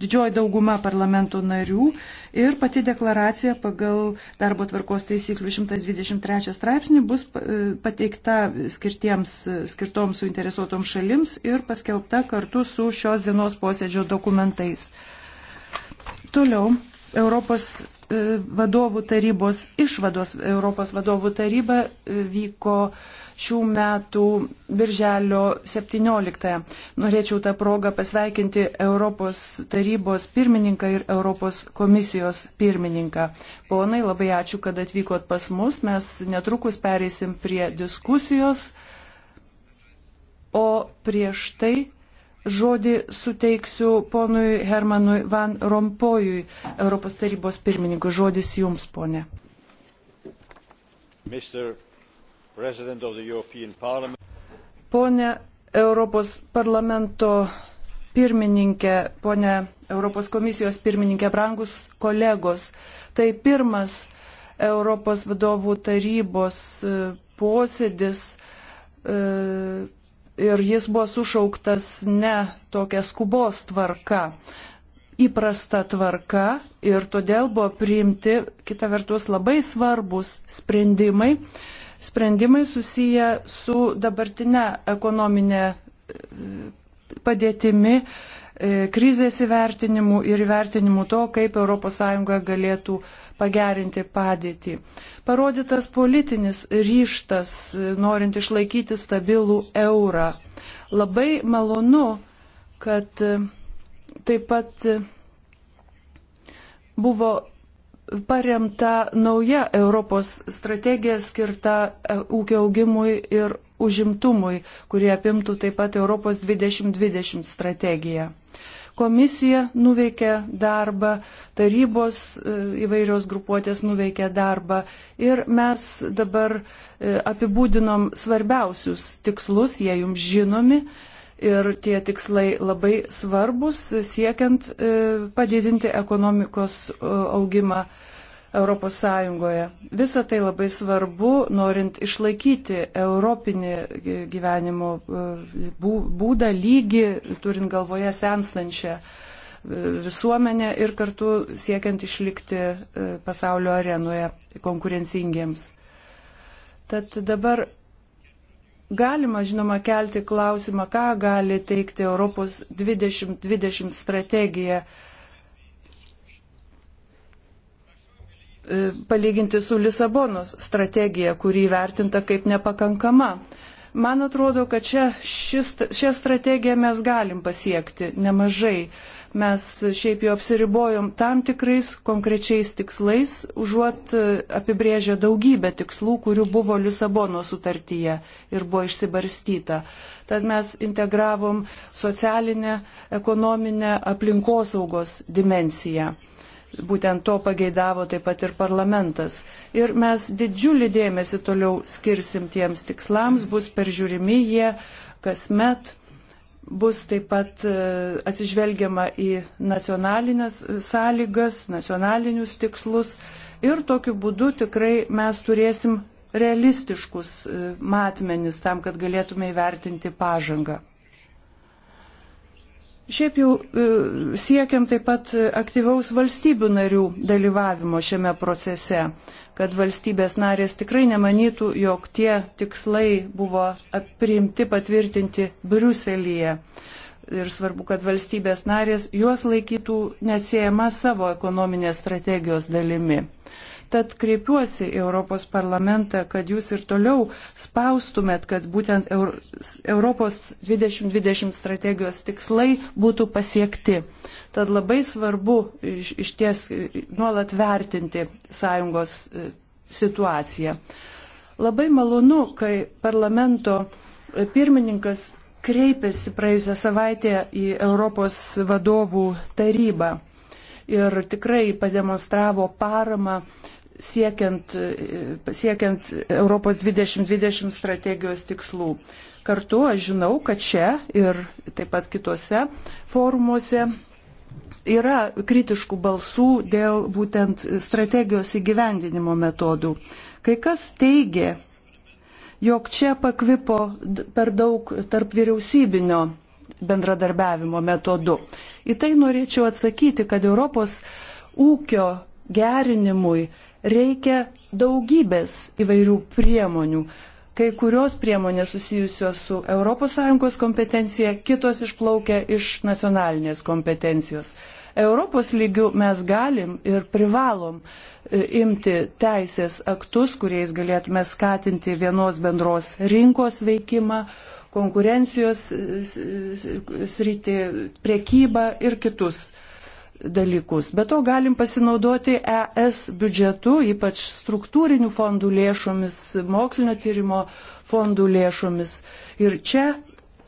didžioji dauguma parlamento narių ir pati deklaracija pagal darbo tvarkos taisyklių 123 straipsnį bus e, pateikta skirtiems, skirtoms suinteresuotoms šalims ir paskelbta kartu su šios dienos posėdžio dokumentais. Toliau Europos E, vadovų tarybos išvados Europos vadovų taryba e, vyko šių metų birželio 17. Norėčiau tą progą pasveikinti Europos tarybos pirmininką ir Europos komisijos pirmininką. Ponai, labai ačiū, kad atvykot pas mus. Mes netrukus pereisim prie diskusijos. O prieš tai žodį suteiksiu ponui Hermanui Van Rompojui, Europos tarybos pirmininkui. Žodis jums, ponė. Pone Europos parlamento pirmininkė, pone Europos komisijos pirmininkė, brangus kolegos, tai pirmas Europos vadovų tarybos e, posėdis e, ir jis buvo sušauktas ne tokia skubos tvarka, įprasta tvarka ir todėl buvo priimti, kita vertus, labai svarbus sprendimai, sprendimai susiję su dabartinė ekonominė e, padėtimi E, krizės įvertinimų ir įvertinimų to, kaip ES galėtų pagerinti padėtį. Parodytas politinis ryštas, e, norint išlaikyti stabilų eurą. Labai malonu, kad e, taip pat buvo paremta nauja Europos strategija skirta ūkio augimui ir užimtumui, kurie apimtų taip pat Europos 2020 strategiją. Komisija nuveikė darbą, tarybos e, įvairios grupuotės nuveikė darbą ir mes dabar e, apibūdinom svarbiausius tikslus, jie jums žinomi ir tie tikslai labai svarbus siekiant e, padidinti ekonomikos augimą ES. Visa tai labai svarbu, norint išlaikyti europinį gyvenimo e, būdą, lygį, turint galvoje senstančią e, visuomenę ir kartu siekiant išlikti e, pasaulio arenoje konkurencingiems. Tad dabar Galima, žinoma, kelti klausimą, ką gali teikti Europos 2020 strategija E, palyginti su Lisabonos strategija, kuri vertinta kaip nepakankama. Man atrodo, kad čia, šis, šią strategiją mes galim pasiekti nemažai. Mes šiaip jau apsiribojom tam tikrais konkrečiais tikslais, užuot e, apibrėžę daugybę tikslų, kurių buvo Lisabono sutartyje ir buvo išsibarstyta. Tad mes integravom socialinę, ekonominę aplinkosaugos dimenciją. Būtent to pageidavo taip pat ir parlamentas. Ir mes didžiulį dėmesį toliau skirsim tiems tikslams, bus peržiūrimi jie kasmet, bus taip pat e, atsižvelgiama į nacionalinės sąlygas, nacionalinius tikslus ir tokiu būdu tikrai mes turėsim realistiškus e, matmenis tam, kad galėtume įvertinti pažangą. Šiaip jau e, siekiam taip pat aktyvaus valstybių narių dalyvavimo šiame procese, kad valstybės narės tikrai nemanytų, jog tie tikslai buvo priimti, patvirtinti Briuselyje. Ir svarbu, kad valstybės narės juos laikytų neatsiejama savo ekonominės strategijos dalimi. Tad kreipiuosi į Europos parlamentą, kad jūs ir toliau spaustumėt, kad būtent Europos 2020 strategijos tikslai būtų pasiekti. Tad labai svarbu iš, iš ties nuolat vertinti sąjungos e, situaciją. Labai malonu, kai parlamento e, pirmininkas kreipėsi praėjusią savaitę į Europos vadovų tarybą ir tikrai pademonstravo paramą siekiant, siekiant Europos 2020 strategijos tikslų. Kartu aš žinau, kad čia ir taip pat kitose forumuose yra kritiškų balsų dėl būtent strategijos įgyvendinimo metodų. Kai kas teigė, jog čia pakvipo per daug tarp vyriausybinio bendradarbiavimo metodu. Į tai norėčiau atsakyti, kad Europos ūkio gerinimui reikia daugybės įvairių priemonių. Kai kurios priemonės susijusios su ES kompetencija, kitos išplaukia iš nacionalinės kompetencijos. Europos lygių mes galim ir privalom e, imti teisės aktus, kuriais galėtume skatinti vienos bendros rinkos veikimą, konkurencijos e, e, sritį, priekybą ir kitus dalykus. Be to galim pasinaudoti ES biudžetu, ypač struktūrinių fondų lėšomis, mokslinio tyrimo fondų lėšomis. Ir čia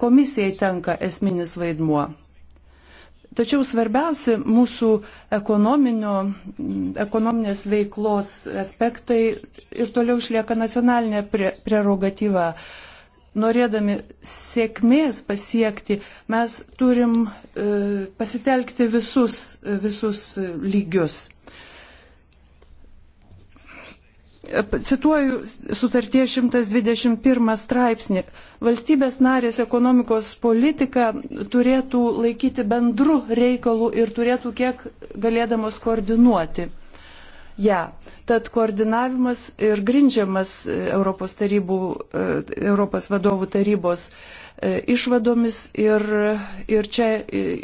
komisijai tenka esminis vaidmuo. Tačiau svarbiausi mūsų ekonominės veiklos aspektai ir toliau išlieka nacionalinė prerogatyva. Prie norėdami sėkmės pasiekti, mes turim e, pasitelkti visus, e, visus lygius. Cituoju sutarties 121 straipsnį. Valstybės narės ekonomikos politika turėtų laikyti bendru reikalu ir turėtų kiek galėdamos koordinuoti ją. Ja. Tad koordinavimas ir grindžiamas e, Europos, tarybų, e, Europos vadovų tarybos e, išvadomis ir, ir čia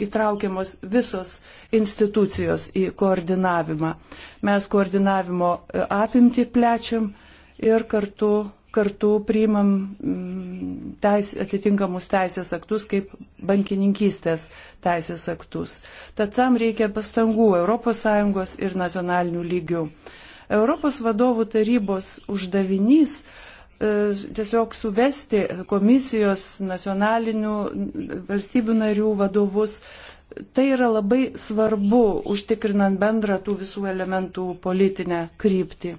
įtraukiamos visos institucijos į koordinavimą. Mes koordinavimo apimti plečiam ir kartu kartu priimam mm, teis, atitinkamus teisės aktus kaip bankininkystės teisės aktus. Tad tam reikia pastangų ES ir nacionalinių lygių. Europos vadovų tarybos uždavinys e, tiesiog suvesti komisijos nacionalinių valstybių narių vadovus. Tai yra labai svarbu užtikrinant bendrą tų visų elementų politinę kryptį.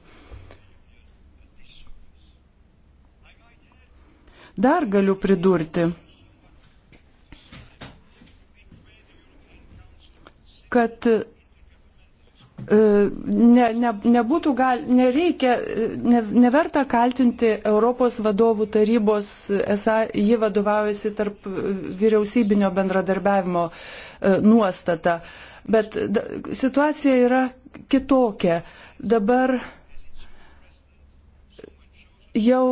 Dar galiu pridurti, kad e, ne, ne, nebūtų gal, nereikia, e, ne, neverta kaltinti Europos vadovų tarybos, esą ji vadovaujasi tarp vyriausybinio bendradarbiavimo e, nuostata. Bet da, situacija yra kitokia. Dabar jau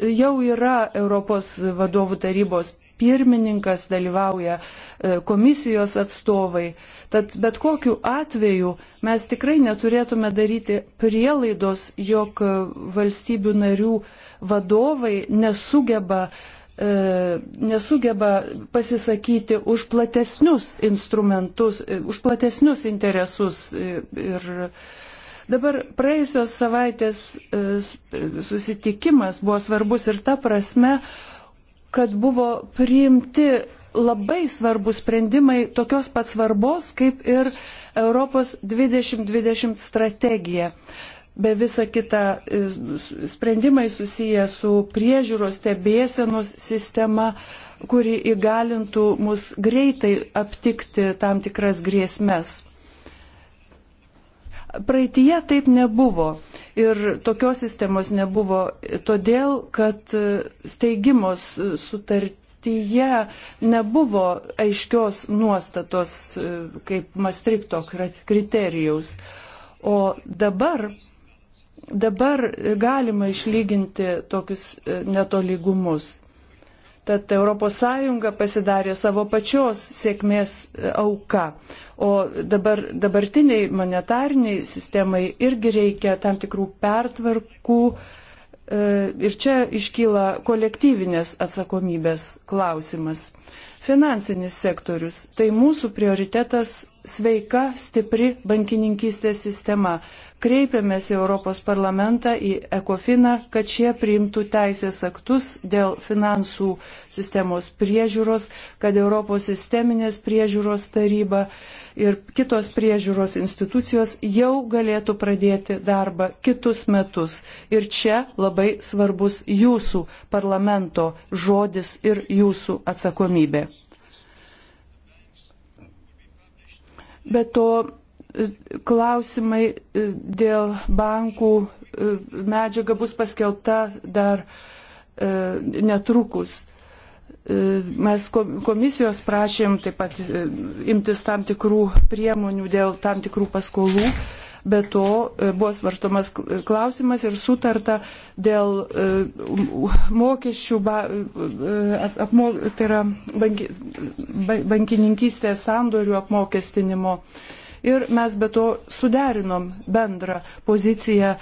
jau yra Europos vadovų tarybos pirmininkas, dalyvauja e, komisijos atstovai. Tad bet kokiu atveju mes tikrai neturėtume daryti prielaidos, jog e, valstybių narių vadovai nesugeba e, nesugeba pasisakyti už platesnius instrumentus, už platesnius interesus ir, ir Dabar praėjusios savaitės e, e, susitikimas buvo svarbus ir ta prasme, kad buvo priimti labai svarbus sprendimai tokios pat svarbos kaip ir Europos 2020 strategija. Be visa kita e, sprendimai susiję su priežiūros stebėsenos sistema, kuri įgalintų mus greitai aptikti tam tikras grėsmes. Praeitie taip nebuvo ir tokios sistemos nebuvo, todėl kad e, steigimos sutartyje nebuvo aiškios nuostatos e, kaip Mastrikto kriterijaus. O dabar, dabar galima išlyginti tokius e, netolygumus. Tad ES pasidarė savo pačios sėkmės e, auka. O dabar, dabartiniai monetariniai sistemai irgi reikia tam tikrų pertvarkų. E, ir čia iškyla kolektyvinės atsakomybės klausimas. Finansinis sektorius - tai mūsų prioritetas sveika, stipri bankininkystės sistema kreipiamės į Europos parlamentą, į Ekofiną, kad šie priimtų teisės aktus dėl finansų sistemos priežiūros, kad Europos sisteminės priežiūros taryba ir kitos priežiūros institucijos jau galėtų pradėti darbą kitus metus. Ir čia labai svarbus jūsų parlamento žodis ir jūsų atsakomybė. Be to, klausimai e, dėl bankų e, medžiaga bus paskelbta dar e, netrukus. Mes komisijos prašėm taip pat imtis tam tikrų priemonių dėl tam tikrų paskolų, bet to buvo svarstomas klausimas ir sutarta dėl mokesčių, tai yra bankininkystės sandorių apmokestinimo ir mes be to suderinom bendrą poziciją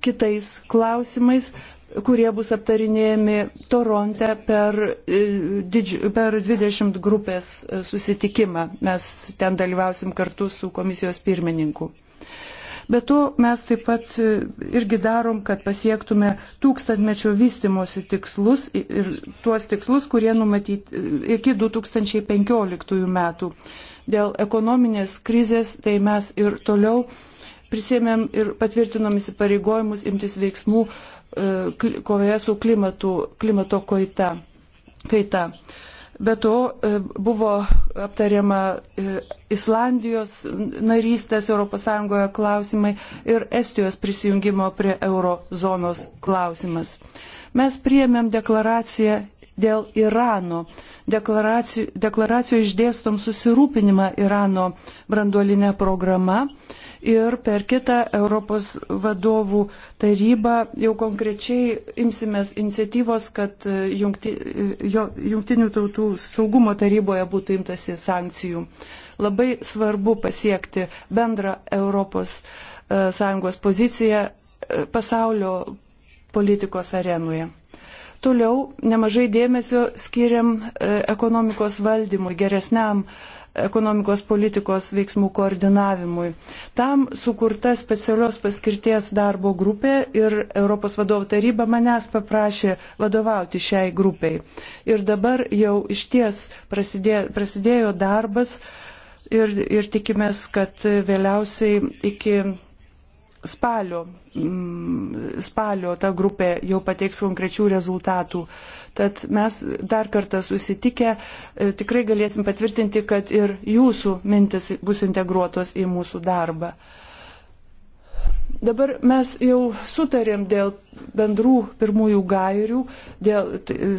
kitais klausimais, kurie bus aptarinėjami Toronte per, e, per 20 grupės e, susitikimą. Mes ten dalyvausim kartu su komisijos pirmininku. Be to mes taip pat e, irgi darom, kad pasiektume tūkstantmečio vystimosi tikslus ir tuos tikslus, kurie numatyti iki 2015 metų dėl ekonominės krizės, tai mes ir toliau prisėmėm ir patvirtinom įsipareigojimus imtis veiksmų e, kovoje su klimatu, klimato kaita. kaita. Be to e, buvo aptariama e, Islandijos narystės ES klausimai ir Estijos prisijungimo prie eurozonos klausimas. Mes priėmėm deklaraciją dėl Irano. Deklaracijų, deklaracijų išdėstom susirūpinimą Irano branduolinę programą ir per kitą Europos vadovų tarybą jau konkrečiai imsimės iniciatyvos, kad e, jungti, e, jo, jungtinių tautų saugumo taryboje būtų imtasi sankcijų. Labai svarbu pasiekti bendrą Europos e, Sąjungos poziciją pasaulio politikos arenoje. Toliau nemažai dėmesio skiriam e, ekonomikos valdymui, geresniam e, ekonomikos politikos veiksmų koordinavimui. Tam sukurta specialios paskirties darbo grupė ir Europos vadovų taryba manęs paprašė vadovauti šiai grupiai. Ir dabar jau iš ties prasidėjo, prasidėjo darbas ir, ir tikimės, kad vėliausiai iki spalio, mm, spalio ta grupė jau pateiks konkrečių rezultatų. Tad mes dar kartą susitikę e, tikrai galėsim patvirtinti, kad ir jūsų mintis bus integruotos į mūsų darbą. Dabar mes jau sutarėm dėl bendrų pirmųjų gairių, dėl,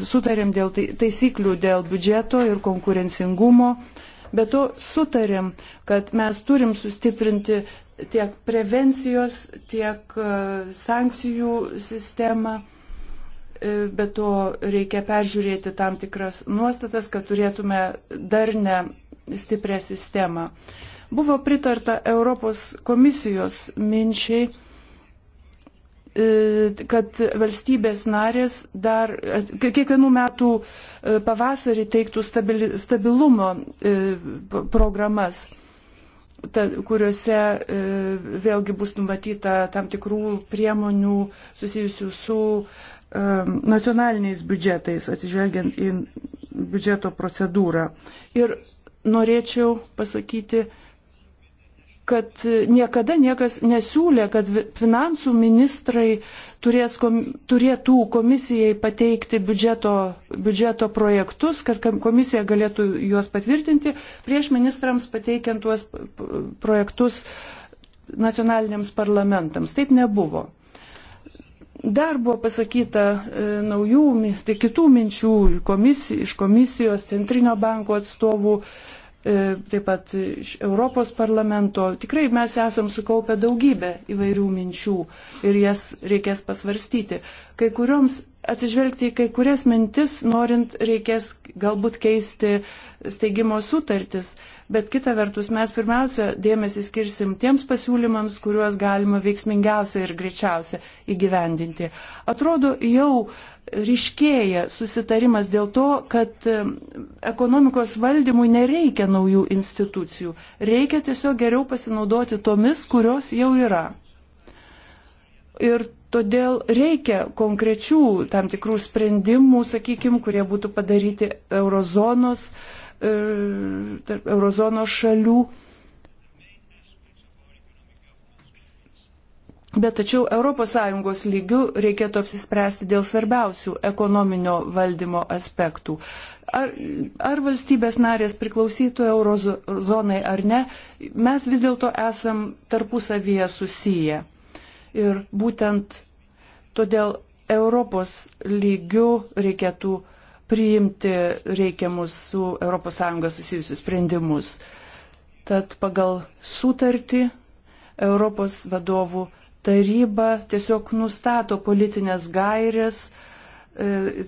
sutarėm dėl tai, taisyklių dėl biudžeto ir konkurencingumo. Be to sutarėm, kad mes turim sustiprinti tiek prevencijos, tiek e, sankcijų sistemą. E, be to reikia peržiūrėti tam tikras nuostatas, kad turėtume darnę stiprią sistemą. Buvo pritarta Europos komisijos minčiai, e, kad valstybės narės dar kiekvienų metų pavasarį teiktų stabilumo programas ta, kuriuose e, vėlgi bus numatyta tam tikrų priemonių susijusių su e, nacionaliniais biudžetais, atsižvelgiant į biudžeto procedūrą. Ir norėčiau pasakyti, kad niekada niekas nesiūlė, kad finansų ministrai turės, kom, turėtų komisijai pateikti biudžeto, biudžeto projektus, kad komisija galėtų juos patvirtinti prieš ministrams pateikiant tuos projektus nacionaliniams parlamentams. Taip nebuvo. Dar buvo pasakyta e, naujų, tai kitų minčių komisij, iš komisijos, centrinio banko atstovų. E, E, taip pat iš Europos parlamento. Tikrai mes esam sukaupę daugybę įvairių minčių ir jas reikės pasvarstyti. Kai kurioms atsižvelgti į kai kurias mintis, norint reikės galbūt keisti steigimo sutartis, bet kita vertus mes pirmiausia dėmesį skirsim tiems pasiūlymams, kuriuos galima veiksmingiausia ir greičiausia įgyvendinti. Atrodo, jau ryškėja susitarimas dėl to, kad ekonomikos valdymui nereikia naujų institucijų, reikia tiesiog geriau pasinaudoti tomis, kurios jau yra. Ir Todėl reikia konkrečių tam tikrų sprendimų, sakykime, kurie būtų padaryti eurozonos, e, eurozonos šalių. Bet tačiau ES lygių reikėtų apsispręsti dėl svarbiausių ekonominio valdymo aspektų. Ar, ar valstybės narės priklausytų eurozonai ar ne, mes vis dėlto esam tarpusavyje susiję. Ir būtent todėl Europos lygių reikėtų priimti reikiamus su ES susijusius sprendimus. Tad pagal sutartį Europos vadovų taryba tiesiog nustato politinės gairės, e,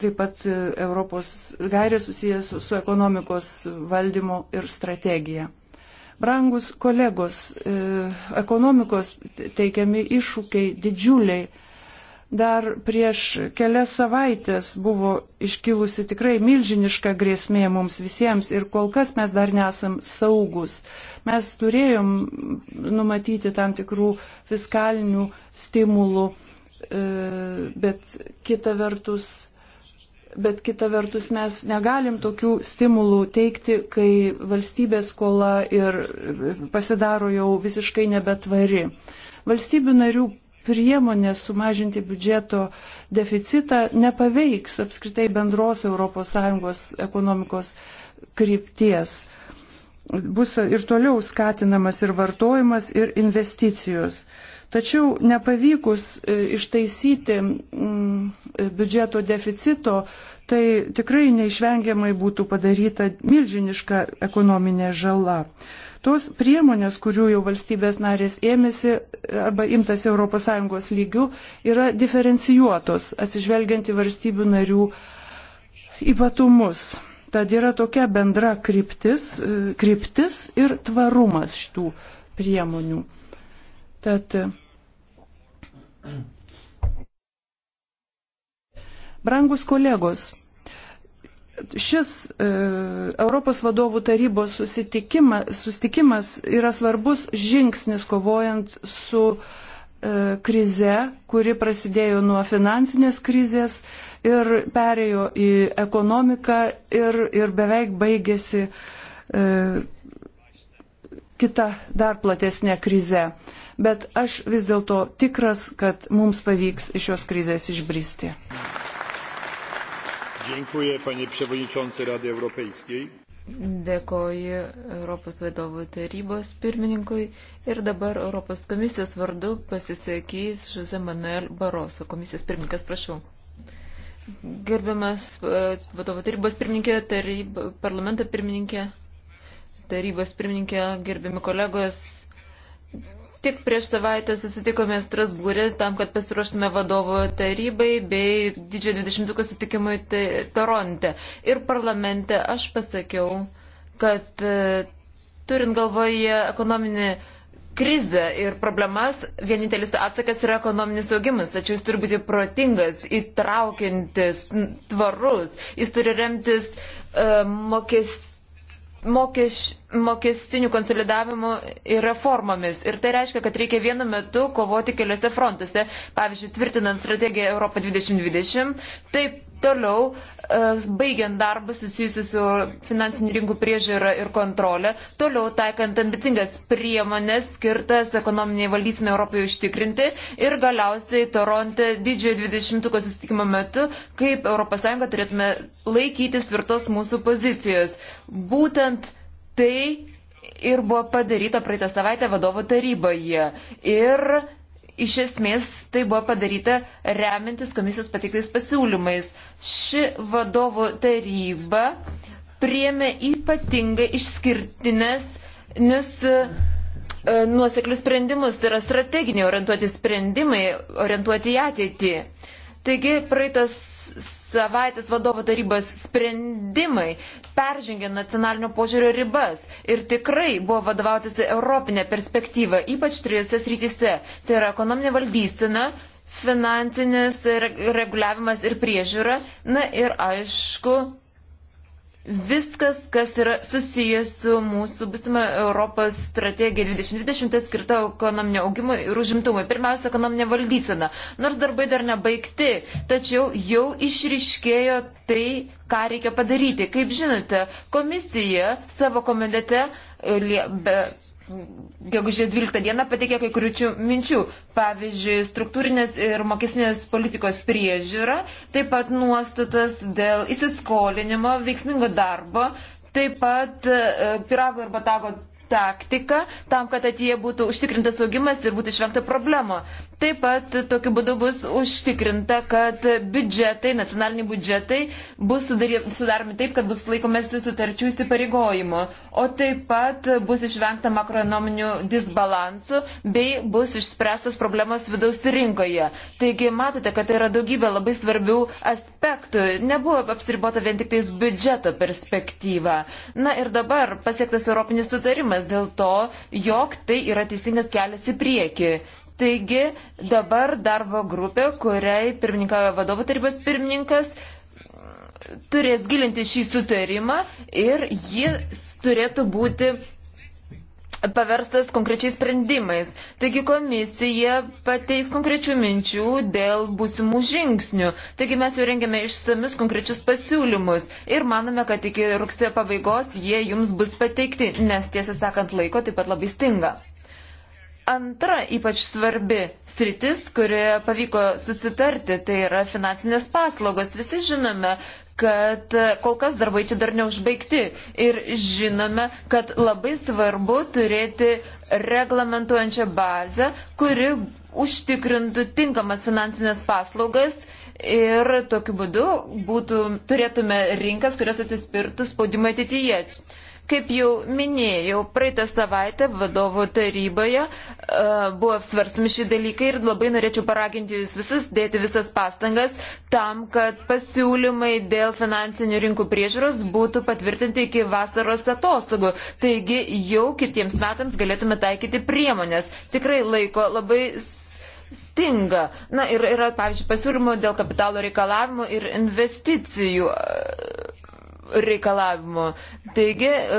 taip pat Europos gairės susijęs su ekonomikos valdymu ir strategija. Brangus kolegos, e, ekonomikos teikiami iššūkiai didžiuliai. Dar prieš kelias savaitės buvo iškilusi tikrai milžiniška grėsmė mums visiems ir kol kas mes dar nesam saugus. Mes turėjom numatyti tam tikrų fiskalinių stimulų, e, bet kita vertus bet kita vertus mes negalim tokių stimulų teikti, kai valstybės skola ir pasidaro jau visiškai nebetvari. Valstybių narių priemonė sumažinti biudžeto deficitą nepaveiks apskritai bendros ES ekonomikos krypties. Bus ir toliau skatinamas ir vartojimas, ir investicijos. Uh, Tačiau nepavykus e, ištaisyti mm, e, biudžeto deficito, tai tikrai neišvengiamai būtų padaryta milžiniška ekonominė žala. Tos priemonės, kurių jau valstybės narės ėmėsi e, arba imtas ES lygių, yra diferencijuotos atsižvelgiant į valstybių narių ypatumus. Tad yra tokia bendra kryptis, kryptis ir tvarumas šitų priemonių. Tad Brangus kolegos, šis e, Europos vadovų tarybos susitikima, susitikimas yra svarbus žingsnis kovojant su e, krize, kuri prasidėjo nuo finansinės krizės ir perėjo į ekonomiką ir, ir beveik baigėsi e, kita dar platesnė krize. E, bet aš vis dėlto tikras, kad mums pavyks iš šios krizės išbristi. Dziękuję, panie przewodniczący Rady Europejskiej. Dėkoju Europos vadovų tarybos pirmininkui ir dabar Europos komisijos vardu pasisakys Žuze Manuel Baroso. Komisijos pirmininkas, prašau. Gerbiamas e, vadovų tarybos pirmininkė, taryb, parlamento pirmininkė, tarybos pirmininkė, gerbiami kolegos, Tik prieš savaitę susitikome Strasbūrė tam, kad pasiruoštume vadovo tarybai bei didžiojo 20-ko sutikimui Toronte. Ir parlamente aš pasakiau, kad e, turint galvoje ekonominį krizę ir problemas, vienintelis atsakas yra ekonominis augimas, tačiau jis turi būti protingas, įtraukiantis, tvarus, jis turi remtis uh, e, mokestis mokeš, mokestinių konsolidavimų ir reformomis. Ir tai reiškia, kad reikia vienu metu kovoti keliose frontuose. Pavyzdžiui, tvirtinant strategiją Europą 2020, taip Toliau, e, baigiant darbus susijusius su finansinių rinkų priežiūra ir kontrolė, toliau taikant ambicingas priemonės skirtas ekonominiai valdysinai Europai užtikrinti ir galiausiai Toronte didžiojo 20-ko susitikimo metu, kaip ES turėtume laikytis tvirtos mūsų pozicijos. Būtent tai ir buvo padaryta praeitą savaitę vadovo taryboje. Ir iš esmės tai buvo padaryta remintis komisijos pateiktais pasiūlymais. Ši vadovų taryba priemė ypatingai išskirtinės nes, nuoseklius sprendimus, tai yra strateginiai orientuoti sprendimai, orientuoti į ateitį. Taigi praeitas savaitės vadovo tarybos sprendimai peržengė nacionalinio požiūrio ribas ir tikrai buvo vadovautis Europinė perspektyva, ypač trijose srityse. Tai yra ekonominė valdysena, finansinis reguliavimas ir priežiūra, na ir aišku, Viskas, kas yra susijęs su mūsų būsima Europos strategija 2020, tai skirta ekonominio augimui ir užimtumui. Pirmiausia, ekonominė valdysena. Nors darbai dar nebaigti, tačiau jau išriškėjo tai, ką reikia padaryti. Kaip žinote, komisija savo komitete gegužės 12 dieną pateikė kai kurių minčių, pavyzdžiui, struktūrinės ir mokesnės politikos priežiūra, taip pat nuostatas dėl įsiskolinimo, veiksmingo darbo, taip pat e, pirago ir batago taktiką tam, kad ateitie būtų užtikrintas augimas ir būtų išvengta problemo. Taip pat tokiu būdu bus užtikrinta, kad biudžetai, nacionaliniai biudžetai bus sudaromi taip, kad bus laikomasi sutarčių įsipareigojimo, o taip pat bus išvengta makroekonominių disbalansų bei bus išspręstas problemos vidaus rinkoje. Taigi matote, kad tai yra daugybė labai svarbių aspektų. Nebuvo apsiribota vien tik tais biudžeto perspektyva. Na ir dabar pasiektas Europinis sutarimas pritartas dėl to, jog tai yra teisingas kelias į priekį. Taigi dabar darbo grupė, kuriai pirmininkavo vadovo tarybos pirmininkas, turės gilinti šį sutarimą ir jis turėtų būti paverstas konkrečiais sprendimais. Taigi komisija pateiks konkrečių minčių dėl būsimų žingsnių. Taigi mes jau rengiame išsamius konkrečius pasiūlymus ir manome, kad iki rugsėjo pabaigos jie jums bus pateikti, nes tiesą sakant laiko taip pat labai stinga. Antra ypač svarbi sritis, kurioje pavyko susitarti, tai yra finansinės paslaugos. Visi žinome, kad e, kol kas darbai čia dar neužbaigti ir žinome, kad labai svarbu turėti reglamentuojančią bazę, kuri užtikrintų tinkamas finansinės paslaugas ir tokiu būdu būtų, turėtume rinkas, kurios atsispirtų spaudimą ateityje. Kaip jau minėjau, praeitą savaitę vadovų taryboje e, buvo apsvarstami šį dalyką ir labai norėčiau paraginti jūs visus dėti visas pastangas tam, kad pasiūlymai dėl finansinių rinkų priežiūros būtų patvirtinti iki vasaros atostogų. Taigi jau kitiems metams galėtume taikyti priemonės. Tikrai laiko labai stinga. Na ir yra, pavyzdžiui, pasiūlymų dėl kapitalo reikalavimų ir investicijų reikalavimų. Taigi, e,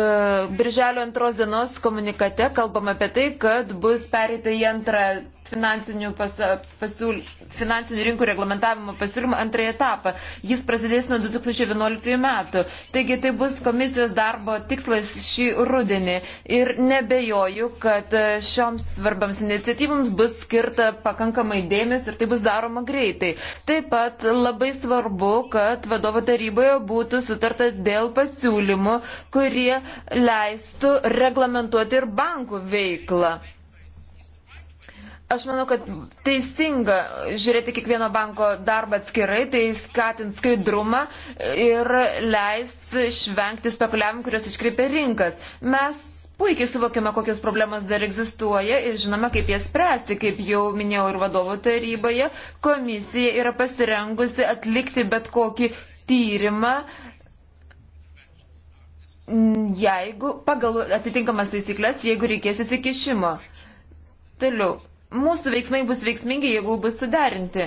birželio antros dienos komunikate kalbam apie tai, kad bus pereita į antrą finansinių, pasiūl... finansinių rinkų reglamentavimo pasiūlymą antrąjį etapą. Jis prasidės nuo 2011 metų. Taigi tai bus komisijos darbo tikslas šį rudenį. Ir nebejoju, kad e, šioms svarbams iniciatyvams bus skirta pakankamai dėmesio ir tai bus daroma greitai. Taip pat labai svarbu, kad vadovo taryboje būtų sutarta dėl pasiūlymų, kurie leistų reglamentuoti ir bankų veiklą. Aš manau, kad teisinga žiūrėti kiekvieno banko darbą atskirai, tai skatins skaidrumą ir leis išvengti spekuliavimų, kurios iškreipia rinkas. Mes puikiai suvokiame, kokios problemas dar egzistuoja ir žinome, kaip jas spręsti. Kaip jau minėjau ir vadovų taryboje, komisija yra pasirengusi atlikti bet kokį tyrimą jeigu pagal atitinkamas taisyklės, jeigu reikės įsikišimo. Toliau, mūsų veiksmai bus veiksmingi, jeigu bus suderinti.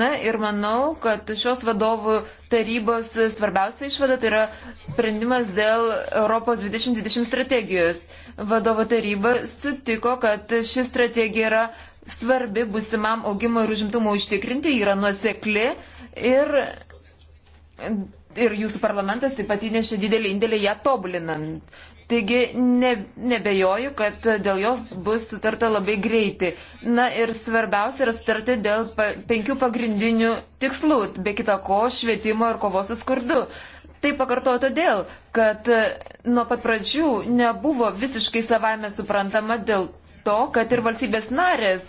Na ir manau, kad šios vadovų tarybos svarbiausia išvada tai yra sprendimas dėl Europos 2020 strategijos. Vadovo taryba sutiko, kad ši strategija yra svarbi busimam augimo ir užimtumo užtikrinti, yra nuosekli ir, ir jūsų parlamentas taip pat įnešė didelį indėlį ją tobulinant. Taigi ne, nebejoju, kad dėl jos bus sutarta labai greitai. Na ir svarbiausia yra sutarti dėl pa, penkių pagrindinių tikslų, be kita ko švietimo ir kovos su skurdu. Tai pakartoju todėl, kad nuo pat pradžių nebuvo visiškai savame suprantama dėl to, kad ir valstybės narės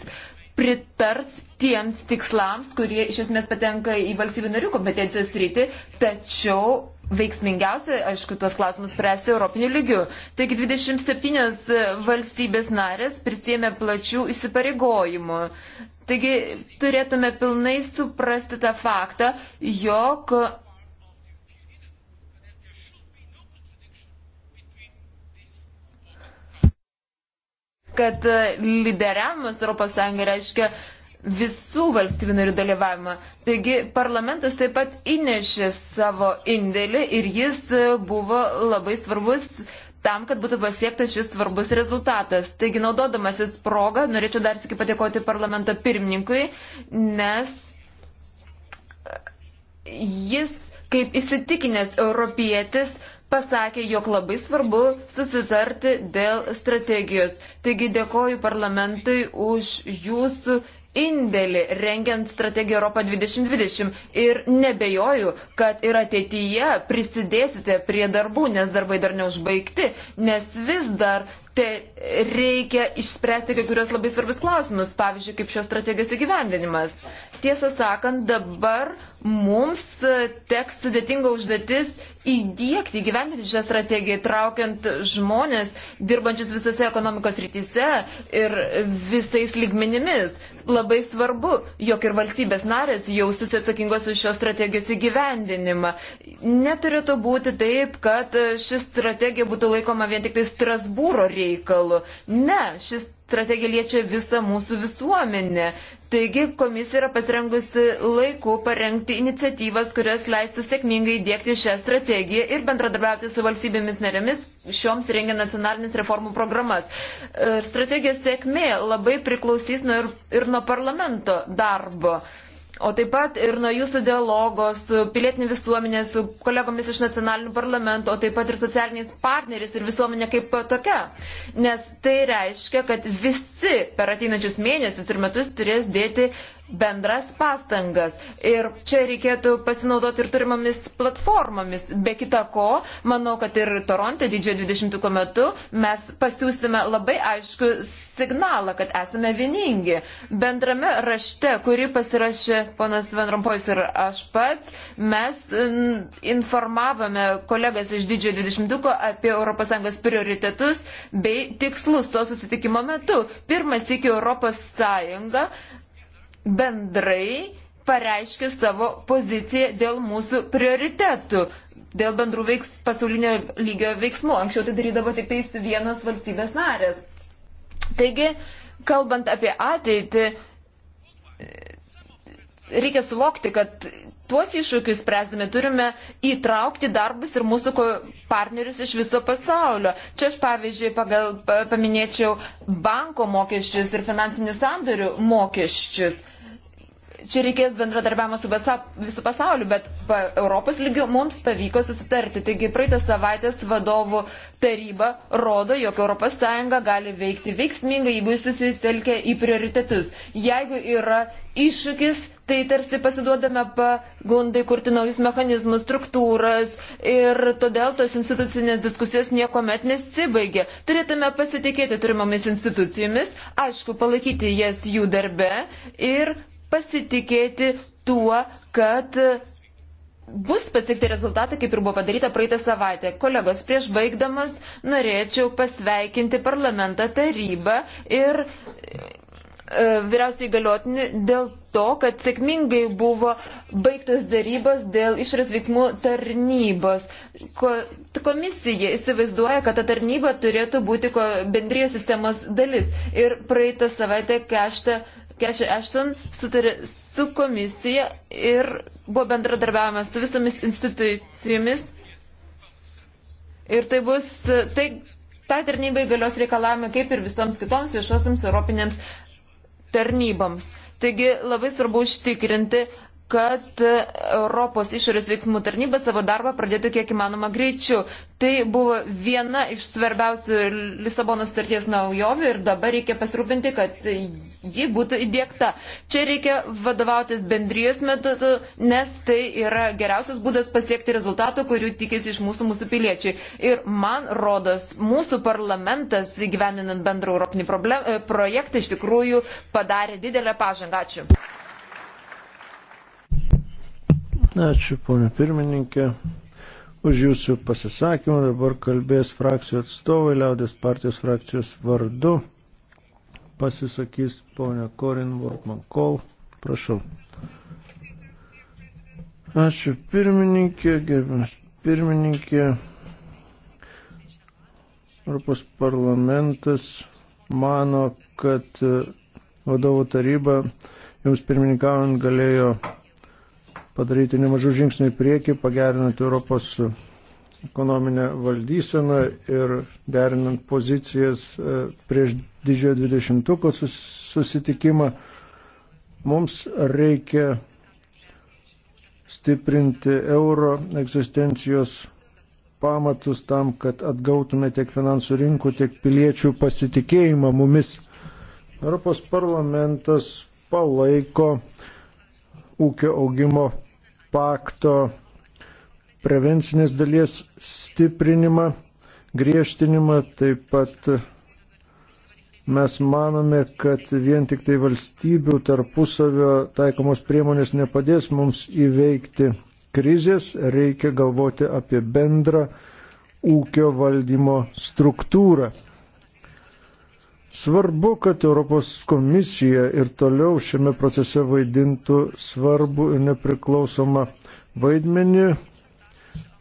pritars tiems tikslams, kurie iš esmės patenka į valstybių narių kompetencijos rytį, tačiau veiksmingiausia, aišku, tuos klausimus spręsti Europinių lygių. Taigi 27 valstybės narės prisėmė plačių įsipareigojimų. Taigi turėtume pilnai suprasti tą faktą, jog kad lyderiavimas ES reiškia visų valstybių narių dalyvavimą. Taigi parlamentas taip pat įnešė savo indėlį ir jis e, buvo labai svarbus tam, kad būtų pasiektas šis svarbus rezultatas. Taigi, naudodamasis progą, norėčiau dar sėki patikoti parlamento pirmininkui, nes e, jis, kaip įsitikinęs europietis, pasakė, jog labai svarbu susitarti dėl strategijos. Taigi dėkoju parlamentui už jūsų indėlį rengiant strategiją Europą 2020 ir nebejoju, kad ir ateityje prisidėsite prie darbų, nes darbai dar neužbaigti, nes vis dar te reikia išspręsti kai kurios labai svarbus klausimus, pavyzdžiui, kaip šios strategijos įgyvendinimas. Tiesą sakant, dabar mums teks sudėtinga užduotis įdėkti, gyventi šią strategiją, traukiant žmonės, dirbančius visose ekonomikos rytise ir visais lygmenimis labai svarbu, jog ir valstybės narės jaustųsi atsakingos už šios strategijos įgyvendinimą. Neturėtų būti taip, kad ši strategija būtų laikoma vien tik tai Strasbūro reikalu. Ne, šis strategija liečia visą mūsų visuomenę. Taigi komisija yra pasirengusi laiku parengti iniciatyvas, kurios leistų sėkmingai dėkti šią strategiją ir bendradarbiauti su valstybėmis narėmis, šioms rengia nacionalinis reformų programas. E, strategijos sėkmė labai priklausys nuo ir, ir nuo parlamento darbo. O taip pat ir nuo jūsų dialogo su pilietinė visuomenė, su kolegomis iš nacionalinių parlamentų, o taip pat ir socialiniais partneriais ir visuomenė kaip tokia. Nes tai reiškia, kad visi per ateinančius mėnesius ir metus turės dėti bendras pastangas. Ir čia reikėtų pasinaudoti ir turimomis platformomis. Be kita ko, manau, kad ir Toronto didžiojo 20-ko metu mes pasiūsime labai aišku signalą, kad esame vieningi. Bendrame rašte, kurį pasirašė ponas Venrompojus ir aš pats, mes informavome kolegas iš didžiojo 20-ko apie ES prioritetus bei tikslus to susitikimo metu. Pirmas iki ES bendrai pareiškė savo poziciją dėl mūsų prioritetų, dėl bendrų veiks, pasaulinio lygio veiksmų. Anksčiau tai darydavo tik tais vienos valstybės narės. Taigi, kalbant apie ateitį, reikia suvokti, kad tuos iššūkius spręsdami turime įtraukti darbus ir mūsų partnerius iš viso pasaulio. Čia aš pavyzdžiui pagal, paminėčiau banko mokesčius ir finansinių sandorių mokesčius. Čia reikės bendradarbiavimo su visa, visu pasauliu, bet pa, Europos lygiu mums pavyko susitarti. Taigi praeitą savaitės vadovų taryba rodo, jog ES gali veikti veiksmingai, jeigu jis susitelkia į prioritetus. Jeigu yra iššūkis, tai tarsi pasiduodame pagundai kurti naujus mechanizmus, struktūras ir todėl tos institucinės diskusijos niekuomet nesibaigė. Turėtume pasitikėti turimomis institucijomis, aišku, palaikyti jas jų darbe ir pasitikėti tuo, kad bus pasiekti rezultatai, kaip ir buvo padaryta praeitą savaitę. Kolegos, prieš baigdamas norėčiau pasveikinti parlamentą tarybą ir e, vyriausiai galiotinį dėl to, kad sėkmingai buvo baigtos darybos dėl išras veikmų tarnybos. Ko, komisija įsivaizduoja, kad ta tarnyba turėtų būti bendrijos sistemos dalis. Ir praeitą savaitę keštą Keši Ešton sutarė su komisija ir buvo bendradarbiavimas su visomis institucijomis. Ir tai bus, tai, tai tarnybai galios reikalavimai kaip ir visoms kitoms viešosiams europinėms tarnyboms. Taigi labai svarbu užtikrinti uh, kad Europos išorės veiksmų tarnyba savo darbą pradėtų kiek įmanoma greičiau. Tai buvo viena iš svarbiausių Lisabonos starties naujovių ir dabar reikia pasirūpinti, kad ji būtų įdėkta. Čia reikia vadovautis bendrijos metodu, nes tai yra geriausias būdas pasiekti rezultatų, kurių tikisi iš mūsų mūsų piliečiai. Ir man rodos, mūsų parlamentas įgyveninant bendrą europinį problem, e, projektą iš tikrųjų padarė didelę pažangą. Ačiū. Ačiū, ponė pirmininkė, už jūsų pasisakymą. Dabar kalbės frakcijų atstovai, liaudės partijos frakcijos vardu. Pasisakys ponė Korin Wortman Kol. Prašau. Ačiū pirmininkė, gerbiamas pirmininkė. Europos parlamentas mano, kad e, vadovų taryba jums pirmininkaujant galėjo padaryti nemažų žingsnių į priekį, pagerinant Europos ekonominę valdyseną ir derinant pozicijas e, prieš didžiojo dvidešimtuko susitikimą. Mums reikia stiprinti euro egzistencijos pamatus tam, kad atgautume tiek finansų rinkų, tiek piliečių pasitikėjimą mumis. Europos parlamentas palaiko ūkio augimo pakto prevencinės dalies stiprinimą, griežtinimą, taip pat mes manome, kad vien tik tai valstybių tarpusavio taikomos priemonės nepadės mums įveikti krizės, reikia galvoti apie bendrą ūkio valdymo struktūrą. Svarbu, kad Europos komisija ir toliau šiame procese vaidintų svarbu ir nepriklausomą vaidmenį.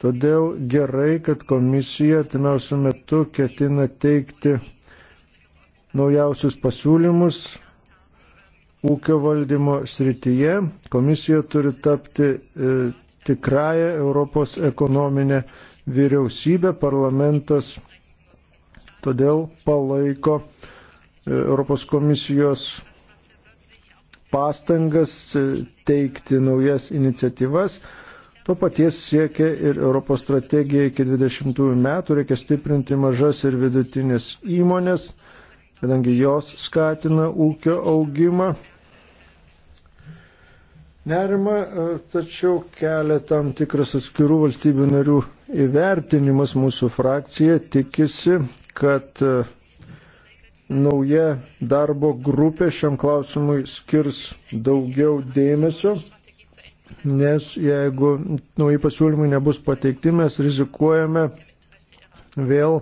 Todėl gerai, kad komisija artimiausių metų ketina teikti naujausius pasiūlymus ūkio valdymo srityje. Komisija turi tapti e, tikrąją Europos ekonominę vyriausybę. Parlamentas todėl palaiko Europos komisijos pastangas teikti naujas iniciatyvas. To paties siekia ir Europos strategija iki 20 metų. Reikia stiprinti mažas ir vidutinės įmonės, kadangi jos skatina ūkio augimą. Nerima tačiau kelia tam tikras atskirų valstybių narių įvertinimas. Mūsų frakcija tikisi, kad nauja darbo grupė šiam klausimui skirs daugiau dėmesio, nes jeigu nauji pasiūlymai nebus pateikti, mes rizikuojame vėl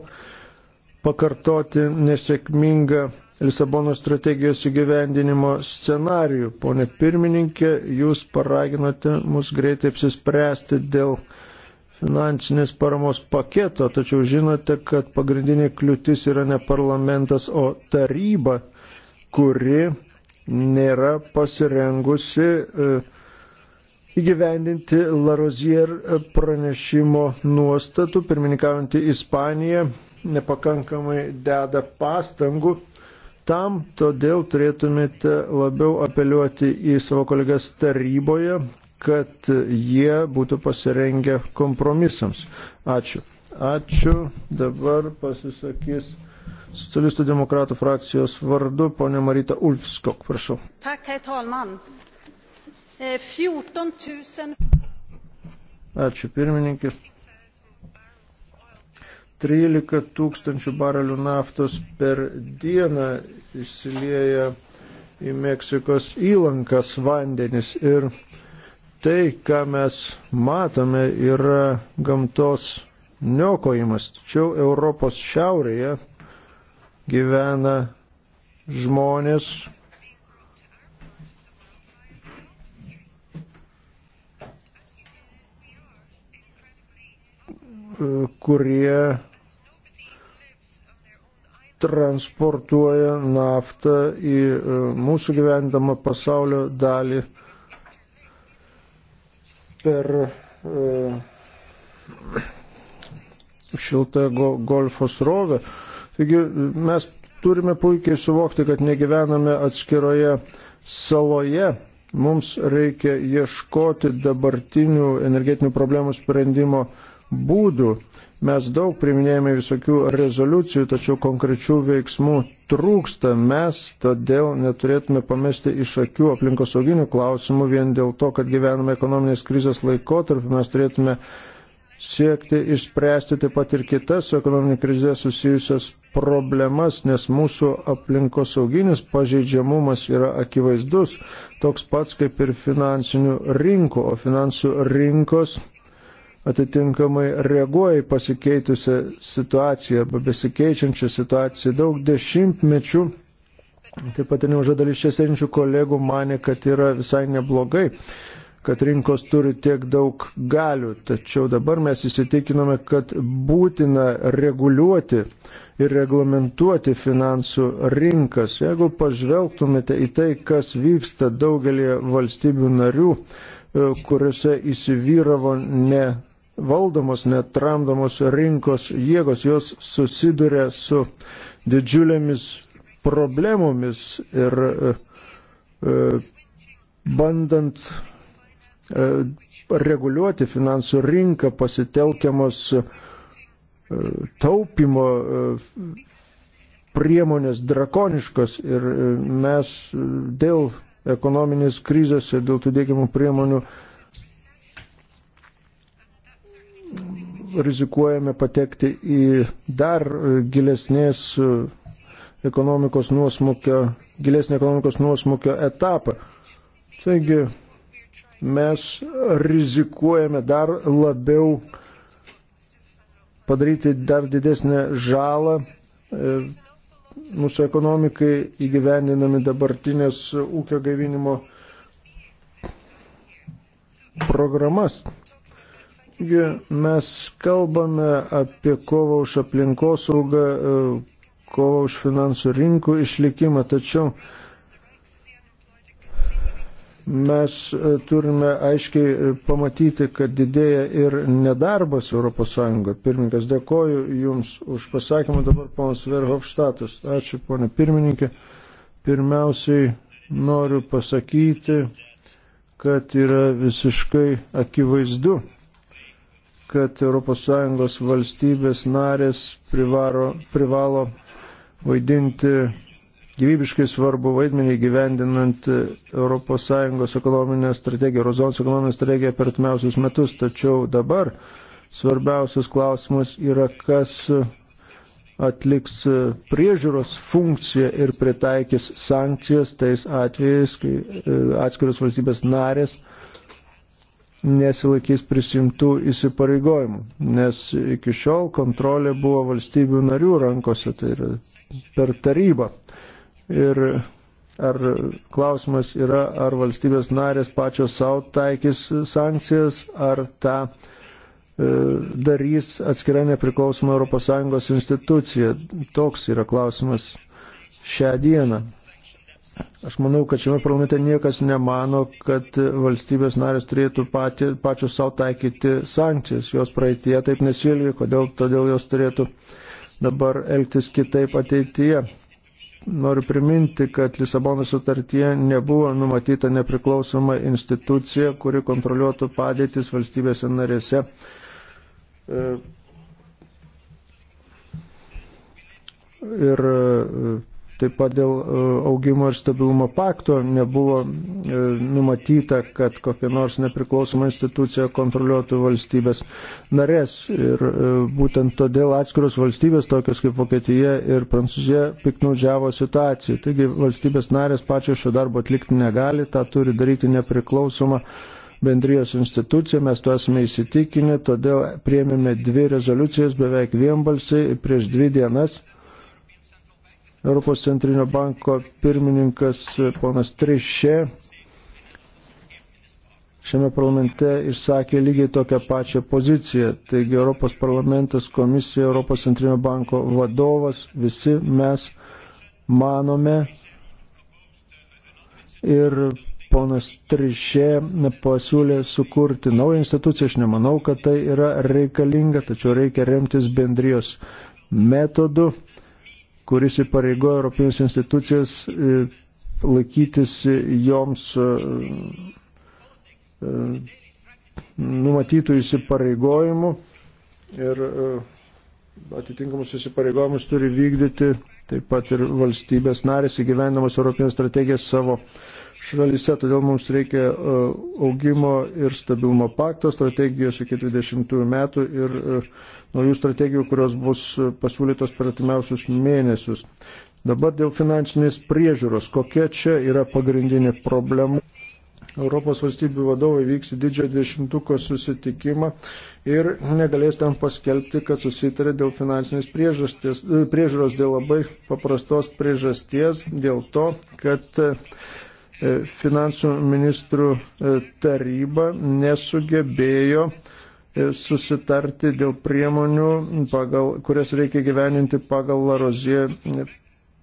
pakartoti nesėkmingą Lisabono strategijos įgyvendinimo scenarijų. Pone pirmininkė, jūs paraginote mus greitai apsispręsti dėl finansinės paramos paketo, tačiau žinote, kad pagrindinė kliūtis yra ne parlamentas, o taryba, kuri nėra pasirengusi e, įgyvendinti Larozier pranešimo nuostatų, pirmininkaujantį Ispaniją nepakankamai deda pastangų Tam todėl turėtumėte labiau apeliuoti į savo kolegas taryboje, kad jie būtų pasirengę kompromisams. Ačiū. Ačiū. Dabar pasisakys socialistų demokratų frakcijos vardu ponė Marita Ulfskok. Prašau. Eh, Ačiū pirmininkė. 13 tūkstančių barelių naftos per dieną išsilieja į Meksikos įlankas vandenis ir tai, ką mes matome, yra gamtos niokojimas. Tačiau Europos šiaurėje gyvena žmonės, kurie transportuoja naftą į e, mūsų gyvendamą pasaulio dalį per e, šiltą golfo srovę. Taigi mes turime puikiai suvokti, kad negyvename atskiroje saloje. Mums reikia ieškoti dabartinių energetinių problemų sprendimo būdų. Mes daug priminėjame visokių rezoliucijų, tačiau konkrečių veiksmų trūksta. Mes todėl neturėtume pamesti iš akių aplinkosauginių klausimų vien dėl to, kad gyvename ekonominės krizės laikotarpį. Mes turėtume siekti išspręsti taip pat ir kitas su ekonominė krize susijusios problemas, nes mūsų aplinkosauginis pažeidžiamumas yra akivaizdus, toks pats kaip ir finansinių rinkų, o finansų rinkos atitinkamai reaguoja į pasikeitusią situaciją, besikeičiančią situaciją. Daug dešimtmečių, taip pat ir nemaža dalis čia sėdinčių kolegų mane, kad yra visai neblogai kad rinkos turi tiek daug galių, tačiau dabar mes įsitikinome, kad būtina reguliuoti ir reglamentuoti finansų rinkas. Jeigu pažvelgtumėte į tai, kas vyksta daugelį valstybių narių, e, kuriuose įsivyravo ne valdomos, netramdomos rinkos jėgos, jos susiduria su didžiulėmis problemomis ir e, e bandant e, reguliuoti finansų rinką pasitelkiamos e, taupimo e, priemonės drakoniškos ir e, mes dėl ekonominės krizės ir dėl tų dėgiamų priemonių rizikuojame patekti į dar gilesnės e, ekonomikos nuosmukio, gilesnį ekonomikos nuosmukio etapą. Taigi mes rizikuojame dar labiau padaryti dar didesnę žalą e, mūsų ekonomikai įgyvendinami dabartinės ūkio gaivinimo programas. Mes kalbame apie kovą už aplinkosaugą, e, kovą už finansų rinkų išlikimą, tačiau mes e, turime aiškiai e, pamatyti, kad didėja ir nedarbas ES. Pirmininkas, dėkoju Jums už pasakymą dabar, ponas Verhofštatas. Ačiū, ponė pirmininkė. Pirmiausiai noriu pasakyti, kad yra visiškai akivaizdu, kad ES valstybės narės privaro, privalo vaidinti gyvybiškai svarbu vaidmenį gyvendinant ES ekonominę strategiją, Eurozonos ekonominę strategiją per atmiausius metus. Tačiau dabar svarbiausias klausimas yra, kas atliks priežiūros funkciją ir pritaikys sankcijas tais atvejais, kai e, atskiros valstybės narės nesilaikys prisimtų įsipareigojimų, nes iki šiol kontrolė buvo valstybių narių rankose, tai yra per tarybą. Ir ar klausimas yra, ar valstybės narės pačios savo taikys sankcijas, ar tą e, darys atskira nepriklausoma ES institucija. Toks yra klausimas šią dieną. Aš manau, kad šiame parlamente niekas nemano, kad valstybės narės turėtų pati, pačios savo taikyti sankcijas. Jos praeitie taip nesielgė, kodėl todėl jos turėtų dabar elgtis kitaip ateityje. Noriu priminti, kad Lisabono sutartyje nebuvo numatyta nepriklausoma institucija, kuri kontroliuotų padėtis valstybėse narėse. E, ir e, Taip pat dėl e, augimo ir stabilumo pakto nebuvo e, numatyta, kad kokia nors nepriklausoma institucija kontroliuotų valstybės narės. Ir e, būtent todėl atskiros valstybės, tokios kaip Vokietija ir Prancūzija, piknaudžiavo situaciją. Taigi valstybės narės pačios šio darbo atlikti negali, tą turi daryti nepriklausoma bendrijos institucija, mes to esame įsitikinę, todėl priemėme dvi rezoliucijas beveik vienbalsiai prieš dvi dienas Europos centrinio banko pirmininkas ponas Trišė šiame parlamente išsakė lygiai tokią pačią poziciją. Taigi Europos parlamentas, komisija, Europos centrinio banko vadovas, visi mes manome ir ponas Trišė pasiūlė sukurti naują instituciją. Aš nemanau, kad tai yra reikalinga, tačiau reikia remtis bendrijos metodu kuris įpareigoja Europinės institucijas e, laikytis joms e, e, numatytų įsipareigojimų ir atitinkamus įsipareigojimus turi vykdyti taip pat ir valstybės narės įgyvendamos Europinės strategijas savo šalyse, todėl mums reikia e, augimo ir stabilumo pakto, strategijos iki 20 metų ir e, naujų strategijų, kurios bus pasiūlytos per atimiausius mėnesius. Dabar dėl finansinės priežiūros. Kokia čia yra pagrindinė problema? Europos valstybių vadovai vyks į didžiąją dešimtuko susitikimą ir negalės ten paskelbti, kad susitarė dėl finansinės priežiūros, e, dėl labai paprastos priežasties, dėl to, kad E, finansų ministrų e, taryba nesugebėjo e, susitarti dėl priemonių, pagal, kurias reikia gyveninti pagal Larozie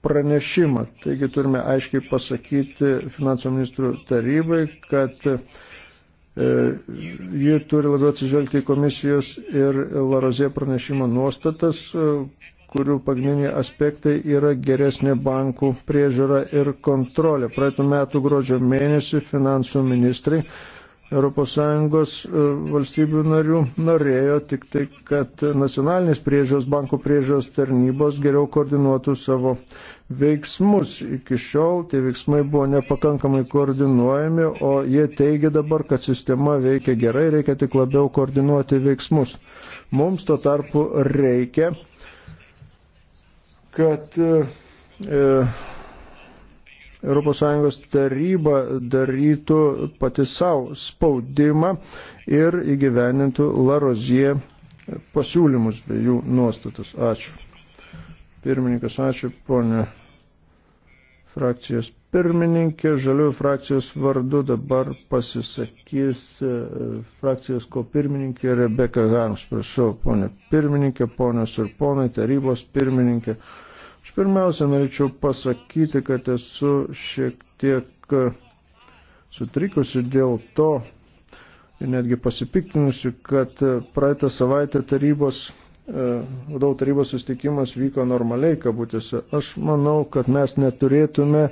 pranešimą. Taigi turime aiškiai pasakyti finansų ministrų tarybai, kad ji turi labiau atsižvelgti į komisijos ir Larozie pranešimo nuostatas, kurių pagrindiniai aspektai yra geresnė bankų priežiūra ir kontrolė. Praeitų metų gruodžio mėnesį finansų ministrai ES e, valstybių narių norėjo tik tai, kad nacionalinės priežiūros, bankų priežiūros tarnybos geriau koordinuotų savo veiksmus. Iki šiol tie veiksmai buvo nepakankamai koordinuojami, o jie teigia dabar, kad sistema veikia gerai, reikia tik labiau koordinuoti veiksmus. Mums tuo tarpu reikia kad ES e, taryba darytų pati savo spaudimą ir įgyvenintų Larozie pasiūlymus bei jų nuostatas. Ačiū. Pirmininkas, ačiū, ponė frakcijos pirmininkė. Žaliųjų frakcijos vardu dabar pasisakys e, frakcijos ko pirmininkė Rebeka Harms. Prašau, ponė pirmininkė, ponios ir ponai, tarybos pirmininkė. Aš pirmiausia norėčiau pasakyti, kad esu šiek tiek e, sutrikusi dėl to ir netgi pasipiktinusi, kad e, praeitą savaitę tarybos E, vadovų tarybos sustikimas vyko normaliai kabutėse. Aš manau, kad mes neturėtume e,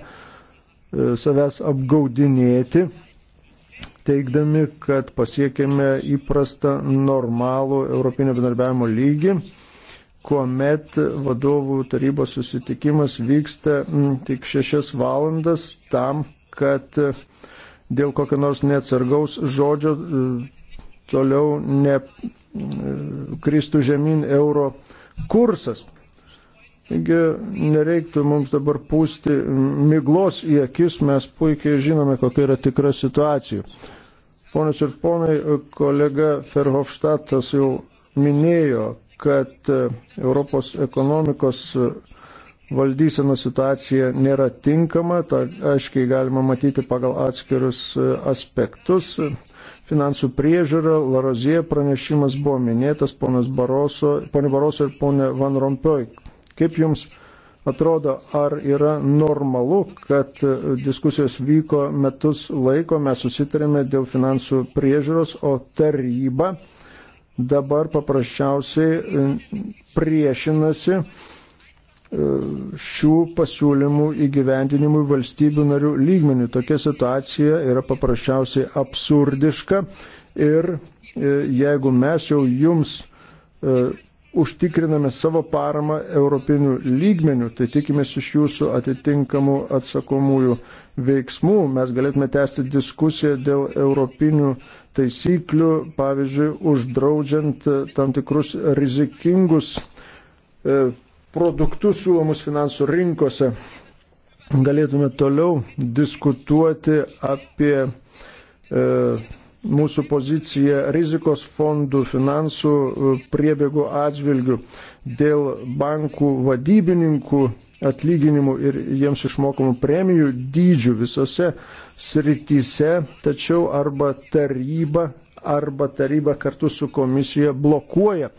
savęs apgaudinėti, teikdami, kad pasiekėme įprastą normalų Europinio bendarbiavimo lygį, kuomet vadovų tarybos susitikimas vyksta tik šešias valandas tam, kad e, dėl kokio nors neatsargaus žodžio toliau ne, kristų žemyn euro kursas. Taigi nereiktų mums dabar pūsti miglos į akis, mes puikiai žinome, kokia yra tikra situacija. Ponios ir ponai, kolega Ferhofštatas jau minėjo, kad Europos ekonomikos valdysena situacija nėra tinkama, tą aiškiai galima matyti pagal atskirus aspektus finansų priežiūra, Larozie pranešimas buvo minėtas, ponas Baroso, ponė Baroso ir ponė Van Rompioj. Kaip jums atrodo, ar yra normalu, kad e, diskusijos vyko metus laiko, mes susitarėme dėl finansų priežiūros, o taryba dabar paprasčiausiai e, priešinasi E, šių pasiūlymų įgyvendinimui valstybių narių lygmenių. Tokia situacija yra paprasčiausiai absurdiška ir e, jeigu mes jau jums e, užtikriname savo paramą europinių lygmenių, tai tikimės iš jūsų atitinkamų atsakomųjų veiksmų. Mes galėtume tęsti diskusiją dėl europinių taisyklių, pavyzdžiui, uždraudžiant tam tikrus rizikingus produktus siūlomus finansų rinkose. Galėtume toliau diskutuoti apie e, mūsų poziciją rizikos fondų finansų e, priebėgų atžvilgių dėl bankų vadybininkų atlyginimų ir jiems išmokamų premijų dydžių visose srityse, tačiau arba taryba arba taryba kartu su komisija blokuoja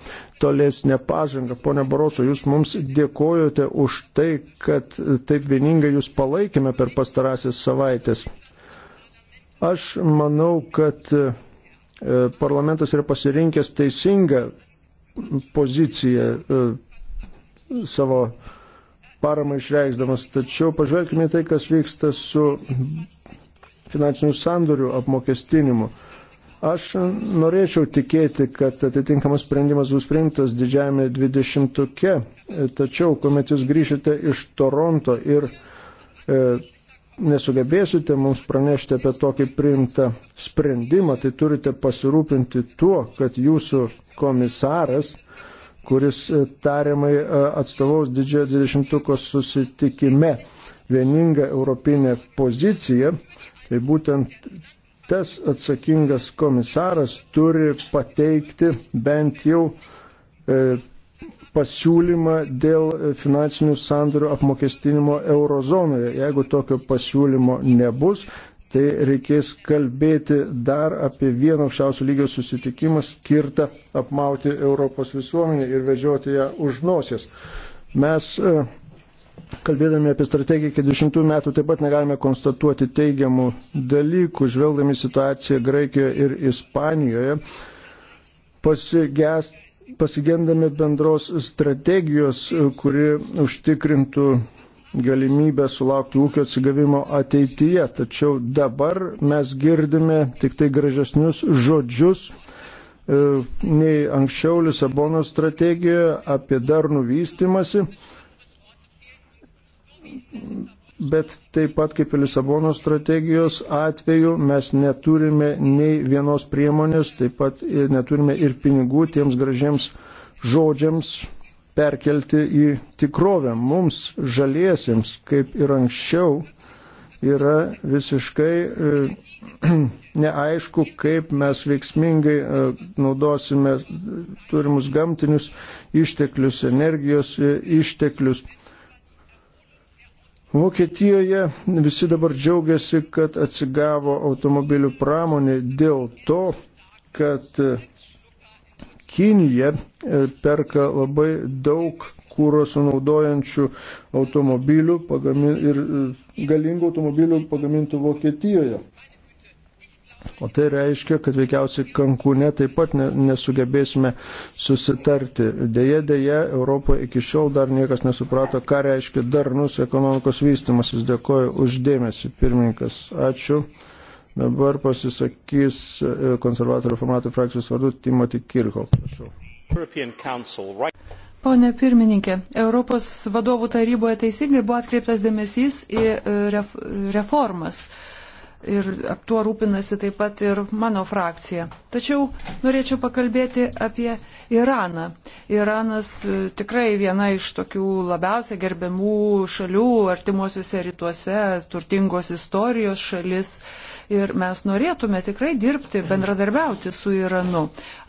tolesnę pažangą. Pone Baroso, jūs mums dėkojote už tai, kad taip vieningai jūs palaikėme per pastarąsias savaitės. Aš manau, kad e, parlamentas yra pasirinkęs teisingą poziciją e, savo paramą išreikšdamas. Tačiau pažvelkime į tai, kas vyksta su finansinių sandorių apmokestinimu. Aš norėčiau tikėti, kad atitinkamas sprendimas bus priimtas didžiajame dvidešimtuke, tačiau kuomet jūs grįšite iš Toronto ir e, nesugebėsite mums pranešti apie tokį priimtą sprendimą, tai turite pasirūpinti tuo, kad jūsų komisaras, kuris e, tariamai e, atstovaus didžiojo dvidešimtuko susitikime vieningą europinę poziciją, tai būtent tas atsakingas komisaras turi pateikti bent jau e, pasiūlymą dėl finansinių sandorių apmokestinimo eurozonoje. Jeigu tokio pasiūlymo nebus, tai reikės kalbėti dar apie vieną aukščiausių lygio susitikimą skirtą apmauti Europos visuomenį ir vežioti ją už nosies. Mes e, kalbėdami apie strategiją iki 20 metų, taip pat negalime konstatuoti teigiamų dalykų, žvelgdami situaciją Graikijoje ir Ispanijoje, pasigest, pasigendame bendros strategijos, kuri užtikrintų galimybę sulaukti ūkio atsigavimo ateityje. Tačiau dabar mes girdime tik tai gražesnius žodžius e, nei anksčiau Lisabono strategijoje apie darnų vystimasi bet taip pat kaip ir Lisabono strategijos atveju mes neturime nei vienos priemonės, taip pat ir neturime ir pinigų tiems gražiems žodžiams perkelti į tikrovę. Mums žaliesiems, kaip ir anksčiau, yra visiškai e, neaišku, kaip mes veiksmingai e, naudosime turimus gamtinius išteklius, energijos e, išteklius Vokietijoje visi dabar džiaugiasi, kad atsigavo automobilių pramonė dėl to, kad Kinija e, perka labai daug kūro sunaudojančių automobilių pagamin, ir e, galingų automobilių pagamintų Vokietijoje. O tai reiškia, kad veikiausiai Kankūne taip pat nesugebėsime susitarti. Deja, deja, Europoje iki šiol dar niekas nesuprato, ką reiškia darnus ekonomikos vystimasis. Dėkoju uždėmesi, pirmininkas. Ačiū. Dabar pasisakys e, konservatorių formatų frakcijos vardu Timothy Kirchhoff. Prašau. Pone pirmininkė, Europos vadovų taryboje teisingai buvo atkreiptas dėmesys į e, ref, reformas. Uh, ir tuo rūpinasi taip pat ir mano frakcija. Tačiau norėčiau pakalbėti apie Iraną. Iranas e, tikrai viena iš tokių labiausiai gerbiamų šalių artimuosiuose rytuose, turtingos istorijos šalis. Uh, ir mes norėtume tikrai dirbti, bendradarbiauti su Iranu.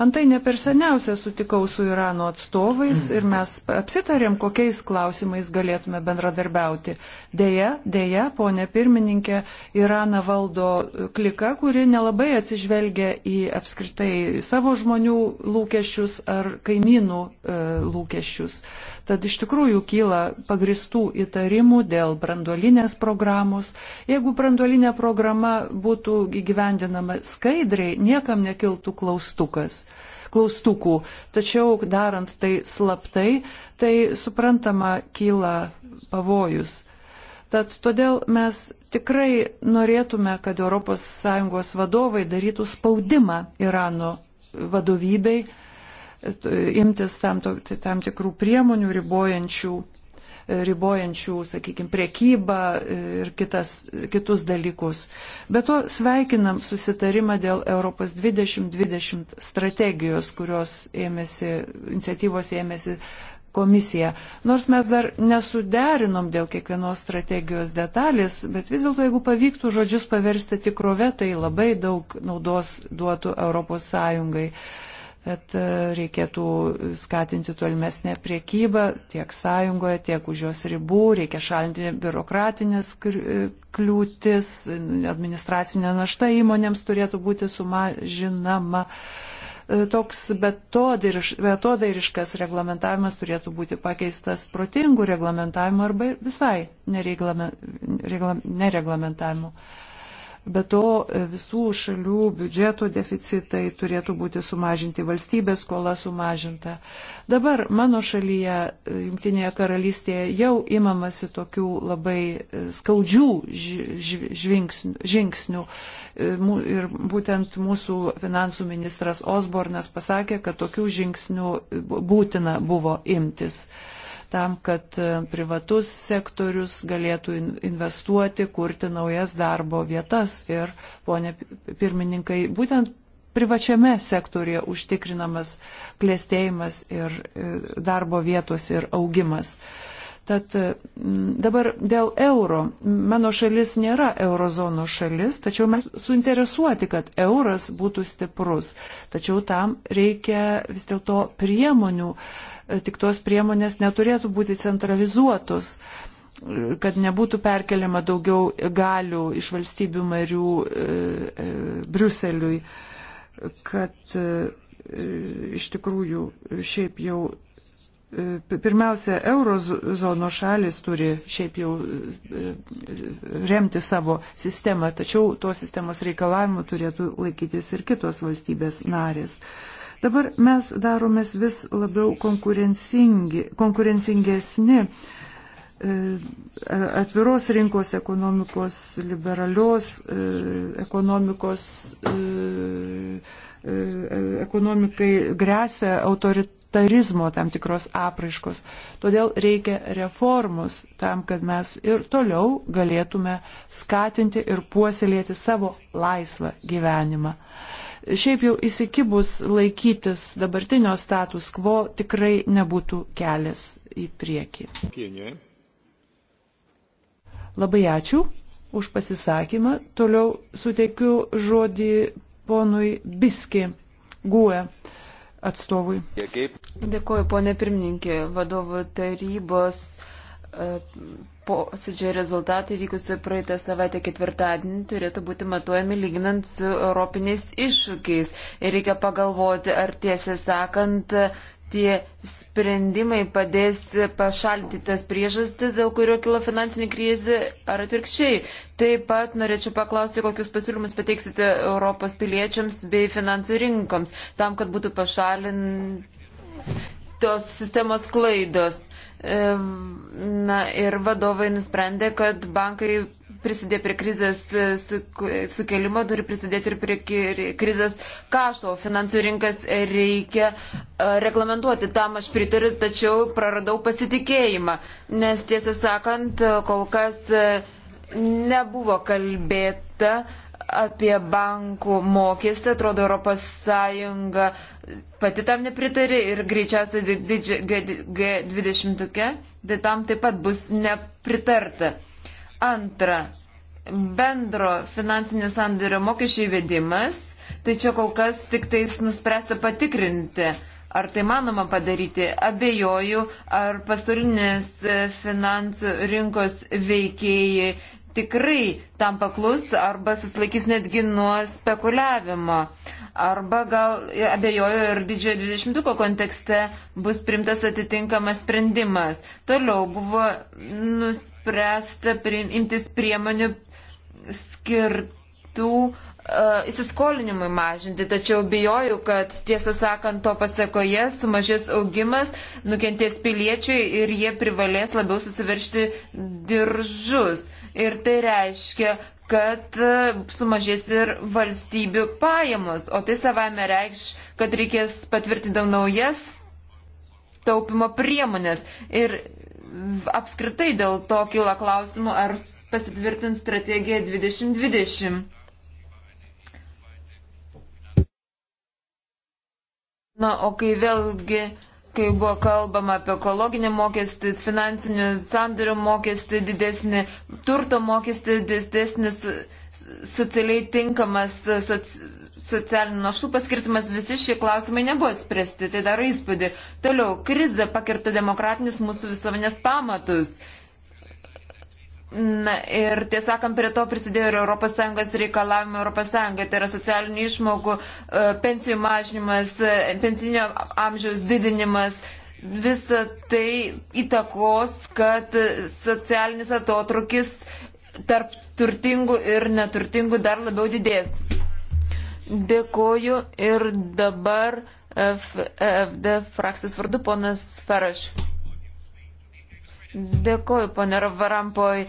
Antai ne per seniausia sutikau su Irano atstovais ir mes apsitarėm, kokiais klausimais galėtume bendradarbiauti. Deja, deja, ponė pirmininkė, Iraną valdo klika, kuri nelabai atsižvelgia į apskritai savo žmonių lūkesčius ar kaimynų e, lūkesčius. Tad iš tikrųjų kyla pagristų įtarimų dėl branduolinės programos. Jeigu branduolinė programa būtų įgyvendinama skaidriai, niekam nekiltų klaustukas klaustukų. Tačiau darant tai slaptai, tai suprantama kyla pavojus. Tad todėl mes tikrai norėtume, kad ES vadovai darytų spaudimą Irano vadovybei imtis tam, tai tam tikrų priemonių ribojančių, ribojančių sakykime, priekybą ir kitas, kitus dalykus. Be to sveikinam susitarimą dėl Europos 2020 strategijos, kurios ėmėsi, iniciatyvos ėmėsi komisija. Nors mes dar nesuderinom dėl kiekvienos strategijos detalės, bet vis dėlto, jeigu pavyktų žodžius paversti tikrove, tai labai daug naudos duotų ES kad e, reikėtų skatinti tolimesnę priekybą tiek sąjungoje, tiek už jos ribų, reikia šalinti biurokratinės e, kliūtis, administracinė našta įmonėms turėtų būti sumažinama. E, toks betodairiškas reglamentavimas turėtų būti pakeistas protingų reglamentavimų arba visai nereglamentavimu. Nereglame, Be to e, visų šalių biudžeto deficitai turėtų būti sumažinti, valstybės skola sumažinta. Dabar mano šalyje, e, Junktinėje karalystėje, jau imamasi tokių labai e, skaudžių žingsnių. Ir būtent mūsų finansų ministras Osbornas pasakė, kad tokių žingsnių būtina buvo imtis. Uh, tam, kad e, privatus sektorius galėtų investuoti, kurti naujas darbo vietas. Ir, ponė pirmininkai, būtent privačiame sektorėje užtikrinamas klėstėjimas ir e, darbo vietos ir augimas. Tad mm, dabar dėl euro. Mano šalis nėra eurozono šalis, tačiau mes suinteresuoti, kad euras būtų stiprus. Tačiau tam reikia vis dėlto priemonių. Tik tos priemonės neturėtų būti centralizuotos kad nebūtų perkeliama daugiau galių iš valstybių narių e, e, Briuseliui, kad e, iš tikrųjų šiaip jau pirmiausia, eurozono šalis turi šiaip jau e, remti savo sistemą, tačiau tos sistemos reikalavimų turėtų laikytis ir kitos valstybės narės. Dabar mes daromės vis labiau konkurencingesni e, atviros rinkos ekonomikos, liberalios e, ekonomikos ekonomikai grėsia autorit autoritarizmo tam tikros apraiškos. Todėl reikia reformos tam, kad mes ir toliau galėtume skatinti ir puoselėti savo laisvą gyvenimą. Šiaip jau įsikibus laikytis dabartinio status quo tikrai nebūtų kelias į priekį. Pienė. Labai ačiū už pasisakymą. Toliau suteikiu žodį ponui Biski Gue atstovui. Dėkuoju, ponė pirmininkė, vadovų tarybos e, posėdžio rezultatai vykusi praeitą savaitę ketvirtadienį turėtų būti matuojami lyginant su europiniais iššūkiais. Ir reikia pagalvoti, ar tiesą sakant, tie sprendimai padės pašalinti tas priežastis, dėl kurio kilo finansinė krizė ar atvirkščiai. Taip pat norėčiau paklausti, kokius pasiūlymus pateiksite Europos piliečiams bei finansų rinkoms, tam, kad būtų pašalintos sistemos klaidos. Ehm, na ir vadovai nusprendė, kad bankai prisidėjo prie krizės e, sukelimo, turi prisidėti ir prie krizės kašto. Finansų rinkas reikia e, reglamentuoti. Tam aš pritariu, tačiau praradau pasitikėjimą. Nes tiesą sakant, kol kas e, nebuvo kalbėta apie bankų mokestį, atrodo, Europos Sąjunga pati tam nepritarė ir greičiausiai G20, tai tam taip pat bus nepritarta. Antra, bendro finansinio sandorio mokesčio įvedimas, tai čia kol kas tik tais nuspręsta patikrinti. Ar tai manoma padaryti? Abejoju, ar pasaulinės finansų rinkos veikėjai tikrai tam paklus arba susilaikys netgi nuo spekuliavimo. Arba gal e, abejoju ir didžiojo 20-ko kontekste bus primtas atitinkamas sprendimas. Toliau buvo nuspręsta prim, imtis priemonių skirtų uh, įsiskolinimui mažinti, tačiau bijoju, kad tiesą sakant, to pasakoje sumažės augimas, nukentės piliečiai ir jie privalės labiau susiveršti diržus. Uh, Ir tai reiškia, kad e, sumažės ir valstybių pajamos, o tai savame reikš, kad reikės patvirtinti naujas taupimo priemonės. Ir apskritai dėl to kyla klausimų, ar pasitvirtins strategija 2020. Na, o kai vėlgi kai buvo kalbama apie ekologinį mokestį, finansinių sandarių mokestį didesnį, turto mokestį didesnis, socialiai tinkamas soc, socialinių naštų paskirtimas, visi šie klausimai nebuvo spręsti, tai daro įspūdį. Toliau, krize pakirta demokratinius mūsų visuomenės pamatus. Na ir tiesąkant prie to prisidėjo ir ES reikalavimai ES, tai yra socialinių išmokų, e, pensijų mažinimas, e, pensinio amžiaus didinimas. Visa tai įtakos, kad socialinis atotrukis tarp turtingų ir neturtingų dar labiau didės. Dėkoju ir dabar FD e frakcijos vardu ponas Feraš. Dėkoju, ponė Varampoj,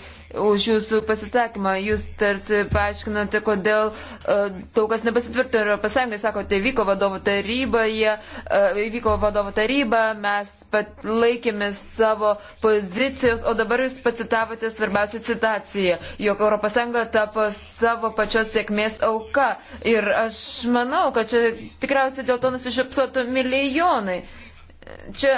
už jūsų pasisakymą. Jūs tarsi paaiškinote, kodėl uh, daug kas nepasitvirtino Europos Sąjungai. Sakote, vyko vadovo taryba, jie, uh, vyko vadovo taryba, mes pat laikėmės savo pozicijos, o dabar jūs pacitavote svarbiausią citaciją, jog Europos Sąjunga tapo savo pačios sėkmės auka. Ir aš manau, kad čia tikriausiai dėl to nusišypsotų milijonai. Čia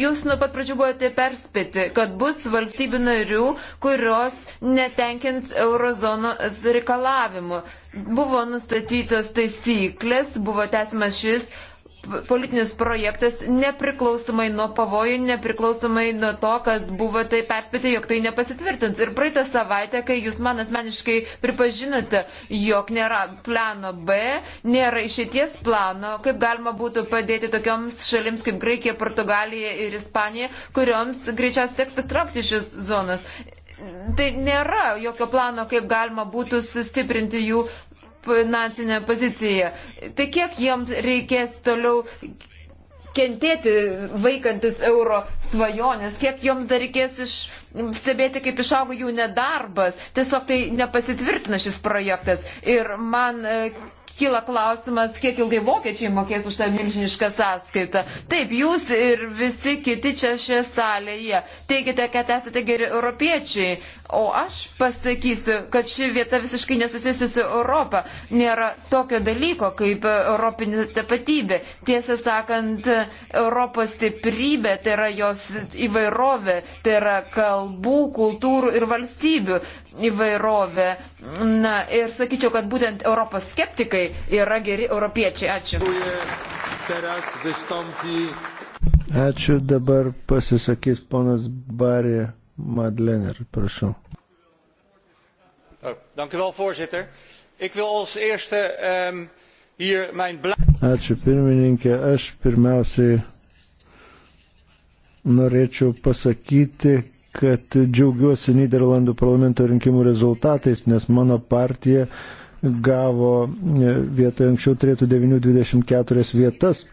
Jūs nuo pat pradžių buvote perspėti, kad bus valstybių narių, kurios netenkins eurozonos reikalavimų. Buvo nustatytos taisyklės, buvo tęsimas šis politinis projektas nepriklausomai nuo pavojų, nepriklausomai nuo to, kad buvo tai perspėti, jog tai nepasitvirtins. Ir praeitą savaitę, kai jūs man asmeniškai pripažinote, jog nėra plano B, nėra išėties plano, kaip galima būtų padėti tokioms šalims kaip Graikija, Portugalija ir Ispanija, kurioms greičiausiai teks pastraukti šios zonos. Tai nėra jokio plano, kaip galima būtų sustiprinti jų finansinę poziciją. Tai kiek jiems reikės toliau kentėti vaikantis euro svajonės, kiek joms dar reikės iš, stebėti, kaip išaugo jų nedarbas. Tiesiog tai nepasitvirtina šis projektas. Ir man e, kyla klausimas, kiek ilgai vokiečiai mokės už tą milžinišką sąskaitą. Taip, jūs ir visi kiti čia šioje salėje teikite, kad esate geri europiečiai. O aš pasakysiu, kad ši vieta visiškai nesusijusi su Europa. Nėra tokio dalyko kaip europinė tapatybė. Tiesą sakant, Europos stiprybė tai yra jos įvairovė, tai yra kalbų, kultūrų ir valstybių įvairovė. Na ir sakyčiau, kad būtent Europos skeptikai yra geri europiečiai. Ačiū. Ačiū, dabar pasisakys ponas Barė. Madlener, prašau. Oh, dank u wel, voorzitter. Ik wil als eerste um, hier mijn blij... Ačiū pirmininkė, aš pirmiausiai norėčiau pasakyti, kad džiaugiuosi Niderlandų parlamento rinkimų rezultatais, nes mano partija gavo e, vietoje anksčiau turėtų 924 vietas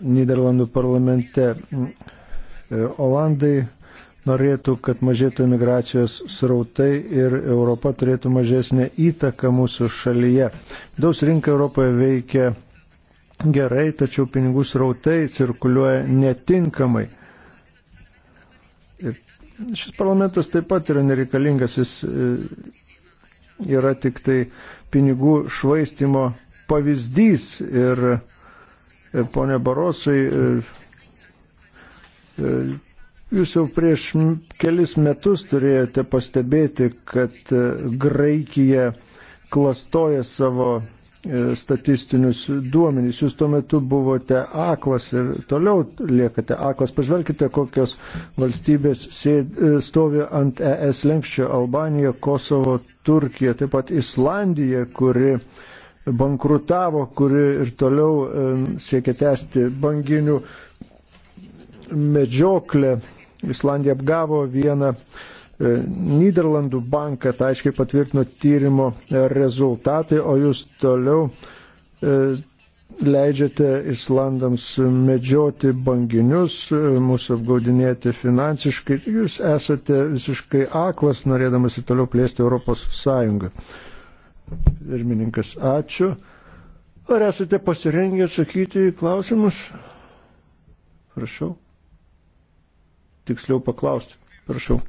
Niderlandų parlamente. E, Olandai norėtų, kad mažėtų imigracijos srautai ir Europa turėtų mažesnę įtaką mūsų šalyje. Daus rinka Europoje veikia gerai, tačiau pinigų srautai cirkuliuoja netinkamai. Ir šis parlamentas taip pat yra nereikalingas, jis e, yra tik tai pinigų švaistimo pavyzdys ir, ir e, ponė Barosai e, Jūs jau prieš kelis metus turėjote pastebėti, kad e, Graikija klastoja savo e, statistinius duomenys. Jūs tuo metu buvote aklas ir toliau liekate aklas. Pažvelkite, kokios valstybės sėd, e, stovi ant ES lenkščio - Albanija, Kosovo, Turkija, taip pat Islandija, kuri bankrutavo, kuri ir toliau siekia tęsti banginių medžioklę Islandija apgavo vieną e, Niderlandų banką, tai aiškiai patvirtino tyrimo rezultatai, o jūs toliau e, leidžiate Islandams medžioti banginius, e, mūsų apgaudinėti finansiškai. Jūs esate visiškai aklas, norėdamas ir toliau plėsti Europos Sąjungą. Pirmininkas, ačiū. Ar esate pasirengę atsakyti į klausimus? Prašau tiksliau paklausti. Prašau.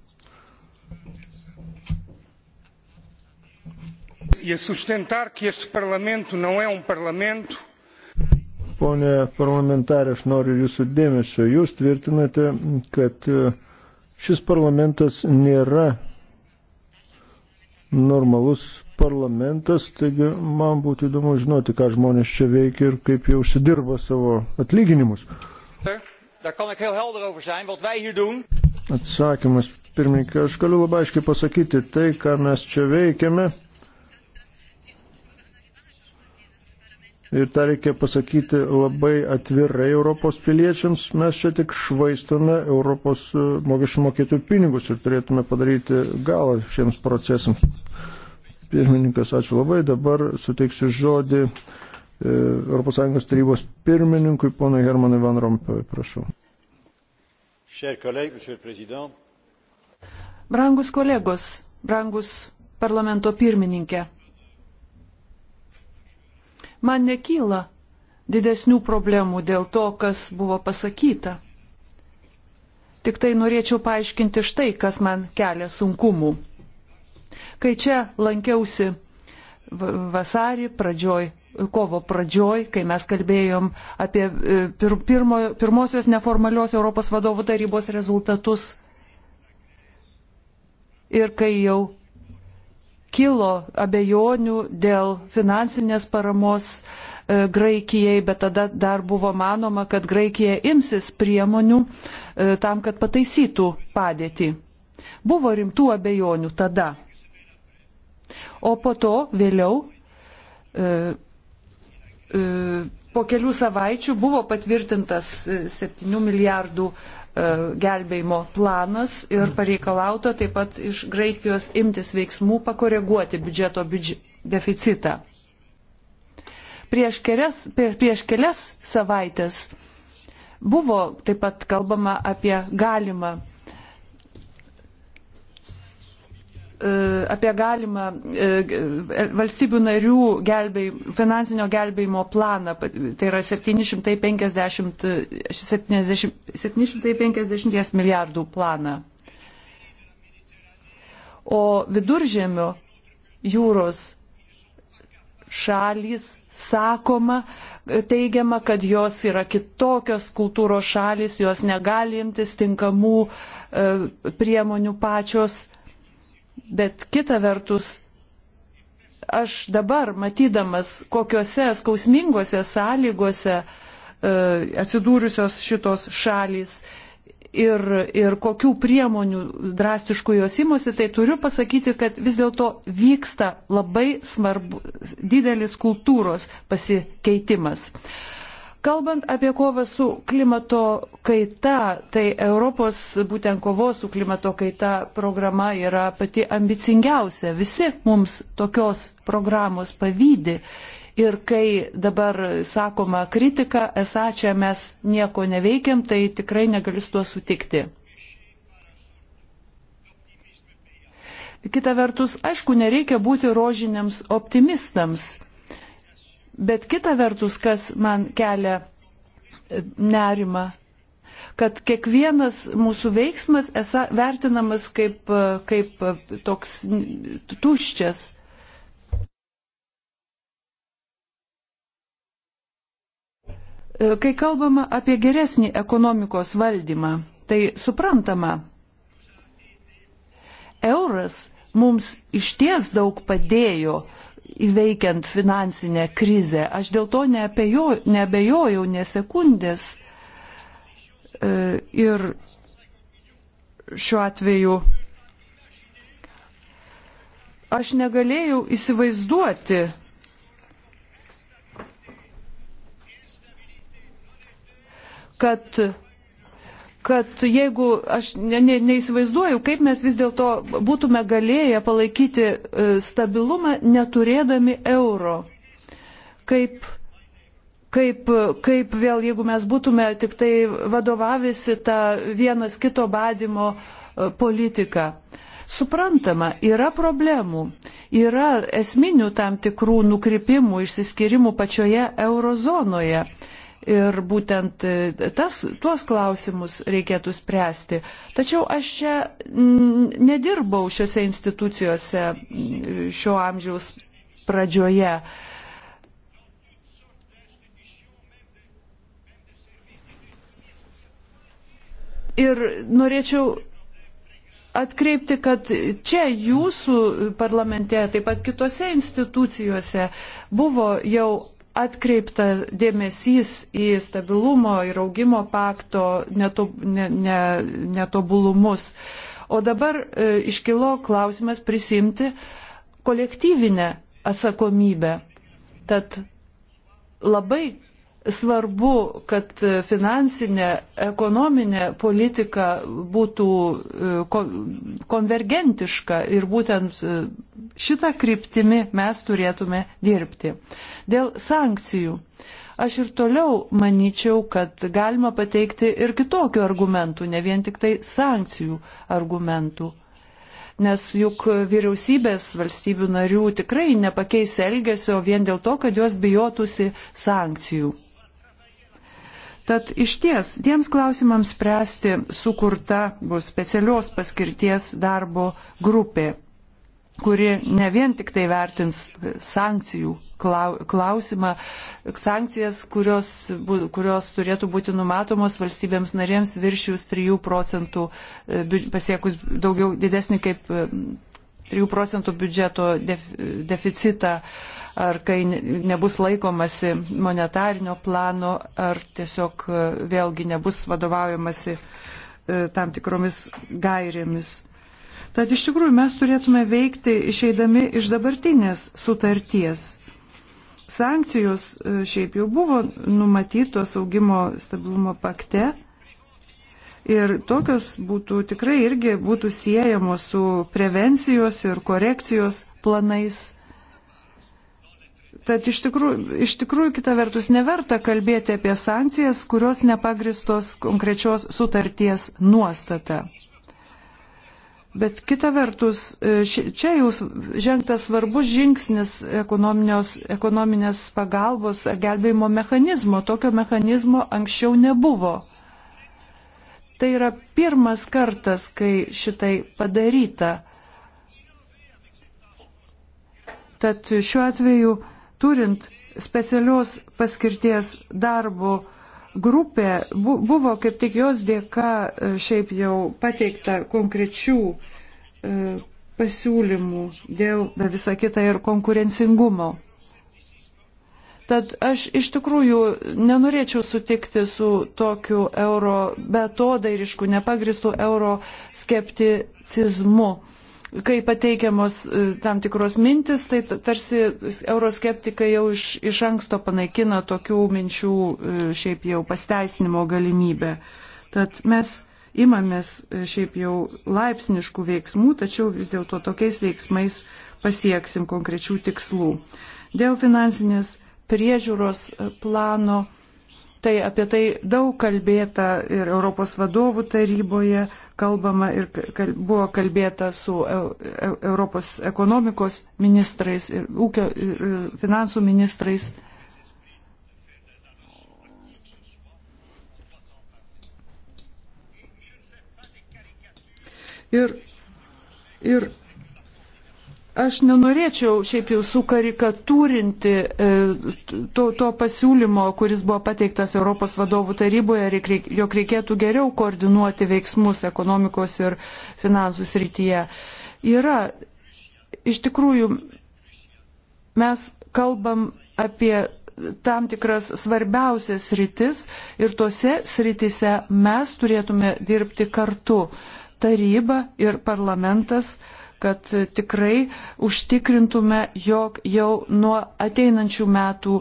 E sustentar que este parlamento não é um parlamento. Pone parlamentarė, aš noriu jūsų dėmesio. Jūs tvirtinate, kad e, šis parlamentas nėra normalus parlamentas, taigi man būtų įdomu žinoti, ką žmonės čia veikia ir kaip jie užsidirba savo atlyginimus. Ta. E? Daar kan ik heel helder over zijn. Wat wij hier doen. Atsakymas, pirmininkė, aš galiu labai aiškiai pasakyti, tai, ką mes čia veikiame. Ir tą reikia pasakyti labai atvirai Europos piliečiams, mes čia tik švaistome Europos e, mokesčių mokėtojų pinigus ir turėtume padaryti galą šiems procesams. Pirmininkas, ačiū labai, dabar suteiksiu žodį ES tarybos pirmininkui, ponui Hermanui Van Rompui, prašau. Brangus kolegos, brangus parlamento pirmininkė, man nekyla didesnių problemų dėl to, kas buvo pasakyta. Tik tai norėčiau paaiškinti štai, kas man kelia sunkumų. Kai čia lankiausi vasarį pradžioj kovo pradžioj, kai mes kalbėjom apie e, pir, pirmo, pirmosios neformalios Europos vadovų tarybos rezultatus ir kai jau kilo abejonių dėl finansinės paramos e, Graikijai, bet tada dar buvo manoma, kad Graikija imsis priemonių e, tam, kad pataisytų padėtį. Buvo rimtų abejonių tada. O po to vėliau e, E, po kelių savaičių buvo patvirtintas 7 e, milijardų e, gelbėjimo planas ir pareikalauta taip pat iš Graikijos imtis veiksmų pakoreguoti biudžeto biudž... deficitą. Prieš kelias, prieš kelias savaitės buvo taip pat kalbama apie galimą E, apie galimą e, e, valstybių narių gelbėj, finansinio gelbėjimo planą, tai yra 750, 70, 750 milijardų planą. O viduržėmio jūros šalys sakoma, teigiama, kad jos yra kitokios kultūros šalys, jos negalimtis tinkamų priemonių pačios Bet kita vertus, aš dabar matydamas, kokiuose skausmingose sąlygose e, atsidūrusios šitos šalys ir, ir kokių priemonių drastiškų jos įmosi, tai turiu pasakyti, kad vis dėlto vyksta labai svarbu, didelis kultūros pasikeitimas. E, Kalbant apie kovą su klimato kaita, tai Europos būtent kovos su klimato kaita programa yra pati ambicingiausia. Visi mums tokios programos pavydi. Ir kai dabar sakoma kritika, esą čia mes nieko neveikiam, tai tikrai negaliu su tuo sutikti. Kita vertus, aišku, nereikia būti rožiniams optimistams Bet kita vertus, kas man kelia e, nerima, kad kiekvienas mūsų veiksmas esą vertinamas kaip, e, kaip e, toks tuščias. Kai kalbama apie geresnį ekonomikos valdymą, tai suprantama, euras mums išties daug padėjo, įveikiant finansinę krizę. Aš dėl to neabejojau nesekundės. E, ir šiuo atveju aš negalėjau įsivaizduoti, kad kad jeigu aš ne, ne, neįsivaizduoju, kaip mes vis dėlto būtume galėję palaikyti e, stabilumą neturėdami euro. Kaip, kaip, kaip vėl, jeigu mes būtume tik tai vadovavisi tą vienas kito badimo e, politiką. Suprantama, yra problemų, yra esminių tam tikrų nukrypimų, išsiskirimų pačioje eurozonoje. Ir būtent e, tas, tuos klausimus reikėtų spręsti. Tačiau aš čia nedirbau šiuose institucijose šio amžiaus pradžioje. Ir norėčiau atkreipti, kad čia jūsų parlamente, taip pat kitose institucijose buvo jau atkreipta dėmesys į stabilumo ir augimo pakto netobulumus. O dabar e, iškilo klausimas prisimti kolektyvinę atsakomybę. Tad labai svarbu, kad finansinė, ekonominė politika būtų e, konvergentiška ir būtent e, šitą kryptimį mes turėtume dirbti. Dėl sankcijų. Aš ir toliau manyčiau, kad galima pateikti ir kitokių argumentų, ne vien tik tai sankcijų argumentų nes juk vyriausybės valstybių narių tikrai nepakeis elgesio vien dėl to, kad jos bijotųsi sankcijų. Tad iš ties tiems klausimams spręsti sukurta bus specialios paskirties darbo grupė, kuri ne vien tik tai vertins sankcijų klausimą, sankcijas, kurios, kurios turėtų būti numatomos valstybėms narėms viršijus 3 procentų, e, pasiekus daugiau didesnį kaip 3 e, procentų biudžeto e, deficitą. Uh, ar kai nebus laikomasi monetarinio plano, ar tiesiog e, vėlgi nebus vadovaujamasi e, tam tikromis gairėmis. Tad iš tikrųjų mes turėtume veikti išeidami iš dabartinės sutarties. Sankcijos e, šiaip jau buvo numatytos augimo stabilumo pakte ir tokios būtų tikrai irgi būtų siejamos su prevencijos ir korekcijos planais Tad iš tikrųjų, iš tikrųjų kita vertus neverta kalbėti apie sankcijas, kurios nepagristos konkrečios sutarties nuostata. Bet kita vertus, e, ši, čia jau žengtas svarbus žingsnis ekonominės pagalbos gelbėjimo mechanizmo. Tokio mechanizmo anksčiau nebuvo. Tai yra pirmas kartas, kai šitai padaryta. Tad šiuo atveju turint specialios paskirties darbo grupė, buvo kaip tik jos dėka e, šiaip jau pateikta konkrečių e, pasiūlymų dėl be visą kitą ir konkurencingumo. Tad aš iš tikrųjų nenorėčiau sutikti su tokiu euro betodairišku, nepagristu euro skepticizmu kai pateikiamos e, tam tikros mintis, tai tarsi euroskeptikai jau iš, iš anksto panaikina tokių minčių e, šiaip jau pasteisinimo galimybę. Tad mes imamės e, šiaip jau laipsniškų veiksmų, tačiau vis dėlto tokiais veiksmais pasieksim konkrečių tikslų. Dėl finansinės priežiūros plano, tai apie tai daug kalbėta ir Europos vadovų taryboje kalbama ir kal, buvo kalbėta su Europos ekonomikos ministrais ir ūkio ir finansų ministrais. Ir, ir Aš nenorėčiau šiaip jau sukarikatūrinti e, to, to pasiūlymo, kuris buvo pateiktas Europos vadovų taryboje, jog reikėtų geriau koordinuoti veiksmus ekonomikos ir finansų srityje. Yra, iš tikrųjų, mes kalbam apie tam tikras svarbiausias sritis ir tose sritise mes turėtume dirbti kartu. Taryba ir parlamentas uh, kad tikrai užtikrintume, jog jau nuo ateinančių metų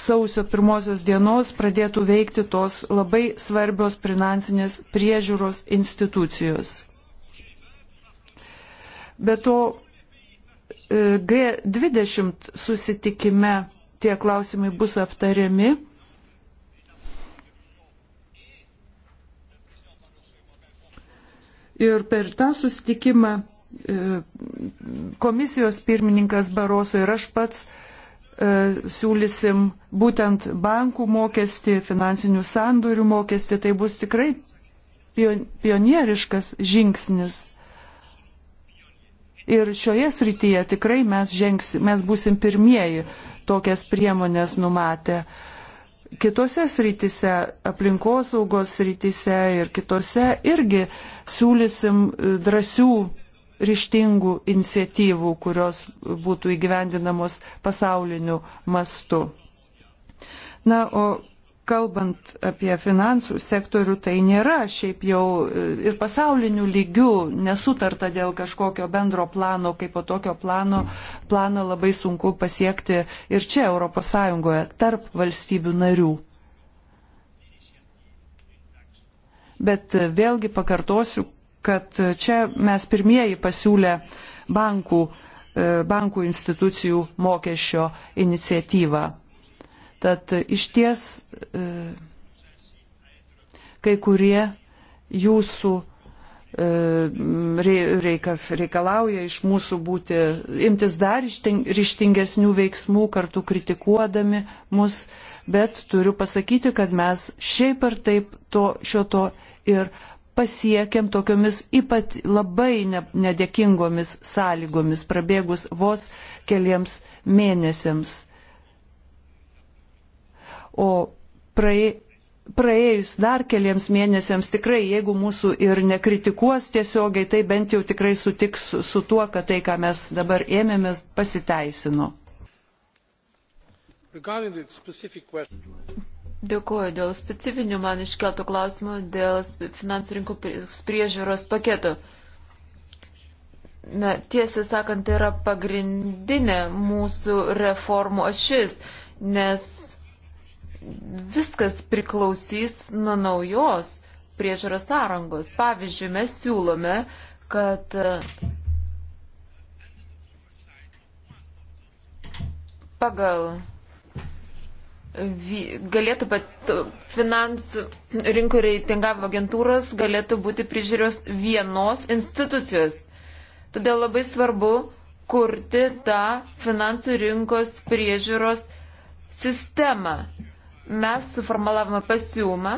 sausio pirmosios dienos pradėtų veikti tos labai svarbios finansinės priežiūros institucijos. Be to, e, G20 susitikime tie klausimai bus aptariami. Ir per tą susitikimą E, komisijos pirmininkas Baroso ir aš pats e, siūlysim būtent bankų mokestį, finansinių sandorių mokestį, tai bus tikrai pionieriškas žingsnis. Ir šioje srityje tikrai mes, žengs, mes busim pirmieji tokias priemonės numatę. Kitose srityse, aplinkosaugos srityse ir kitose irgi siūlysim e, drąsių ryštingų iniciatyvų, kurios būtų įgyvendinamos pasauliniu mastu. Na, o kalbant apie finansų sektorių, tai nėra šiaip jau e, ir pasaulinių lygių nesutarta dėl kažkokio bendro plano, kaip po tokio plano, planą labai sunku pasiekti ir čia ES tarp valstybių narių. Bet e, vėlgi pakartosiu, kad čia mes pirmieji pasiūlė bankų, e, bankų institucijų mokesčio iniciatyvą. Tad iš ties e, kai kurie jūsų e, reikalauja iš mūsų būti, imtis dar ryštingesnių veiksmų, kartu kritikuodami mus, bet turiu pasakyti, kad mes šiaip ar taip to, šio to ir pasiekėm tokiomis ypat labai nedėkingomis sąlygomis, prabėgus vos keliems mėnesiams. O prae, praėjus dar keliems mėnesiams tikrai, jeigu mūsų ir nekritikuos tiesiogiai, tai bent jau tikrai sutiks su, su tuo, kad tai, ką mes dabar ėmėmės, pasiteisino. Dėkuoju dėl specifinių man iškeltų klausimų dėl finansų rinkų priežiūros paketų. Na, tiesą sakant, tai yra pagrindinė mūsų reformų ašis, nes viskas priklausys nuo naujos priežiūros sąrangos. Pavyzdžiui, mes siūlome, kad pagal galėtų pat finansų rinkų reitingavimo agentūros galėtų būti prižiūrios vienos institucijos. Todėl labai svarbu kurti tą finansų rinkos priežiūros sistemą. Mes suformalavome pasiūlymą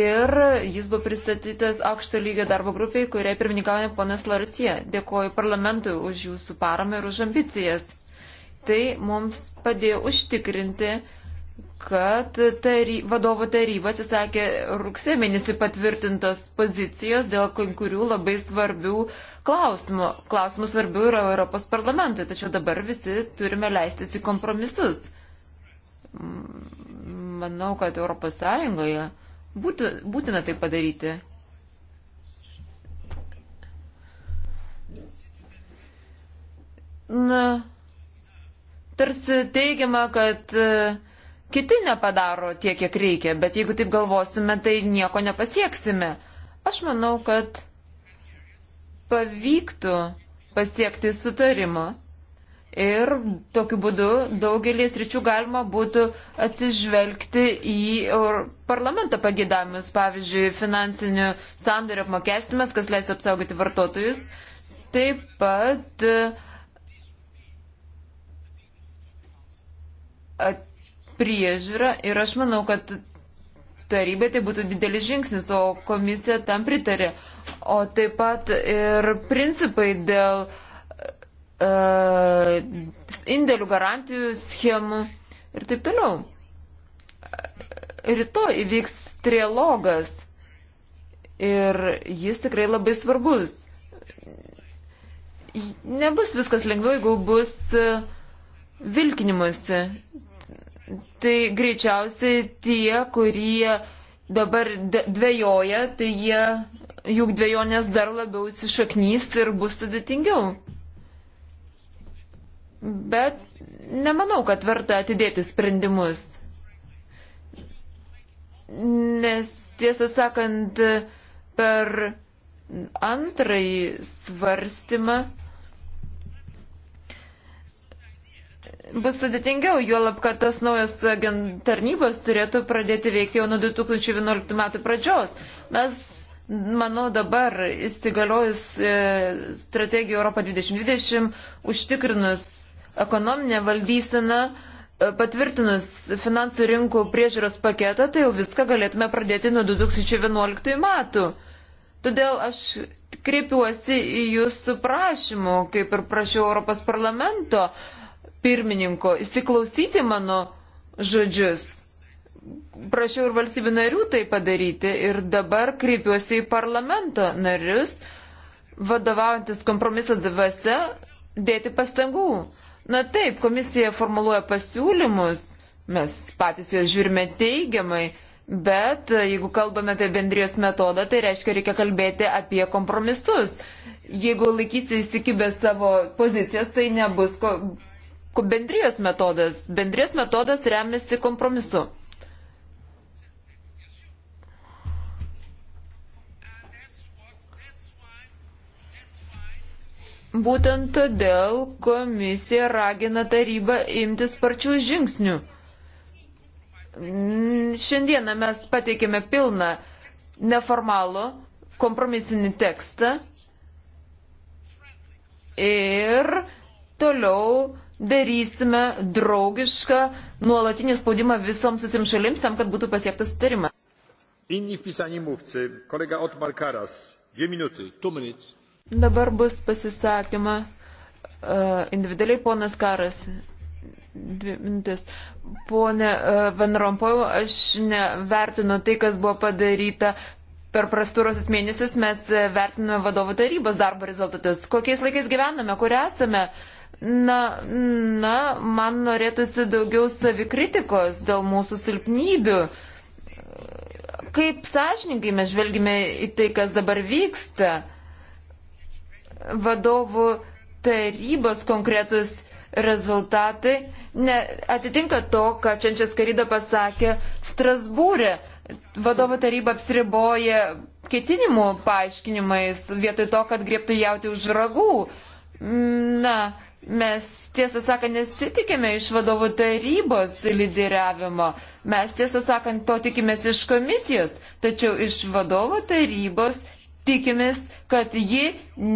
ir jis buvo pristatytas aukšto lygio darbo grupiai, kuriai pirmininkauja ponas Larsija. Dėkuoju parlamentui už jūsų paramą ir už ambicijas. Tai mums padėjo užtikrinti kad tary, vadovo taryba atsisakė rugsė mėnesį patvirtintos pozicijos dėl kai kurių labai svarbių klausimų. Klausimų svarbių yra Europos parlamentui, tačiau dabar visi turime leistis į kompromisus. Manau, kad Europos Sąjungoje būtų, būtina tai padaryti. Na, tarsi teigiama, kad uh, kiti nepadaro tiek, kiek reikia, bet jeigu taip galvosime, tai nieko nepasieksime. Aš manau, kad pavyktų pasiekti sutarimo ir tokiu būdu daugelis ryčių galima būtų atsižvelgti į parlamento pagėdavimus, pavyzdžiui, finansinių sandorių apmokestimas, kas leis apsaugoti vartotojus. Taip pat at, priežiūrą ir aš manau, kad tarybai tai būtų didelis žingsnis, o komisija tam pritarė. O taip pat ir principai dėl uh, indėlių garantijų schemų ir taip toliau. Rytoj įvyks trialogas ir jis tikrai labai svarbus. Nebus viskas lengviau, jeigu bus e, vilkinimuose tai greičiausiai tie, kurie dabar dvėjoja, tai jie, juk dvėjonės dar labiau įsišaknys ir bus sudėtingiau. Bet nemanau, kad verta atidėti sprendimus. Nes tiesą sakant, per antrąjį svarstymą bus sudėtingiau, juolab, kad tas naujas tarnybos turėtų pradėti veikti jau nuo 2011 metų pradžios. Mes, manau, dabar įsigaliojus e, strategiją Europą 2020, užtikrinus ekonominę valdyseną, e, patvirtinus finansų rinkų priežiūros paketą, tai jau viską galėtume pradėti nuo 2011 metų. Todėl aš kreipiuosi į jūsų prašymų, kaip ir prašiau Europos parlamento, uh, pirmininko įsiklausyti mano žodžius. Prašiau ir valstybių narių tai padaryti ir dabar kreipiuosi į parlamento narius, vadovaujantis kompromiso dvasia, dėti pastangų. Na taip, komisija formuluoja pasiūlymus, mes patys juos žiūrime teigiamai, bet jeigu kalbame apie bendrijos metodą, tai reiškia reikia kalbėti apie kompromisus. Jeigu laikysi įsikibę savo pozicijos, tai nebus ko bendrijos metodas. Bendrijos metodas remiasi kompromisu. Būtent todėl komisija ragina tarybą imtis sparčių žingsnių. Šiandieną mes pateikėme pilną neformalų kompromisinį tekstą ir toliau darysime draugišką nuolatinį spaudimą visoms susim šalims tam, kad būtų pasiektas sutarimas. Inni wpisani mówcy, kolega Otmar Karas, 2 minuty, 2 minutes. Dabar bus pasisakyma uh, e, individualiai ponas Karas. Dvi mintis. Pone uh, Van Rompojau, aš nevertinu tai, kas buvo padaryta per pastarosius mėnesius mes e, vertiname vadovų tarybos darbo rezultatus. Kokiais laikais gyvename, kur esame? Uh, Na, na, man norėtųsi daugiau savikritikos dėl mūsų silpnybių. Kaip sąžininkai mes žvelgime į tai, kas dabar vyksta. Vadovų tarybos konkretus rezultatai ne, atitinka to, ką Čiančias Karyda pasakė Strasbūrė. Vadovų taryba apsiriboja ketinimų paaiškinimais vietoj to, kad griebtų jauti už ragų. Na, Mes tiesą sakant nesitikime iš vadovų tarybos lyderiavimo, mes tiesą sakant to tikimės iš komisijos, tačiau iš vadovų tarybos tikimės, kad ji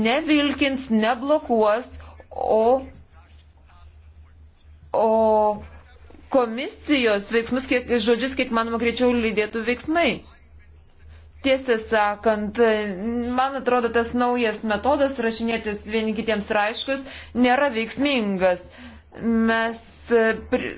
nevilkins, neblokuos, o, o komisijos veiksmus, kiek, žodžius, kiek manoma, greičiau lydėtų veiksmai. Tiesą sakant, man atrodo, tas naujas metodas rašinėtis vieni kitiems raiškus nėra veiksmingas. Mes pri...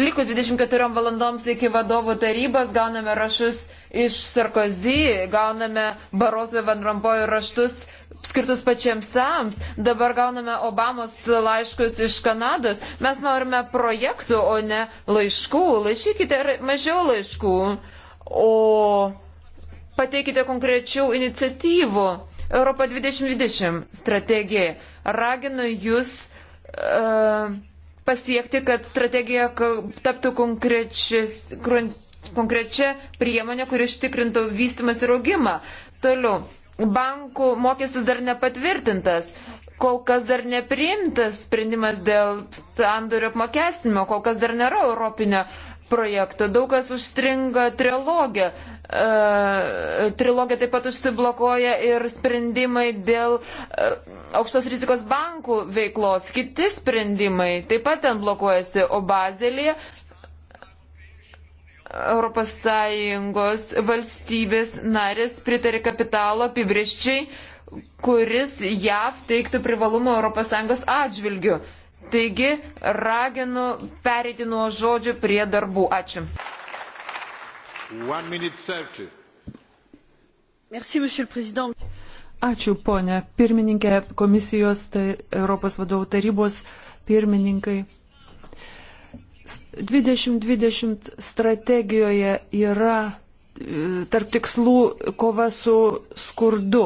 likus 24 valandoms iki vadovų tarybos gauname rašus iš Sarkozy, gauname Barozo Van Rompojų raštus skirtus pačiems sams, dabar gauname Obamos laiškus iš Kanados. Mes norime projektų, o ne laiškų. Laišykite mažiau laiškų. O pateikite konkrečių iniciatyvų Europa 2020 strategijai. Raginu jūs uh, pasiekti, kad strategija taptų konkrečia priemonė, kuri ištikrintų vystimas ir augimą. Toliau, bankų mokestis dar nepatvirtintas. Kol kas dar nepriimtas sprendimas dėl sandorio apmokestinimo, kol kas dar nėra europinio projektų. Daug kas užstringa trilogija. E, trilogija taip pat užsiblokuoja ir sprendimai dėl e, aukštos rizikos bankų veiklos. Kiti sprendimai taip pat ten blokuojasi. O Bazelėje ES valstybės narės pritarė kapitalo apibrieščiai, kuris JAV teiktų privalumą ES atžvilgiu. Taigi raginu perėti nuo žodžių prie darbų. Ačiū. Merci, Ačiū, ponė pirmininkė, komisijos, tai Europos vadovų tarybos pirmininkai. 2020 strategijoje yra e, tarp tikslų kova su skurdu.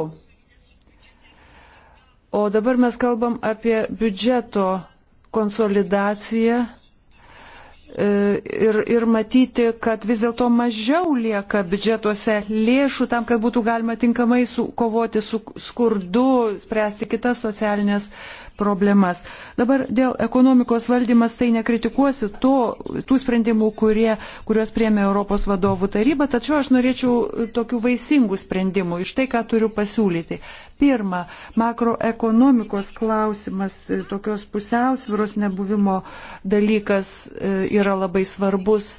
O dabar mes kalbam apie biudžeto konsolidaciją e, ir, ir matyti, kad vis dėlto mažiau lieka biudžetuose lėšų tam, kad būtų galima tinkamai su, kovoti su skurdu, spręsti kitas socialinės problemas. Dabar dėl ekonomikos valdymas tai nekritikuosi to, tų sprendimų, kurie, kuriuos priemė Europos vadovų taryba, tačiau aš norėčiau tokių vaisingų sprendimų iš tai, ką turiu pasiūlyti. Pirma, makroekonomikos klausimas, tokios pusiausviros nebuvimo dalykas e, yra labai svarbus.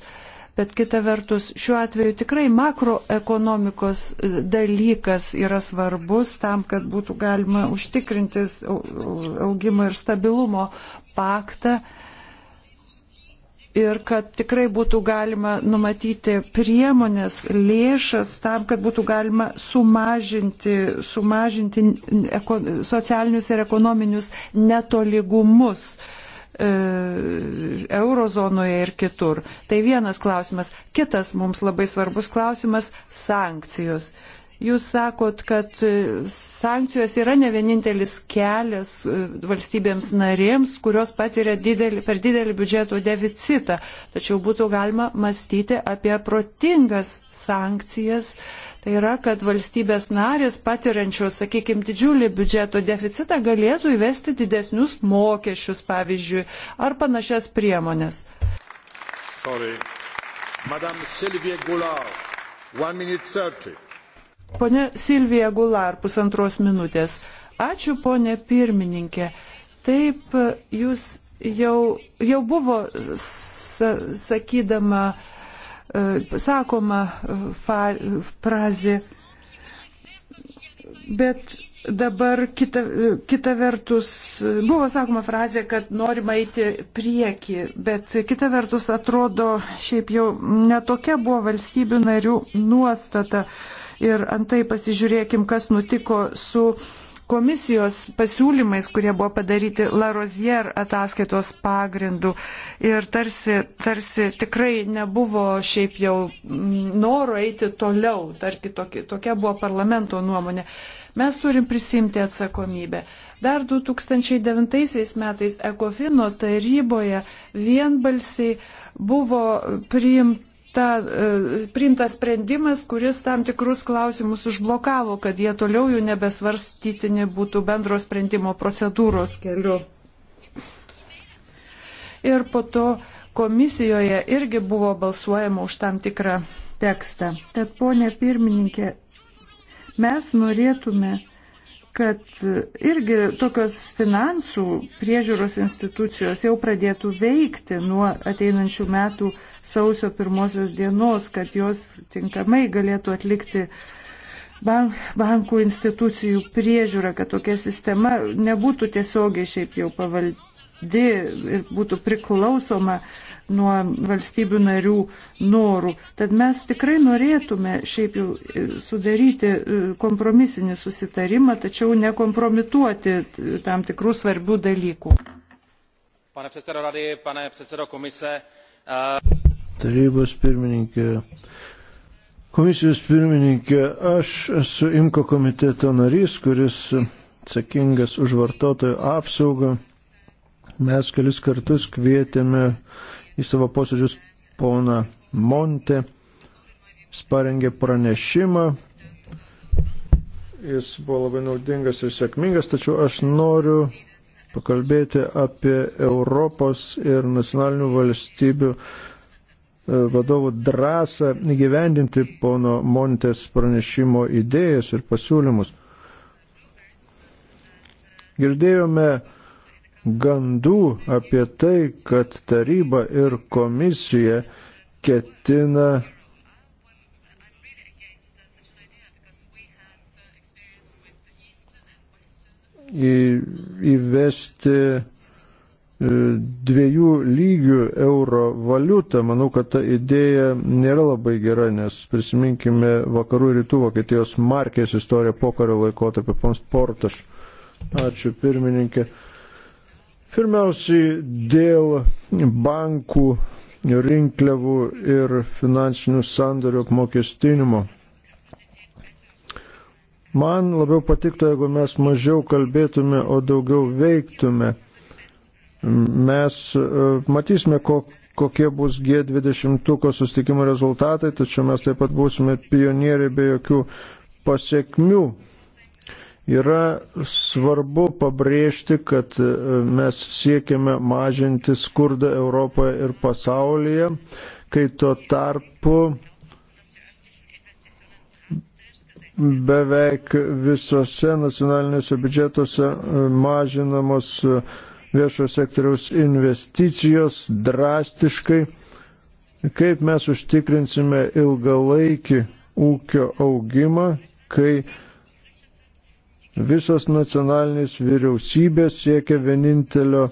Bet kita vertus, šiuo atveju tikrai makroekonomikos e, dalykas yra svarbus tam, kad būtų galima užtikrinti augimo ir stabilumo paktą ir kad tikrai būtų galima numatyti priemonės, lėšas tam, kad būtų galima sumažinti, sumažinti eko, socialinius ir ekonominius netoligumus. Uh, E, eurozonoje ir kitur. Tai vienas klausimas. Kitas mums labai svarbus klausimas - sankcijos. Jūs sakot, kad e, sankcijos yra ne vienintelis kelias e, valstybėms narėms, kurios patiria didelį, per didelį biudžeto deficitą. Tačiau būtų galima mąstyti apie protingas sankcijas. Tai yra, kad valstybės narės patiriančios, sakykime, didžiulį biudžeto deficitą galėtų įvesti didesnius mokesčius, pavyzdžiui, ar panašias priemonės. Sorry. Madame Silvija Goulart, 1 minute 30. Pone Silvija Gular, pusantros minutės. Ačiū, ponė pirmininkė. Taip, jūs jau, jau buvo sa sakydama, e, sakoma e, frazė, bet dabar kita, e, kita vertus, buvo sakoma frazė, kad norima eiti prieki, bet kita vertus atrodo, šiaip jau netokia buvo valstybių narių nuostata. Uh, Ir antai pasižiūrėkim, kas nutiko su komisijos pasiūlymais, kurie buvo padaryti Larozier ataskaitos pagrindu. Ir tarsi, tarsi tikrai nebuvo šiaip jau mm, noro eiti toliau, tarki tokia, tokia buvo parlamento nuomonė. Mes turim prisimti atsakomybę. Dar 2009 metais Ekofino taryboje vienbalsiai buvo priimta priimta, e, priimtas sprendimas, kuris tam tikrus klausimus užblokavo, kad jie toliau jų nebesvarstytini būtų bendro sprendimo procedūros keliu. Ir po to komisijoje irgi buvo balsuojama už tam tikrą tekstą. Tad, ponė pirmininkė, mes norėtume kad irgi tokios finansų priežiūros institucijos jau pradėtų veikti nuo ateinančių metų sausio pirmosios dienos, kad jos tinkamai galėtų atlikti bank, bankų institucijų priežiūrą, kad tokia sistema nebūtų tiesiogiai šiaip jau pavaldi ir būtų priklausoma uh, nuo valstybių narių norų. Tad mes tikrai norėtume šiaip jau e, sudaryti e, kompromisinį susitarimą, tačiau nekompromituoti e, tam tikrų svarbių dalykų. Pane předsedo rady, pane předsedo komise. Uh... Tarybos pirmininkė, komisijos pirmininkė, aš esu Imko komiteto narys, kuris atsakingas už vartotojų apsaugą mes kelis kartus kvietėme į savo posėdžius poną Monte, jis parengė pranešimą, jis buvo labai naudingas ir sėkmingas, tačiau aš noriu pakalbėti apie Europos ir nacionalinių valstybių e, vadovų drąsą įgyvendinti pono Montes pranešimo idėjas ir pasiūlymus. Girdėjome gandų apie tai, kad taryba ir komisija ketina į, įvesti e, dviejų lygių euro valiutą. Manau, kad ta idėja nėra labai gera, nes prisiminkime vakarų ir rytų Vokietijos markės istoriją pokario laikotarpio. Pons Portaš. Ačiū pirmininkė. Pirmiausiai dėl bankų rinkliavų ir finansinių sandorių apmokestinimo. Man labiau patiktų, jeigu mes mažiau kalbėtume, o daugiau veiktume. Mes e, matysime, kokie bus G20 sustikimo rezultatai, tačiau mes taip pat būsime pionieriai be jokių pasiekmių Yra svarbu pabrėžti, kad e, mes siekiame mažinti skurdą Europoje ir pasaulyje, kai tuo tarpu beveik visose nacionalinėse biudžetuose e, mažinamos e, viešo sektoriaus investicijos drastiškai. Kaip mes užtikrinsime ilgalaikį ūkio augimą, kai Visos nacionalinės vyriausybės siekia vienintelio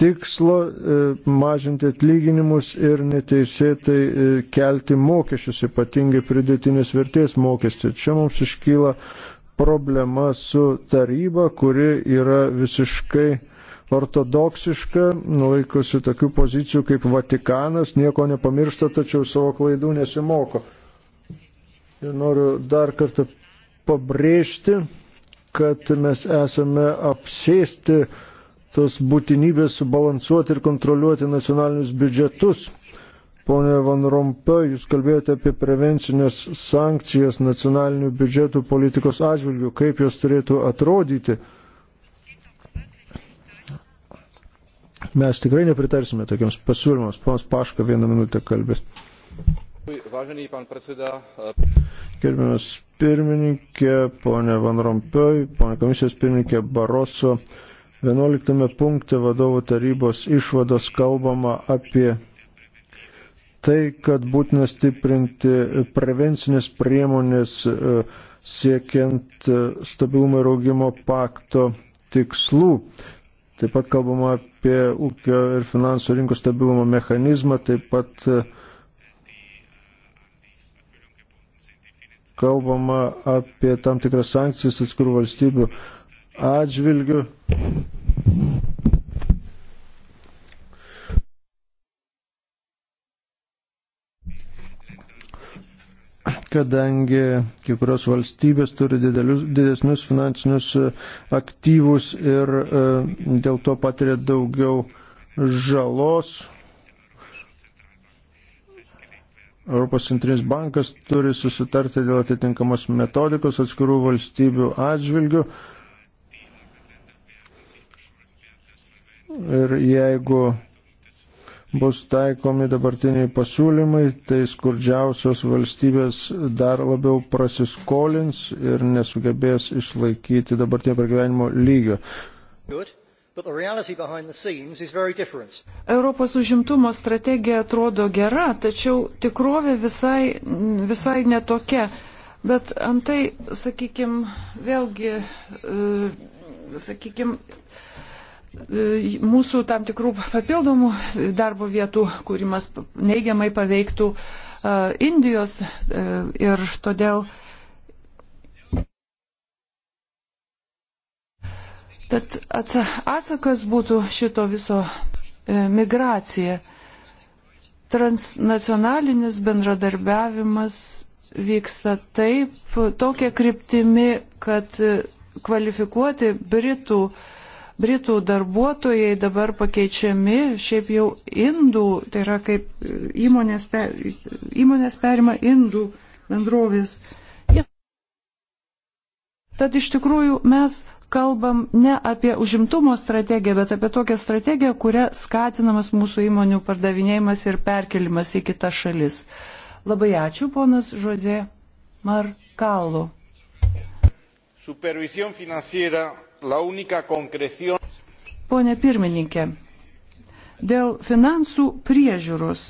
tikslo e, mažinti atlyginimus ir neteisėtai e, kelti mokesčius, ypatingai pridėtinės vertės mokestį. Čia mums iškyla problema su taryba, kuri yra visiškai ortodoksiška, laikosi tokių pozicijų kaip Vatikanas, nieko nepamiršta, tačiau savo klaidų nesimoko. Ir noriu dar kartą pabrėžti, kad mes esame apsėsti tos būtinybės subalansuoti ir kontroliuoti nacionalinius biudžetus. Pone Van Rompe, jūs kalbėjote apie prevencinės sankcijas nacionalinių biudžetų politikos atžvilgių, kaip jos turėtų atrodyti. Mes tikrai nepritarsime tokiams pasiūlymams. Ponas Paška vieną minutę kalbės. E, Gerbiamas pirmininkė, ponė Van Rompioj, ponė komisijos pirmininkė Baroso, 11 punkte vadovų tarybos išvados kalbama apie tai, kad būtina stiprinti prevencinės priemonės e, siekiant e, stabilumo ir augimo pakto tikslų. Taip pat kalbama apie ūkio ir finansų rinkų stabilumo mechanizmą, taip pat uh, kalbama apie tam tikras sankcijas atskirų valstybių atžvilgių. kadangi kai kurios valstybės turi didelius, didesnius finansinius e, aktyvus ir e, dėl to patiria daugiau žalos, Europos centrinis bankas turi susitarti dėl atitinkamos metodikos atskirų valstybių atžvilgių. Ir jeigu bus taikomi dabartiniai pasiūlymai, tai skurdžiausios valstybės dar labiau prasiskolins ir nesugebės išlaikyti dabartinio pragyvenimo lygio. Good. Europos užimtumo strategija atrodo gera, tačiau tikrovė visai, visai netokia. Bet antai, sakykime, vėlgi, e, sakykime, mūsų tam tikrų papildomų darbo vietų kūrimas neigiamai paveiktų e, Indijos e, ir todėl Tad atsakas būtų šito viso e, migracija. Transnacionalinis bendradarbiavimas vyksta taip, tokia kryptimi, kad e, kvalifikuoti Britų, Britų darbuotojai dabar pakeičiami šiaip jau indų, tai yra kaip e, įmonės, per, įmonės perima indų bendrovės Tad iš tikrųjų mes kalbam ne apie užimtumo strategiją, bet apie tokią strategiją, kuria skatinamas mūsų įmonių pardavinėjimas ir perkelimas į kitas šalis. Labai ačiū, ponas Žozė Markalo. Supervisión financiera, la única concreción. Pone pirmininkė, dėl finansų priežiūros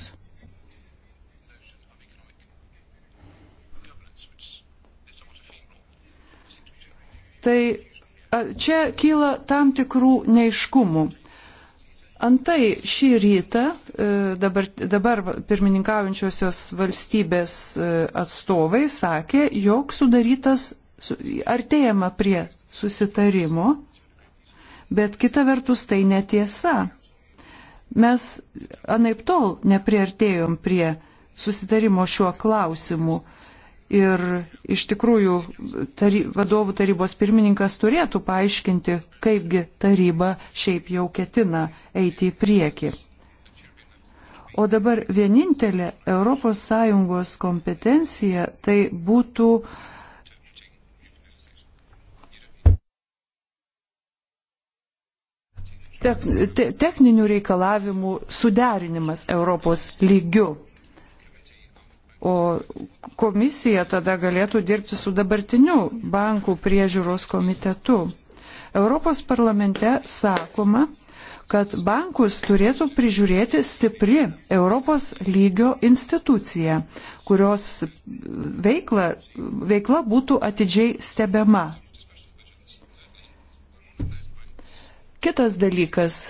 Tai čia kyla tam tikrų neiškumų. Antai šį rytą e, dabar, dabar pirmininkaujančiosios valstybės e, atstovai sakė, jog sudarytas, artėjama prie susitarimo, bet kita vertus tai netiesa. Mes anaip tol nepriartėjom prie susitarimo šiuo klausimu. Ir iš tikrųjų tary, vadovų tarybos pirmininkas turėtų paaiškinti, kaipgi taryba šiaip jau ketina eiti į priekį. O dabar vienintelė ES kompetencija tai būtų techninių reikalavimų suderinimas Europos lygiu. O komisija tada galėtų dirbti su dabartiniu bankų priežiūros komitetu. Europos parlamente sakoma, kad bankus turėtų prižiūrėti stipri Europos lygio institucija, kurios veikla, veikla būtų atidžiai stebima. Kitas dalykas,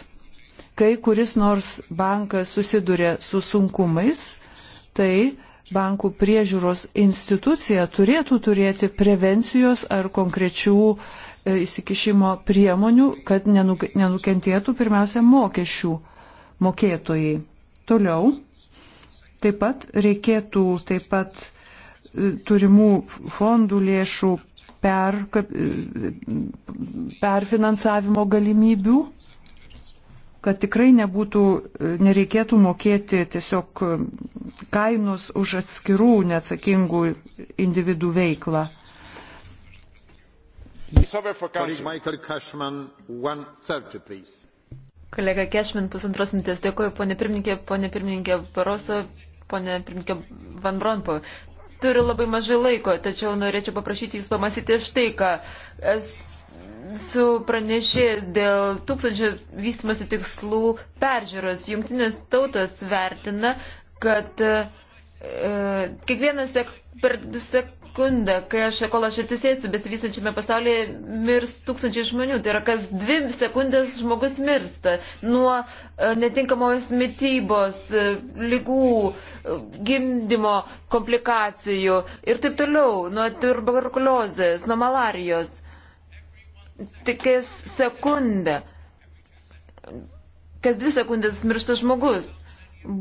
kai kuris nors bankas susiduria su sunkumais, tai bankų priežiūros institucija turėtų turėti prevencijos ar konkrečių e, įsikišimo priemonių, kad nenukentėtų pirmiausia mokesčių mokėtojai. Toliau taip pat reikėtų taip pat e, turimų fondų lėšų per, e, perfinansavimo galimybių kad tikrai nebūtų, nereikėtų mokėti tiesiog e, kainus už atskirų neatsakingų individų veiklą. Kolega Kešman, pusantros minutės, dėkuoju, ponė pirmininkė, ponė pirmininkė Baroso, ponė pirmininkė Van Bronpo. Turiu labai mažai laiko, tačiau norėčiau paprašyti jūs pamasyti štai ką. Esu su pranešėjais dėl tūkstančio vystimosi tikslų peržiūros. Jungtinės tautos vertina, kad e, kiekvieną sek per sekundę, kai aš, kol aš atisėsiu besivystančiame pasaulyje, mirs tūkstančiai žmonių. Tai yra, kas dvi sekundės žmogus mirsta nuo e, netinkamos mytybos, e, lygų, e, gimdymo komplikacijų ir taip toliau, nuo tuberkuliozės, nuo malarijos tik sekundę. Kas dvi sekundės miršta žmogus.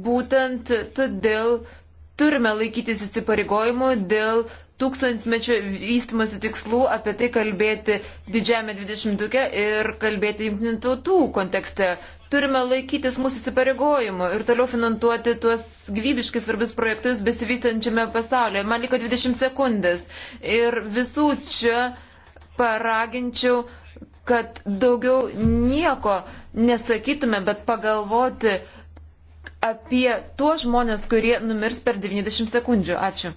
Būtent todėl turime laikytis įsipareigojimų dėl tūkstantmečio vystimosi tikslų, apie tai kalbėti didžiame 20-uke ir kalbėti jungtinių tautų kontekste. Turime laikytis mūsų įsipareigojimų ir toliau finansuoti tuos gyvybiškai svarbius projektus besivystančiame pasaulyje. Man liko 20 sekundės ir visų čia paraginčiau, kad daugiau nieko nesakytume, bet pagalvoti apie tuos žmonės, kurie numirs per 90 sekundžių. Ačiū.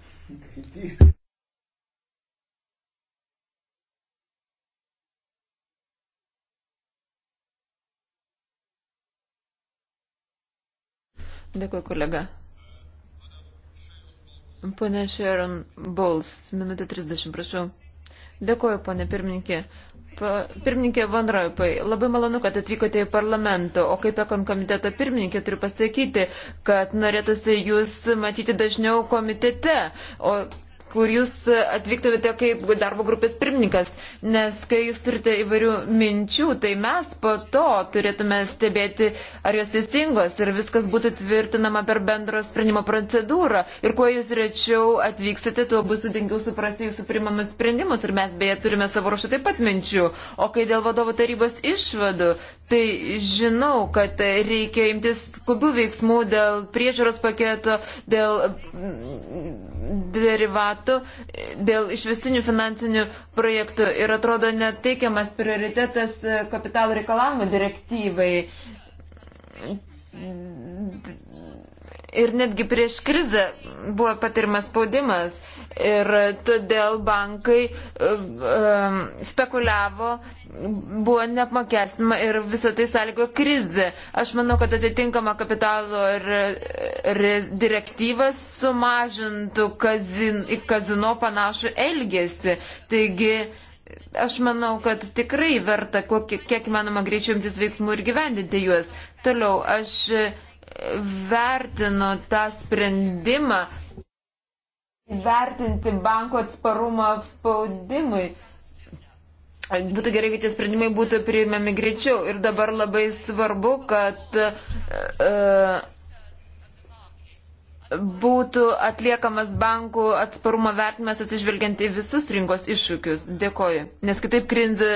Dėkui, kolega. Pane Sharon Bowles, minutė 30, prašau. Dėkuoju, ponė pirmininkė. Pa, pirmininkė Van Roipai, labai malonu, kad atvykote į parlamentą, o kaip ekon komiteto pirmininkė turiu pasakyti, kad norėtųsi jūs matyti dažniau komitete, o kur jūs atvyktumėte kaip darbo grupės pirmininkas, nes kai jūs turite įvairių minčių, tai mes po to turėtume stebėti, ar jos teisingos ir viskas būtų tvirtinama per bendro sprendimo procedūrą. Ir kuo jūs rečiau atvyksite, tuo bus sudingiau suprasti jūsų primamus sprendimus. Ir mes beje turime savo ruošų taip pat minčių. O kai dėl vadovo tarybos išvadų, tai žinau, kad reikia imtis skubių veiksmų dėl priežiūros paketo, dėl mm, derivatų, dėl išvestinių finansinių projektų ir atrodo neteikiamas prioritetas kapitalo reikalavimo direktyvai. Ir netgi prieš krizę buvo patirmas spaudimas Ir todėl bankai um, spekuliavo, buvo neapmokestinama ir visą tai sąlygo krizė. Aš manau, kad atitinkama kapitalo ir, ir direktyvas sumažintų kazin, į kazino panašų elgesį. Taigi, aš manau, kad tikrai verta, kokie, kiek manoma greičiau imtis veiksmų ir gyvendinti juos. Toliau, aš vertinu tą sprendimą vertinti banko atsparumą spaudimui. Būtų gerai, kad tie sprendimai būtų priimami greičiau. Ir dabar labai svarbu, kad uh, būtų atliekamas bankų atsparumo vertinimas atsižvelgiant į visus rinkos iššūkius. Dėkoju. Nes kitaip krinzi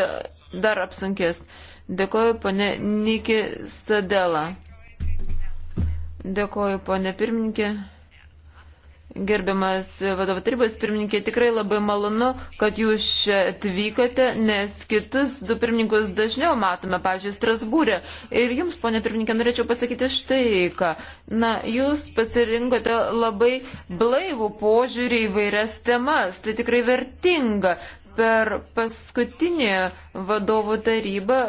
dar apsunkės. Dėkoju, ponė Niki Sadela. Dėkoju, ponė pirmininkė. Gerbiamas vadovo tarybos pirmininkė, tikrai labai malonu, kad jūs čia atvykote, nes kitus du pirmininkus dažniau matome, pavyzdžiui, Strasbūrė. Ir jums, ponė pirmininkė, norėčiau pasakyti štai ką. Na, jūs pasirinkote labai blaivų požiūrį į vairias temas. Tai tikrai vertinga. Per paskutinį vadovų tarybą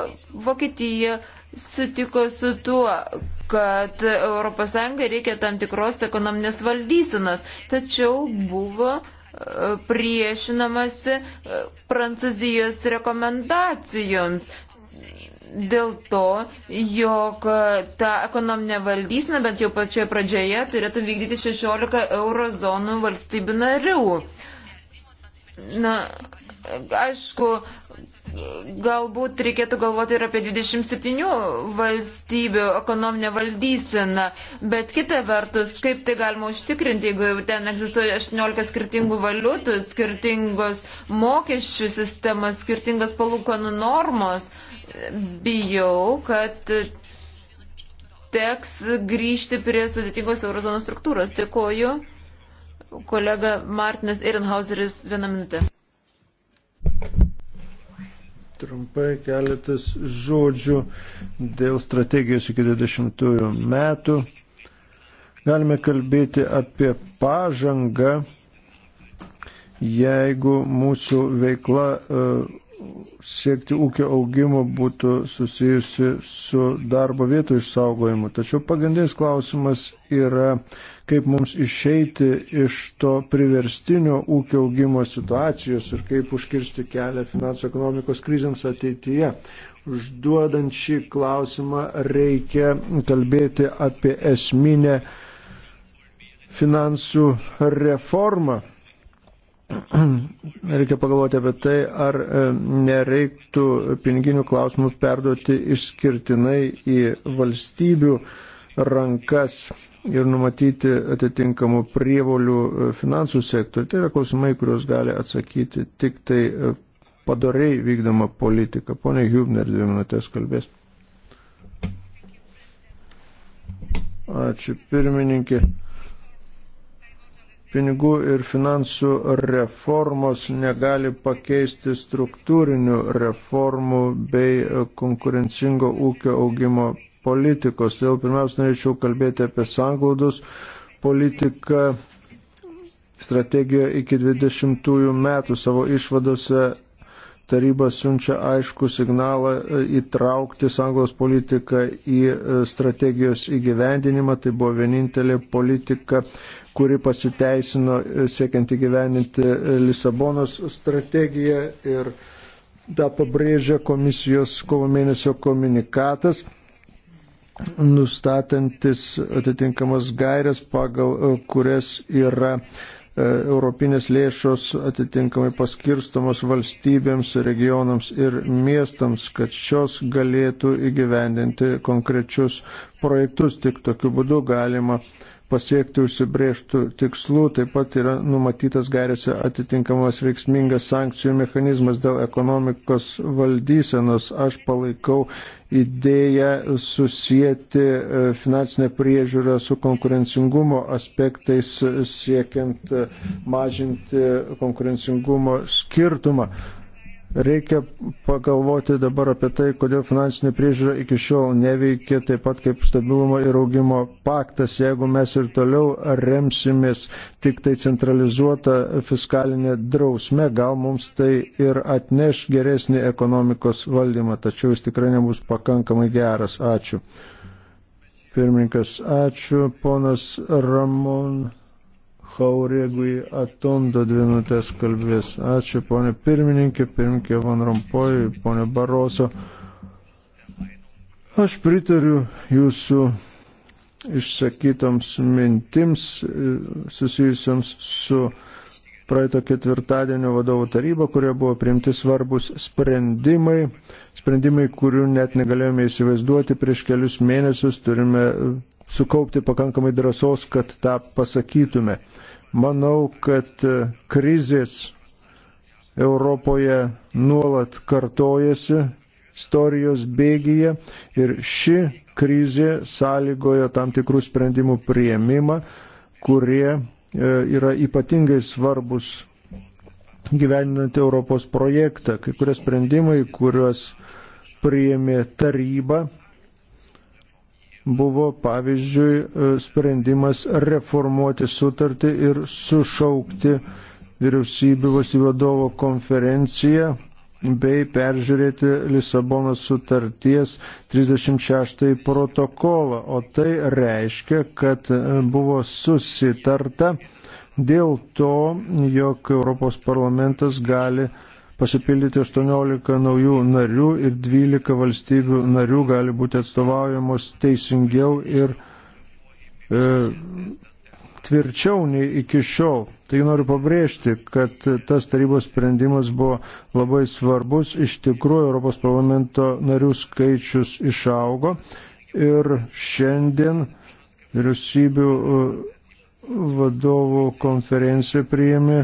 Vokietija sutiko su tuo, kad ES reikia tam tikros ekonominės valdysenos, tačiau buvo e, priešinamasi e, Prancūzijos rekomendacijoms. Dėl to, jog ta ekonominė valdysna, bent jau pačioje pradžioje, turėtų vykdyti 16 eurozonų valstybių narių. Na, aišku, galbūt reikėtų galvoti ir apie 27 valstybių ekonominę valdyseną, bet kita vertus, kaip tai galima užtikrinti, jeigu ten egzistuoja 18 skirtingų valiutų, skirtingos mokesčių sistemas, skirtingos palūkanų normos. Bijau, kad teks grįžti prie sudėtingos eurozonos struktūros. Dėkoju. Kolega Martinas Ehrenhauseris, vieną minutę. Trumpai keletas žodžių dėl strategijos iki 20 metų. Galime kalbėti apie pažangą, jeigu mūsų veikla e, siekti ūkio augimo būtų susijusi su darbo vietų išsaugojimu. Tačiau pagrindinis klausimas yra, kaip mums išeiti iš to priverstinio ūkio augimo situacijos ir kaip užkirsti kelią finansų ekonomikos krizėms ateityje. Užduodant šį klausimą reikia kalbėti apie esminę finansų reformą. Reikia pagalvoti apie tai, ar e, nereiktų piniginių klausimų perduoti išskirtinai į valstybių rankas ir numatyti atitinkamų prievolių e, finansų sektoriui. Tai yra klausimai, kuriuos gali atsakyti tik tai e, padoriai vykdoma politika. Pone Hubner, dvi minutės kalbės. Ačiū pirmininkė. Pinigų ir finansų reformos negali pakeisti struktūrinių reformų bei e, konkurencingo ūkio augimo politikos. Todėl pirmiausia, norėčiau kalbėti apie sanglaudos politiką strategiją iki 20 metų. Savo išvadose taryba siunčia aišku signalą e, įtraukti sanglos politiką į e, strategijos įgyvendinimą. Tai buvo vienintelė politika, kuri pasiteisino e, siekiant įgyvendinti Lisabonos strategiją ir tą pabrėžia komisijos kovo mėnesio komunikatas nustatantis atitinkamas gairias, pagal e, kurias yra e, europinės lėšos atitinkamai paskirstamos valstybėms, regionams ir miestams, kad šios galėtų įgyvendinti konkrečius projektus. Tik tokiu būdu galima uh, pasiekti užsibrėžtų tikslų, taip pat yra numatytas gairėse atitinkamas veiksmingas sankcijų mechanizmas dėl ekonomikos valdysenos. Aš palaikau idėją susijęti e, finansinę priežiūrą su konkurencingumo aspektais, siekiant e, mažinti konkurencingumo skirtumą. Reikia pagalvoti dabar apie tai, kodėl finansinė priežiūra iki šiol neveikia, taip pat kaip stabilumo ir augimo paktas, jeigu mes ir toliau remsimės tik tai centralizuotą fiskalinę drausmę, gal mums tai ir atneš geresnį ekonomikos valdymą, tačiau jis tikrai nebus pakankamai geras. Ačiū. Pirmininkas, ačiū. Ponas Ramon. Haurėgui Atondo dvi minutės kalbės. Ačiū ponė pirmininkė, pirmininkė Van Rompoj, ponė Baroso. Aš pritariu jūsų išsakytoms mintims e, susijusiams su praeito ketvirtadienio vadovų taryba, kurioje buvo priimti svarbus sprendimai, sprendimai, kurių net negalėjome įsivaizduoti prieš kelius mėnesius, turime sukaupti pakankamai drąsos, kad tą pasakytume. Manau, kad e, krizės Europoje nuolat kartojasi istorijos bėgyje ir ši krizė sąlygojo tam tikrų sprendimų prieimimą, kurie e, yra ypatingai svarbus gyveninant Europos projektą. Kai kurie sprendimai, kuriuos priėmė taryba, buvo, pavyzdžiui, e, sprendimas reformuoti sutartį ir sušaukti vyriausybių vadovo konferenciją bei peržiūrėti Lisabonos sutarties 36 protokolą. O tai reiškia, kad e, buvo susitarta dėl to, jog Europos parlamentas gali pasipildyti 18 naujų narių ir 12 valstybių narių gali būti atstovaujamos teisingiau ir e, tvirčiau nei iki šiol. Tai noriu pabrėžti, kad tas tarybos sprendimas buvo labai svarbus. Iš tikrųjų, Europos parlamento narių skaičius išaugo ir šiandien vyriausybių e, vadovų konferencija priėmė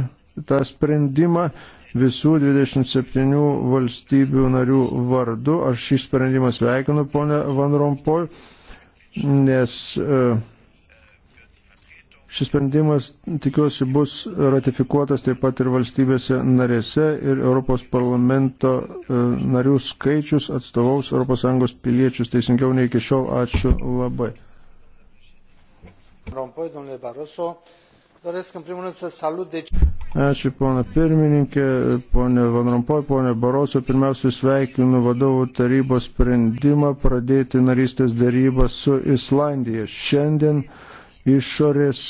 tą sprendimą visų 27 valstybių narių vardu. Aš šį sprendimą sveikinu, ponė Van Rompoj, nes e, šis sprendimas, tikiuosi, bus ratifikuotas taip pat ir valstybėse narėse ir Europos parlamento e, narių skaičius atstovaus ES piliečius teisingiau nei iki šiol. Ačiū labai. Rompoj, domnule Barroso, doresc în primul rând să salut decizia. Ačiū, pana pirmininkė, ponė Van Rompoj, ponė Baroso. Pirmiausia, sveikinu vadovų tarybos sprendimą pradėti narystės darybą su Islandija. Šiandien išorės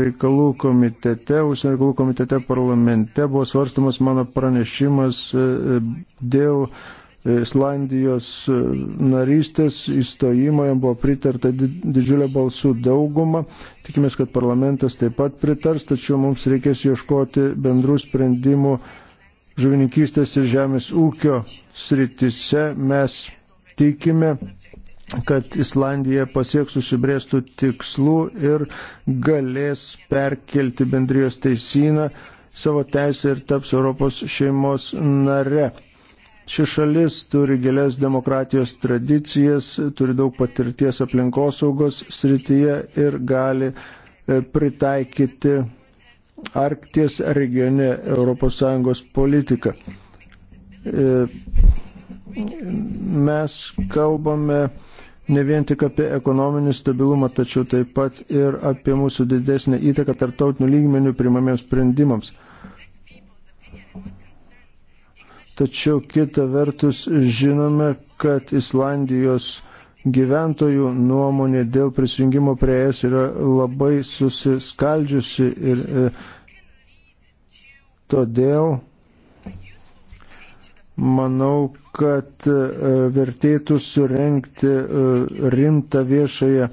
reikalų komitete, užsienio reikalų komitete parlamente buvo svarstamas mano pranešimas e, e, dėl Islandijos e, narystės įstojimo jam buvo pritarta didžiulė balsų dauguma. Tikimės, kad parlamentas taip pat pritars, tačiau mums reikės ieškoti bendrų sprendimų žuvininkystės ir žemės ūkio sritise. Mes tikime, kad Islandija pasieks užsibrėstų tikslų ir galės perkelti bendrijos teisyną savo teisę ir taps Europos šeimos nare. Ši šalis turi gilias demokratijos tradicijas, turi daug patirties aplinkosaugos srityje ir gali e, pritaikyti Arkties regione ES politiką. E, mes kalbame ne vien tik apie ekonominį stabilumą, tačiau taip pat ir apie mūsų didesnį įtaką tarptautinių lygmenių primamiems sprendimams. tačiau kita vertus žinome, kad Islandijos gyventojų nuomonė dėl prisijungimo prie ES yra labai susiskaldžiusi ir e, todėl manau, kad e, vertėtų surenkti e, rimtą viešąją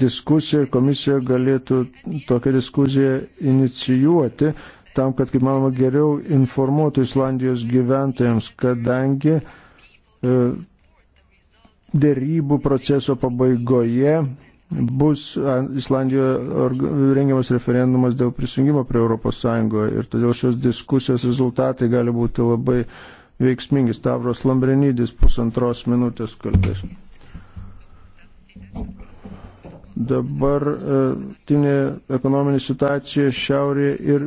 diskusiją ir komisija galėtų tokią diskusiją inicijuoti, tam, kad kaip manoma geriau informuotų Islandijos gyventojams, kadangi e, dėrybų proceso pabaigoje bus Islandijoje rengiamas referendumas dėl prisijungimo prie ES ir todėl šios diskusijos rezultatai gali būti labai veiksmingi. Stavros Lambrenydis pusantros minutės kalbės. Dabar e, tinė ekonominė situacija šiaurėje ir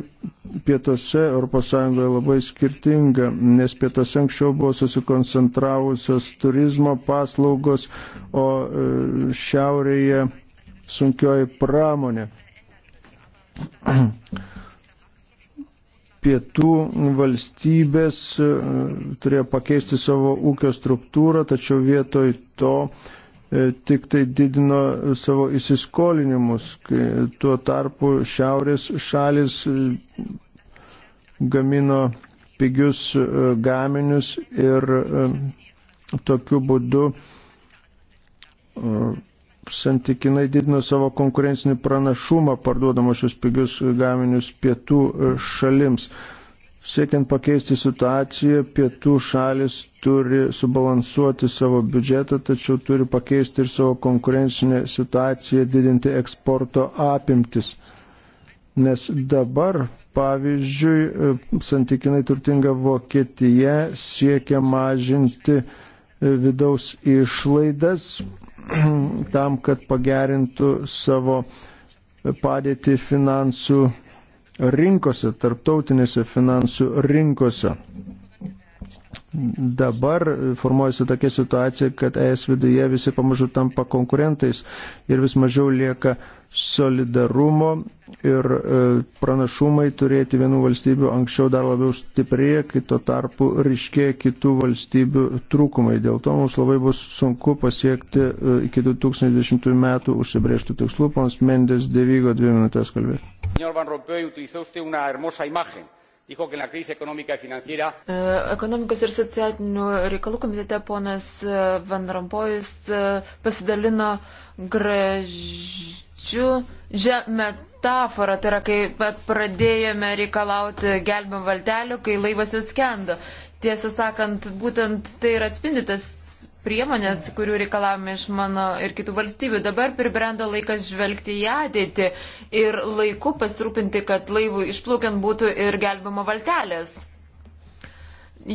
pietuose ES labai skirtinga, nes pietuose anksčiau buvo susikoncentravusios turizmo paslaugos, o e, šiaurėje sunkioji pramonė. pietų valstybės e, turėjo pakeisti savo ūkio struktūrą, tačiau vietoj to E, tik tai didino savo įsiskolinimus, kai tuo tarpu šiaurės šalis e, gamino pigius e, gaminius ir tokiu būdu santykinai didino savo konkurencinį pranašumą parduodama šios pigius gaminius pietų šalims. Siekiant pakeisti situaciją, pietų šalis turi subalansuoti savo biudžetą, tačiau turi pakeisti ir savo konkurencinę situaciją, didinti eksporto apimtis. Nes dabar, pavyzdžiui, santykinai turtinga Vokietija siekia mažinti vidaus išlaidas tam, kad pagerintų savo padėtį finansų rinkose, tarptautinėse finansų rinkose. Dabar formuojasi tokia situacija, kad ES viduje visi pamažu tampa konkurentais ir vis mažiau lieka solidarumo ir e, pranašumai turėti vienų valstybių anksčiau dar labiau stiprėja, kai tuo tarpu ryškėja kitų valstybių trūkumai. Dėl to mums labai bus sunku pasiekti e, iki 2020 metų užsibrėžtų tikslų. Pons Mendes Devygo dvi minutės kalbėti señor van rompuy utilizó usted una hermosa imagen dijo que en la crisis económica y financiera. E, ekonomikos ir socialinių reikalų komitete ponas e, Van Rompojus e, pasidalino gražiu metaforą, tai yra, kai pradėjome reikalauti gelbėm valtelių, kai laivas jau skendo. Tiesą sakant, būtent tai ir atspindytas priemonės, kurių reikalavome iš mano ir kitų valstybių. Dabar pribrendo laikas žvelgti į ateitį ir laiku pasirūpinti, kad laivų išplaukiant būtų ir gelbimo valtelės.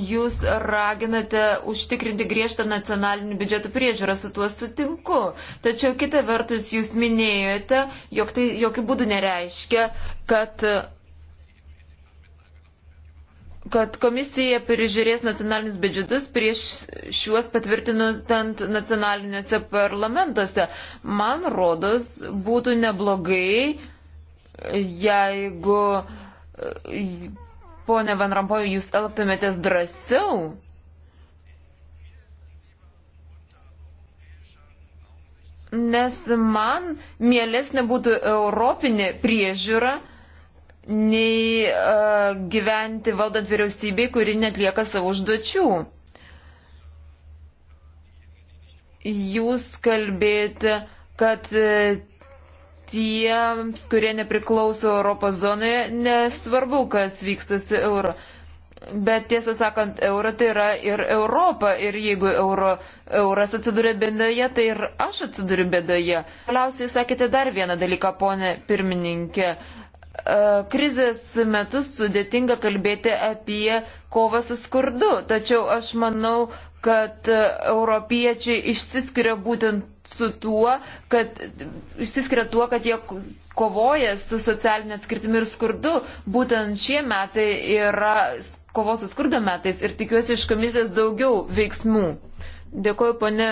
Jūs raginate užtikrinti griežtą nacionalinį biudžeto priežiūrą, su tuo sutinku. Tačiau kita vertus, jūs minėjote, jog tai jokių būdų nereiškia, kad kad komisija prižiūrės nacionalinius biudžetus prieš šiuos patvirtinant nacionaliniuose parlamentuose. Man rodos, būtų neblogai, jeigu, ponė Van Rampoju, jūs elgtumėtės drąsiau. Nes man mielesnė būtų europinė priežiūra nei uh, gyventi valdant vyriausybei, kuri netlieka savo užduočių. Jūs kalbėjote, kad e, tiems, kurie nepriklauso Europos zonoje, nesvarbu, kas vyksta su euro. Bet tiesą sakant, euro tai yra ir Europa. Ir jeigu euro, euras atsiduria bėdoje, tai ir aš atsiduriu bėdoje. Galiausiai sakėte dar vieną dalyką, ponė pirmininkė. Uh, E, krizės metu sudėtinga kalbėti apie kovą su skurdu, tačiau aš manau, kad europiečiai išsiskiria būtent su tuo, kad išsiskiria tuo, kad jie kovoja su socialinė atskirtimi ir skurdu. Būtent šie metai yra kovos su skurdo metais ir tikiuosi iš komisijos daugiau veiksmų. Dėkuoju, ponė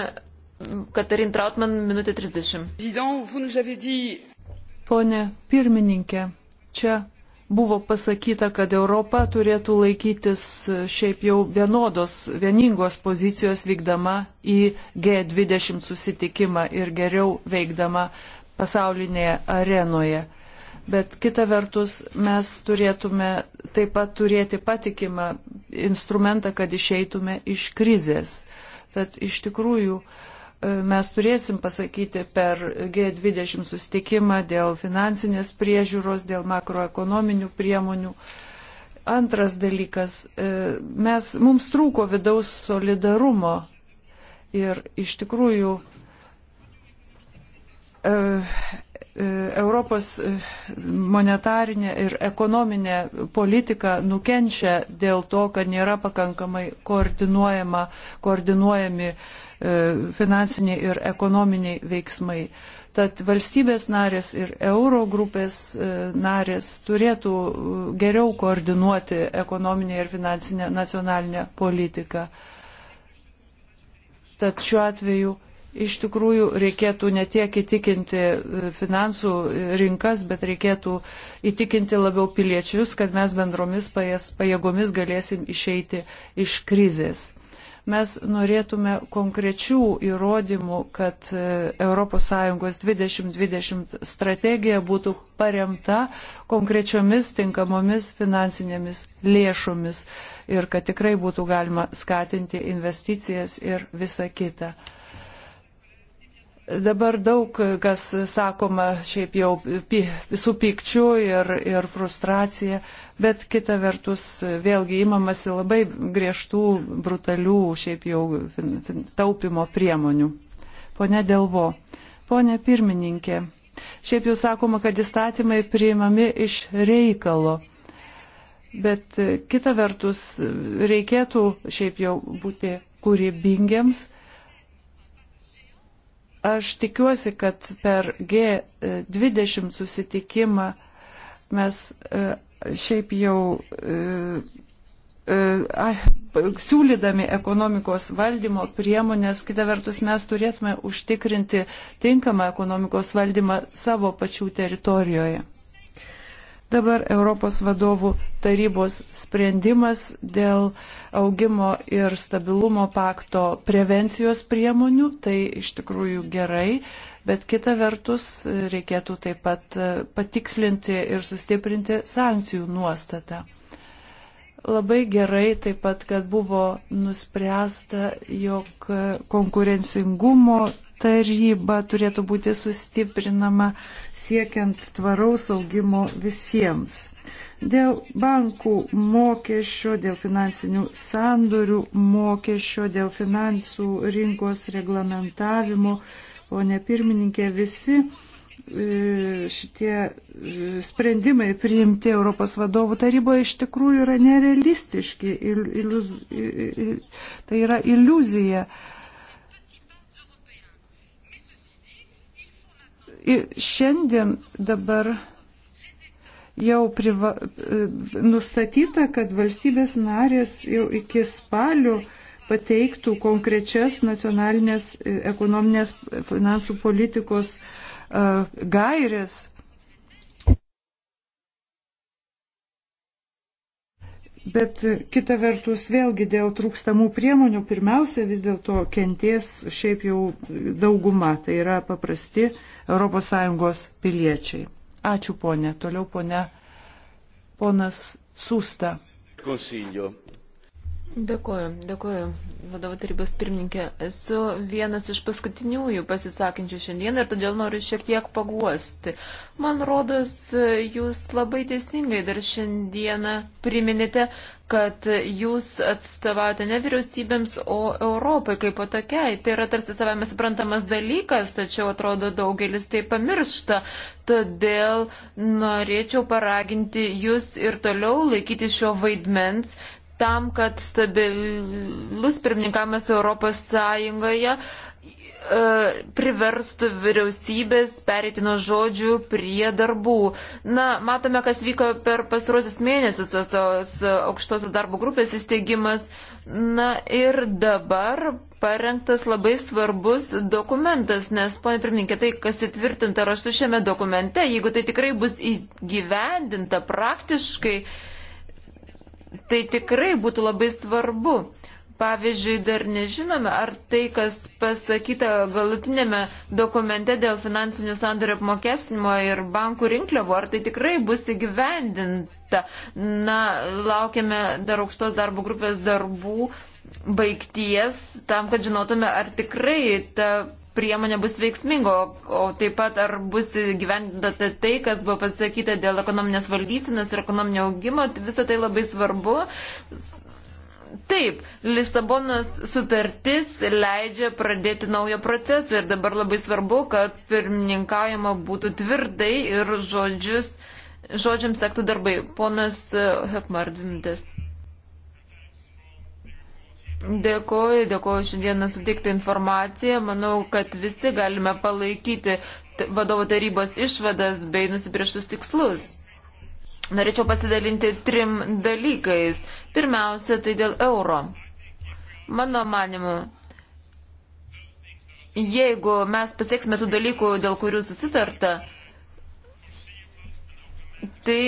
Katarin Trautman, minutė 30. Pone pirmininkė, čia buvo pasakyta, kad Europa turėtų laikytis šiaip jau vienodos, vieningos pozicijos vykdama į G20 susitikimą ir geriau veikdama pasaulinėje arenoje. Bet kita vertus, mes turėtume taip pat turėti patikimą instrumentą, kad išeitume iš krizės. Tad iš tikrųjų uh, E, mes turėsim pasakyti per G20 sustikimą dėl finansinės priežiūros, dėl makroekonominių priemonių. Antras dalykas, e, mes, mums trūko vidaus solidarumo ir iš tikrųjų e, Europos monetarinė ir ekonominė politika nukenčia dėl to, kad nėra pakankamai koordinuojami E, finansiniai ir ekonominiai veiksmai. Tad valstybės narės ir euro grupės e, narės turėtų e, geriau koordinuoti ekonominę ir finansinę nacionalinę politiką. Tad šiuo atveju iš tikrųjų reikėtų ne tiek įtikinti finansų rinkas, bet reikėtų įtikinti labiau piliečius, kad mes bendromis pajėgomis galėsim išeiti iš krizės. Mes norėtume konkrečių įrodymų, kad ES 2020 strategija būtų paremta konkrečiomis tinkamomis finansinėmis lėšomis ir kad tikrai būtų galima skatinti investicijas ir visa kita. Dabar daug kas sakoma šiaip jau su pykčiu ir, ir frustracija, bet kita vertus vėlgi imamasi labai griežtų, brutalių, šiaip jau fin, fin, taupimo priemonių. Pone Delvo, pone pirmininkė, šiaip jau sakoma, kad įstatymai priimami iš reikalo. Bet e, kita vertus, reikėtų šiaip jau būti kūrybingiams. Aš tikiuosi, kad per G20 e, susitikimą mes e, šiaip jau e, e, siūlydami ekonomikos valdymo priemonės, kita vertus mes turėtume užtikrinti tinkamą ekonomikos valdymą savo pačių teritorijoje. Dabar Europos vadovų tarybos sprendimas dėl augimo ir stabilumo pakto prevencijos priemonių, tai iš tikrųjų gerai, bet kita vertus reikėtų taip pat e, patikslinti ir sustiprinti sankcijų nuostatą. Labai gerai taip pat, kad buvo nuspręsta, jog konkurencingumo taryba turėtų būti sustiprinama siekiant tvaraus augimo visiems. Dėl bankų mokesčio, dėl finansinių sandorių mokesčio, dėl finansų rinkos reglamentavimo Pone pirmininkė, visi e, šitie e, sprendimai priimti Europos vadovų taryboje iš tikrųjų yra nerealistiški. Iliuz, tai yra iliuzija. Ir šiandien dabar jau priva, e, nustatyta, kad valstybės narės jau iki spalio pateiktų konkrečias nacionalinės e, ekonominės e, finansų politikos e, gairės. Bet kita vertus, vėlgi dėl trūkstamų priemonių pirmiausia vis dėlto kenties šiaip jau dauguma, tai yra paprasti ES piliečiai. Ačiū ponė, toliau ponė, ponas Sūsta. Konsilio Dėkuoju, dėkuoju, vadovo tarybos pirmininkė. Esu vienas iš paskutiniųjų pasisakančių šiandien ir todėl noriu šiek tiek paguosti. Man rodos, jūs labai teisingai dar šiandieną priminėte, kad jūs atstovavote ne vyriausybėms, o Europai kaip po tokiai. Tai yra tarsi savame suprantamas dalykas, tačiau atrodo daugelis tai pamiršta. Todėl norėčiau paraginti jūs ir toliau laikyti šio vaidmens tam, kad stabilus pirmininkavimas Europos Sąjungoje e, priverstų vyriausybės pereiti nuo žodžių prie darbų. Na, matome, kas vyko per pastarosius mėnesius, tos aukštosios darbo grupės įsteigimas. Na ir dabar parengtas labai svarbus dokumentas, nes, ponė pirmininkė, tai, kas įtvirtinta raštu šiame dokumente, jeigu tai tikrai bus įgyvendinta praktiškai, uh, tai tikrai būtų labai svarbu. Pavyzdžiui, dar nežinome, ar tai, kas pasakyta galutinėme dokumente dėl finansinių sandorių apmokestinimo ir bankų rinkliavų, ar tai tikrai bus įgyvendinta. Na, laukiame dar aukštos darbo grupės darbų baigties, tam, kad žinotume, ar tikrai ta priemonė bus veiksminga, o taip pat ar bus gyvendata tai, kas buvo pasakyta dėl ekonominės valdysenos ir ekonominio augimo, tai visą tai labai svarbu. Taip, Lisabonos sutartis leidžia pradėti naują procesą ir dabar labai svarbu, kad pirmininkaujama būtų tvirtai ir žodžius, žodžiams sektų darbai. Ponas Hekmar, dvi minutės. Dėkoju, dėkoju šiandieną sutiktą informaciją. Manau, kad visi galime palaikyti vadovo tarybos išvadas bei nusibrieštus tikslus. Norėčiau pasidalinti trim dalykais. Pirmiausia, tai dėl euro. Mano manimu, jeigu mes pasieksime tų dalykų, dėl kurių susitarta, Tai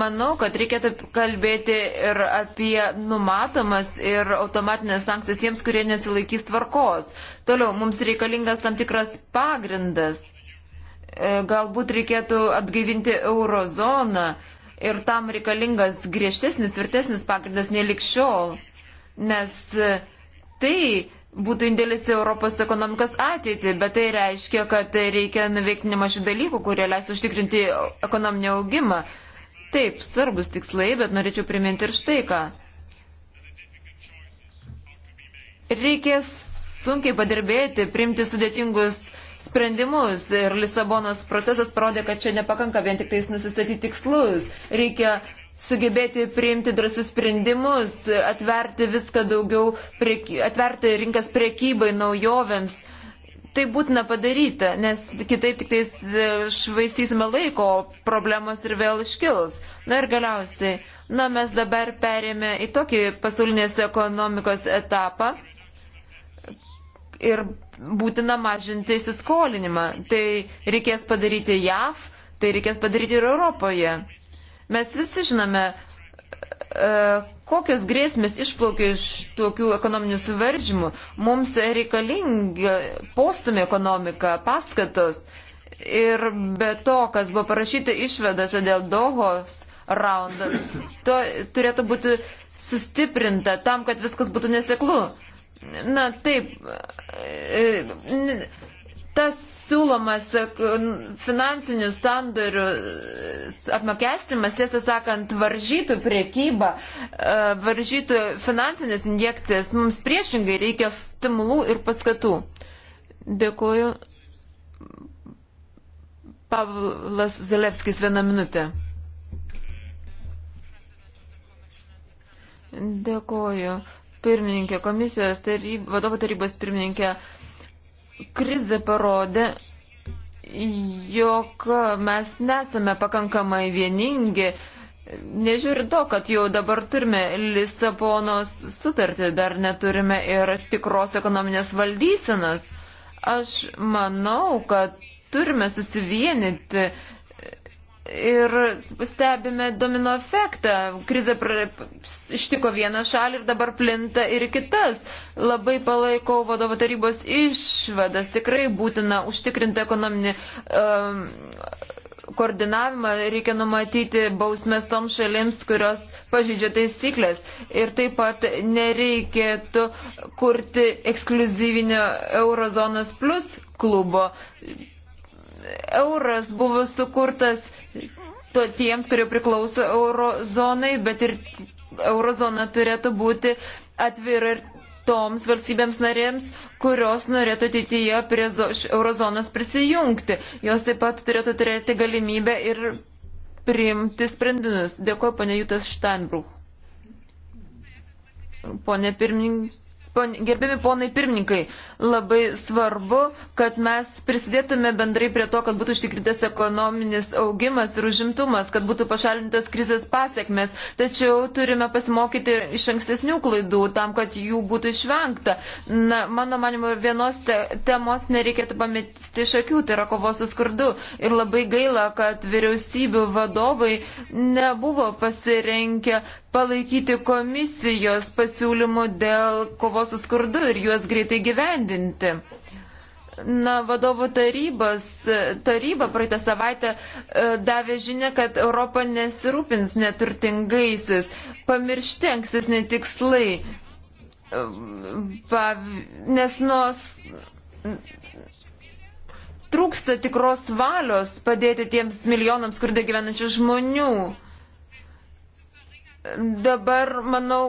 manau, kad reikėtų kalbėti ir apie numatomas ir automatinės sankcijas tiems, kurie nesilaikys tvarkos. Toliau, mums reikalingas tam tikras pagrindas. E, galbūt reikėtų atgaivinti eurozoną ir tam reikalingas griežtesnis, tvirtesnis pagrindas nelikščiol. Nes tai būtų indėlis į Europos ekonomikos ateitį, bet tai reiškia, kad reikia nuveikti nemažai dalykų, kurie leistų užtikrinti ekonominį augimą. Taip, svarbus tikslai, bet norėčiau priminti ir štai ką. Reikės sunkiai padirbėti, priimti sudėtingus sprendimus ir Lisabonos procesas parodė, kad čia nepakanka vien tik tais nusistatyti tikslus. Reikia sugebėti priimti drąsius sprendimus, atverti viską daugiau, prieky, atverti rinkas priekybai, naujovėms. Tai būtina padaryti, nes kitaip tik tais e, švaistysime laiko, problemos ir vėl iškils. Na ir galiausiai, na mes dabar perėmė į tokį pasaulinės ekonomikos etapą ir būtina mažinti įsiskolinimą. Tai reikės padaryti JAV, tai reikės padaryti ir Europoje. Mes visi žinome, e, kokios grėsmės išplaukia iš tokių ekonominių suvaržymų. Mums reikalinga postumė ekonomika, paskatos. Ir be to, kas buvo parašyta išvedose dėl Dohos raundo, to turėtų būti sustiprinta tam, kad viskas būtų neseklu. Na taip, e, tas siūlomas e, finansinių sandorių apmokestimas, tiesą sakant, varžytų priekybą, e, varžytų finansinės injekcijas. Mums priešingai reikia stimulų ir paskatų. Dėkuoju. Pavlas Zelevskis vieną minutę. Dėkuoju. Pirmininkė komisijos taryb, vadovo tarybos pirmininkė. Uh, Krize parodė, jog mes nesame pakankamai vieningi. Nežiūrint to, kad jau dabar turime Lisabonos sutartį, dar neturime ir tikros ekonominės valdysenos, aš manau, kad turime susivienyti Ir stebime domino efektą. Krize ištiko vieną šalį ir dabar plinta ir kitas. Labai palaikau vadovo tarybos išvadas. Tikrai būtina užtikrinti ekonominį. Um, koordinavimą reikia numatyti bausmės tom šalims, kurios pažydžia taisyklės. Ir taip pat nereikėtų kurti ekskluzyvinio Eurozonos plus klubo euras buvo sukurtas to tiems, kurie priklauso eurozonai, bet ir eurozona turėtų būti atvira ir toms valstybėms narėms, kurios norėtų ateityje prie eurozonos prisijungti. Jos taip pat turėtų turėti galimybę ir priimti sprendimus. Dėkuoju, ponė Jutas Štenbruch. Pone pirmininkai. Pon, gerbiami ponai pirmininkai, labai svarbu, kad mes prisidėtume bendrai prie to, kad būtų užtikrintas ekonominis augimas ir užimtumas, kad būtų pašalintas krizės pasiekmes. Tačiau turime pasimokyti iš ankstesnių klaidų tam, kad jų būtų išvengta. Na, mano manimo, vienos te, temos nereikėtų pamesti iš akių, tai yra kovos su skurdu. Ir labai gaila, kad vyriausybių vadovai nebuvo pasirenkę palaikyti komisijos pasiūlymų dėl kovos su skurdu ir juos greitai gyvendinti. Na, vadovų tarybos, taryba praeitą savaitę e, davė žinia, kad Europa nesirūpins neturtingaisis, pamiršti ankstesni tikslai, e, Pav, nes nuos trūksta tikros valios padėti tiems milijonams skurdai gyvenančių žmonių. Dabar, manau,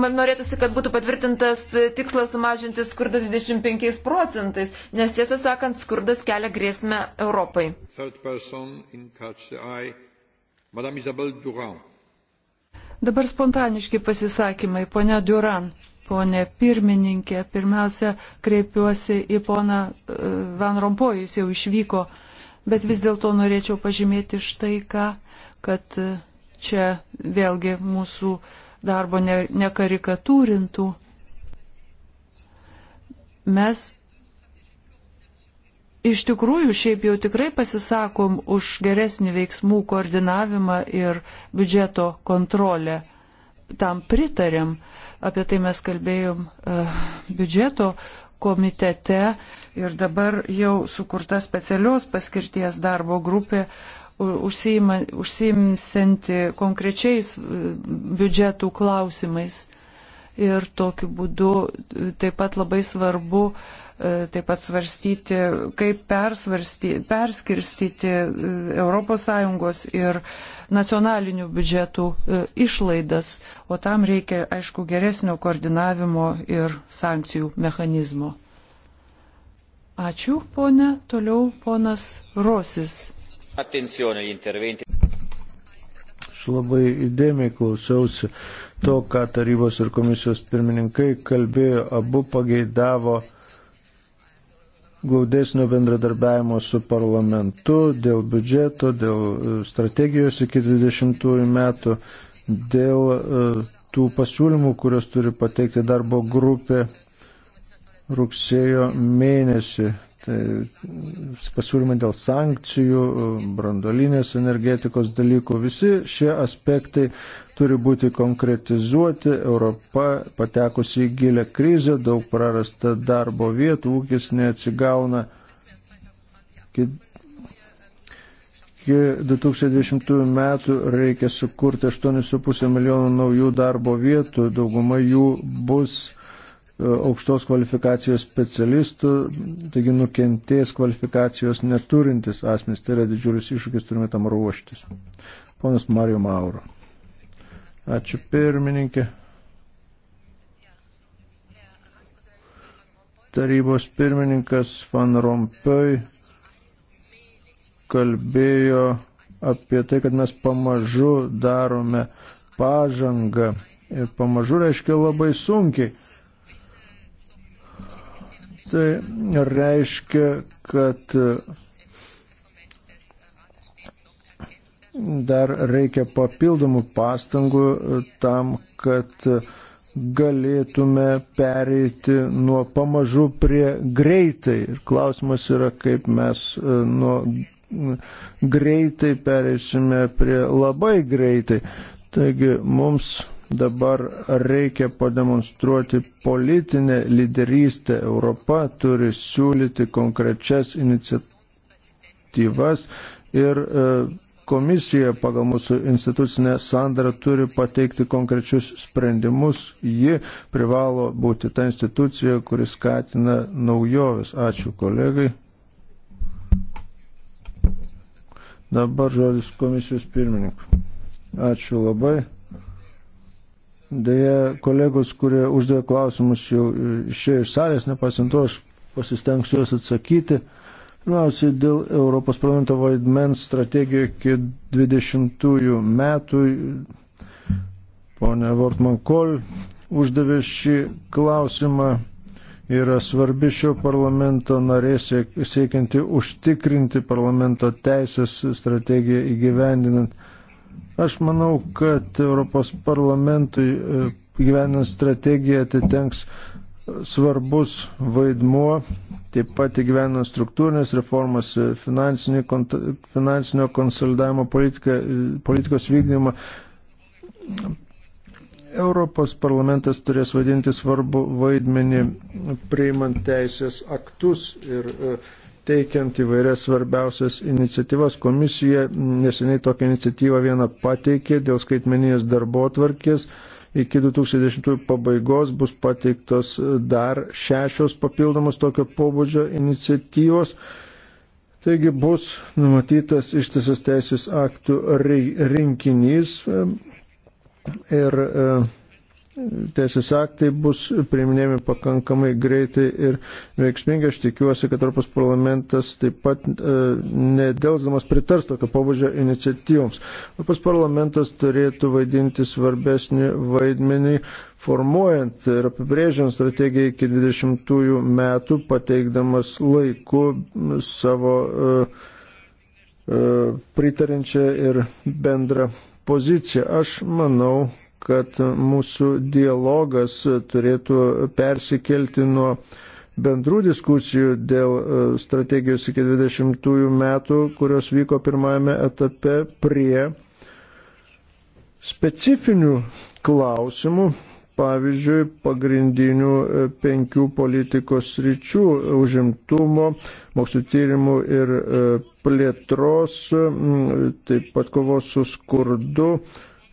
man norėtųsi, kad būtų patvirtintas tikslas sumažinti skurdą 25 procentais, nes tiesą sakant, skurdas kelia grėsmę Europai. Dabar spontaniški pasisakymai. Pone Duran, pone pirmininkė, pirmiausia, kreipiuosi į poną e, Van Rompojus, jau išvyko, bet vis dėlto norėčiau pažymėti štai ką, kad e, čia vėlgi mūsų darbo nekarikatūrintų. Mes iš tikrųjų šiaip jau tikrai pasisakom už geresnį veiksmų koordinavimą ir biudžeto kontrolę. Tam pritarėm, apie tai mes kalbėjom uh, biudžeto komitete ir dabar jau sukurta specialios paskirties darbo grupė uh, užsiima, užsiimsinti konkrečiais e, biudžetų klausimais. Ir tokiu būdu e, taip pat labai svarbu e, taip pat svarstyti, kaip perskirstyti ES ir nacionalinių biudžetų išlaidas, o tam reikia, aišku, geresnio koordinavimo ir sankcijų mechanizmo. Ačiū, ponė. Toliau ponas Rosis. Aš labai įdėmiai klausiausi to, ką tarybos ir komisijos pirmininkai kalbėjo, abu pageidavo glaudesnio bendradarbiavimo su parlamentu dėl biudžeto, dėl e, strategijos iki 20 metų, dėl e, tų pasiūlymų, kurios turi pateikti darbo grupė rugsėjo mėnesį. Tai e, pasiūlymai dėl sankcijų, e, brandolinės energetikos dalykų, visi šie aspektai turi būti konkretizuoti. Europa patekusi į gilę krizę, daug prarasta darbo vietų, ūkis neatsigauna. Iki 2020 metų reikia sukurti 8,5 milijonų naujų darbo vietų, dauguma jų bus E, aukštos kvalifikacijos specialistų, taigi nukentės kvalifikacijos neturintis asmenys. Tai yra didžiulis iššūkis, turime tam ruoštis. Ponas Mario Mauro. Ačiū pirmininkė. Tarybos pirmininkas Van Rompuy kalbėjo apie tai, kad mes pamažu darome pažangą ir pamažu reiškia labai sunkiai Tai reiškia, kad dar reikia papildomų pastangų tam, kad galėtume pereiti nuo pamažu prie greitai. Ir klausimas yra, kaip mes e, nuo greitai pereisime prie labai greitai. Taigi mums Dabar reikia pademonstruoti politinę lyderystę. Europa turi siūlyti konkrečias iniciatyvas ir e, komisija pagal mūsų institucinę sandarą turi pateikti konkrečius sprendimus. Ji privalo būti ta institucija, kuris skatina naujovis. Ačiū kolegai. Dabar žodis komisijos pirmininkui. Ačiū labai. Deja, kolegos, kurie uždavė klausimus, jau išėjo iš salės, nepasint to, aš pasistengsiu juos atsakyti. Pirmiausiai, dėl Europos parlamento vaidmens strategijoje iki 20 metų, ponė Vortman Kol uždavė šį klausimą, yra svarbi šio parlamento narė siekianti užtikrinti parlamento teisės strategiją įgyvendinant Aš manau, kad Europos parlamentui e, gyvenant strategiją atitenks svarbus vaidmuo, taip pat įgyvenant struktūrinės reformas, e, finansinio konsolidavimo politiką, e, politikos vykdymą. Europos parlamentas turės vadinti svarbu vaidmenį priimant teisės aktus ir uh, teikiant įvairias svarbiausias iniciatyvas. Komisija neseniai tokią iniciatyvą vieną pateikė dėl skaitmeninės darbo tvarkės. Iki 2010 pabaigos bus pateiktos dar šešios papildomos tokio pobūdžio iniciatyvos. Taigi bus numatytas ištisas teisės aktų rinkinys ehm, ir e, teisės aktai bus priiminėjami pakankamai greitai ir veiksmingai. Aš tikiuosi, kad Europos parlamentas taip pat e, nedelsdamas pritars tokio pobūdžio iniciatyvoms. Europos parlamentas turėtų vaidinti svarbesnį vaidmenį formuojant ir apibrėžiant strategiją iki 20 metų, pateikdamas laiku savo e, e, pritarinčią ir bendrą poziciją. Aš manau, kad mūsų dialogas turėtų persikelti nuo bendrų diskusijų dėl e, strategijos iki 20 metų, kurios vyko pirmajame etape prie specifinių klausimų, pavyzdžiui, pagrindinių e, penkių politikos ryčių - užimtumo, mokslo tyrimų ir e, plėtros, taip pat kovos su skurdu,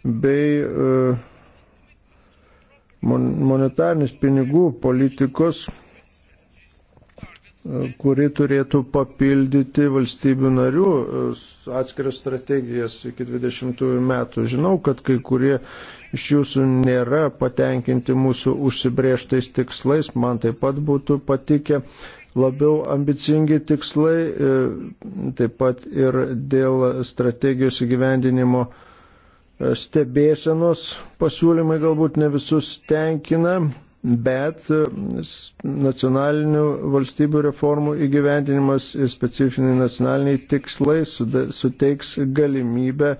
bei e, monetarnis pinigų politikos, e, kuri turėtų papildyti valstybių narių e, atskiras strategijas iki 20 metų. Žinau, kad kai kurie iš jūsų nėra patenkinti mūsų užsibrieštais tikslais, man taip pat būtų patikę labiau ambicingi tikslai, taip pat ir dėl strategijos įgyvendinimo stebėsenos pasiūlymai galbūt ne visus tenkina, bet e, nacionalinių valstybių reformų įgyvendinimas ir specifiniai nacionaliniai tikslai suteiks galimybę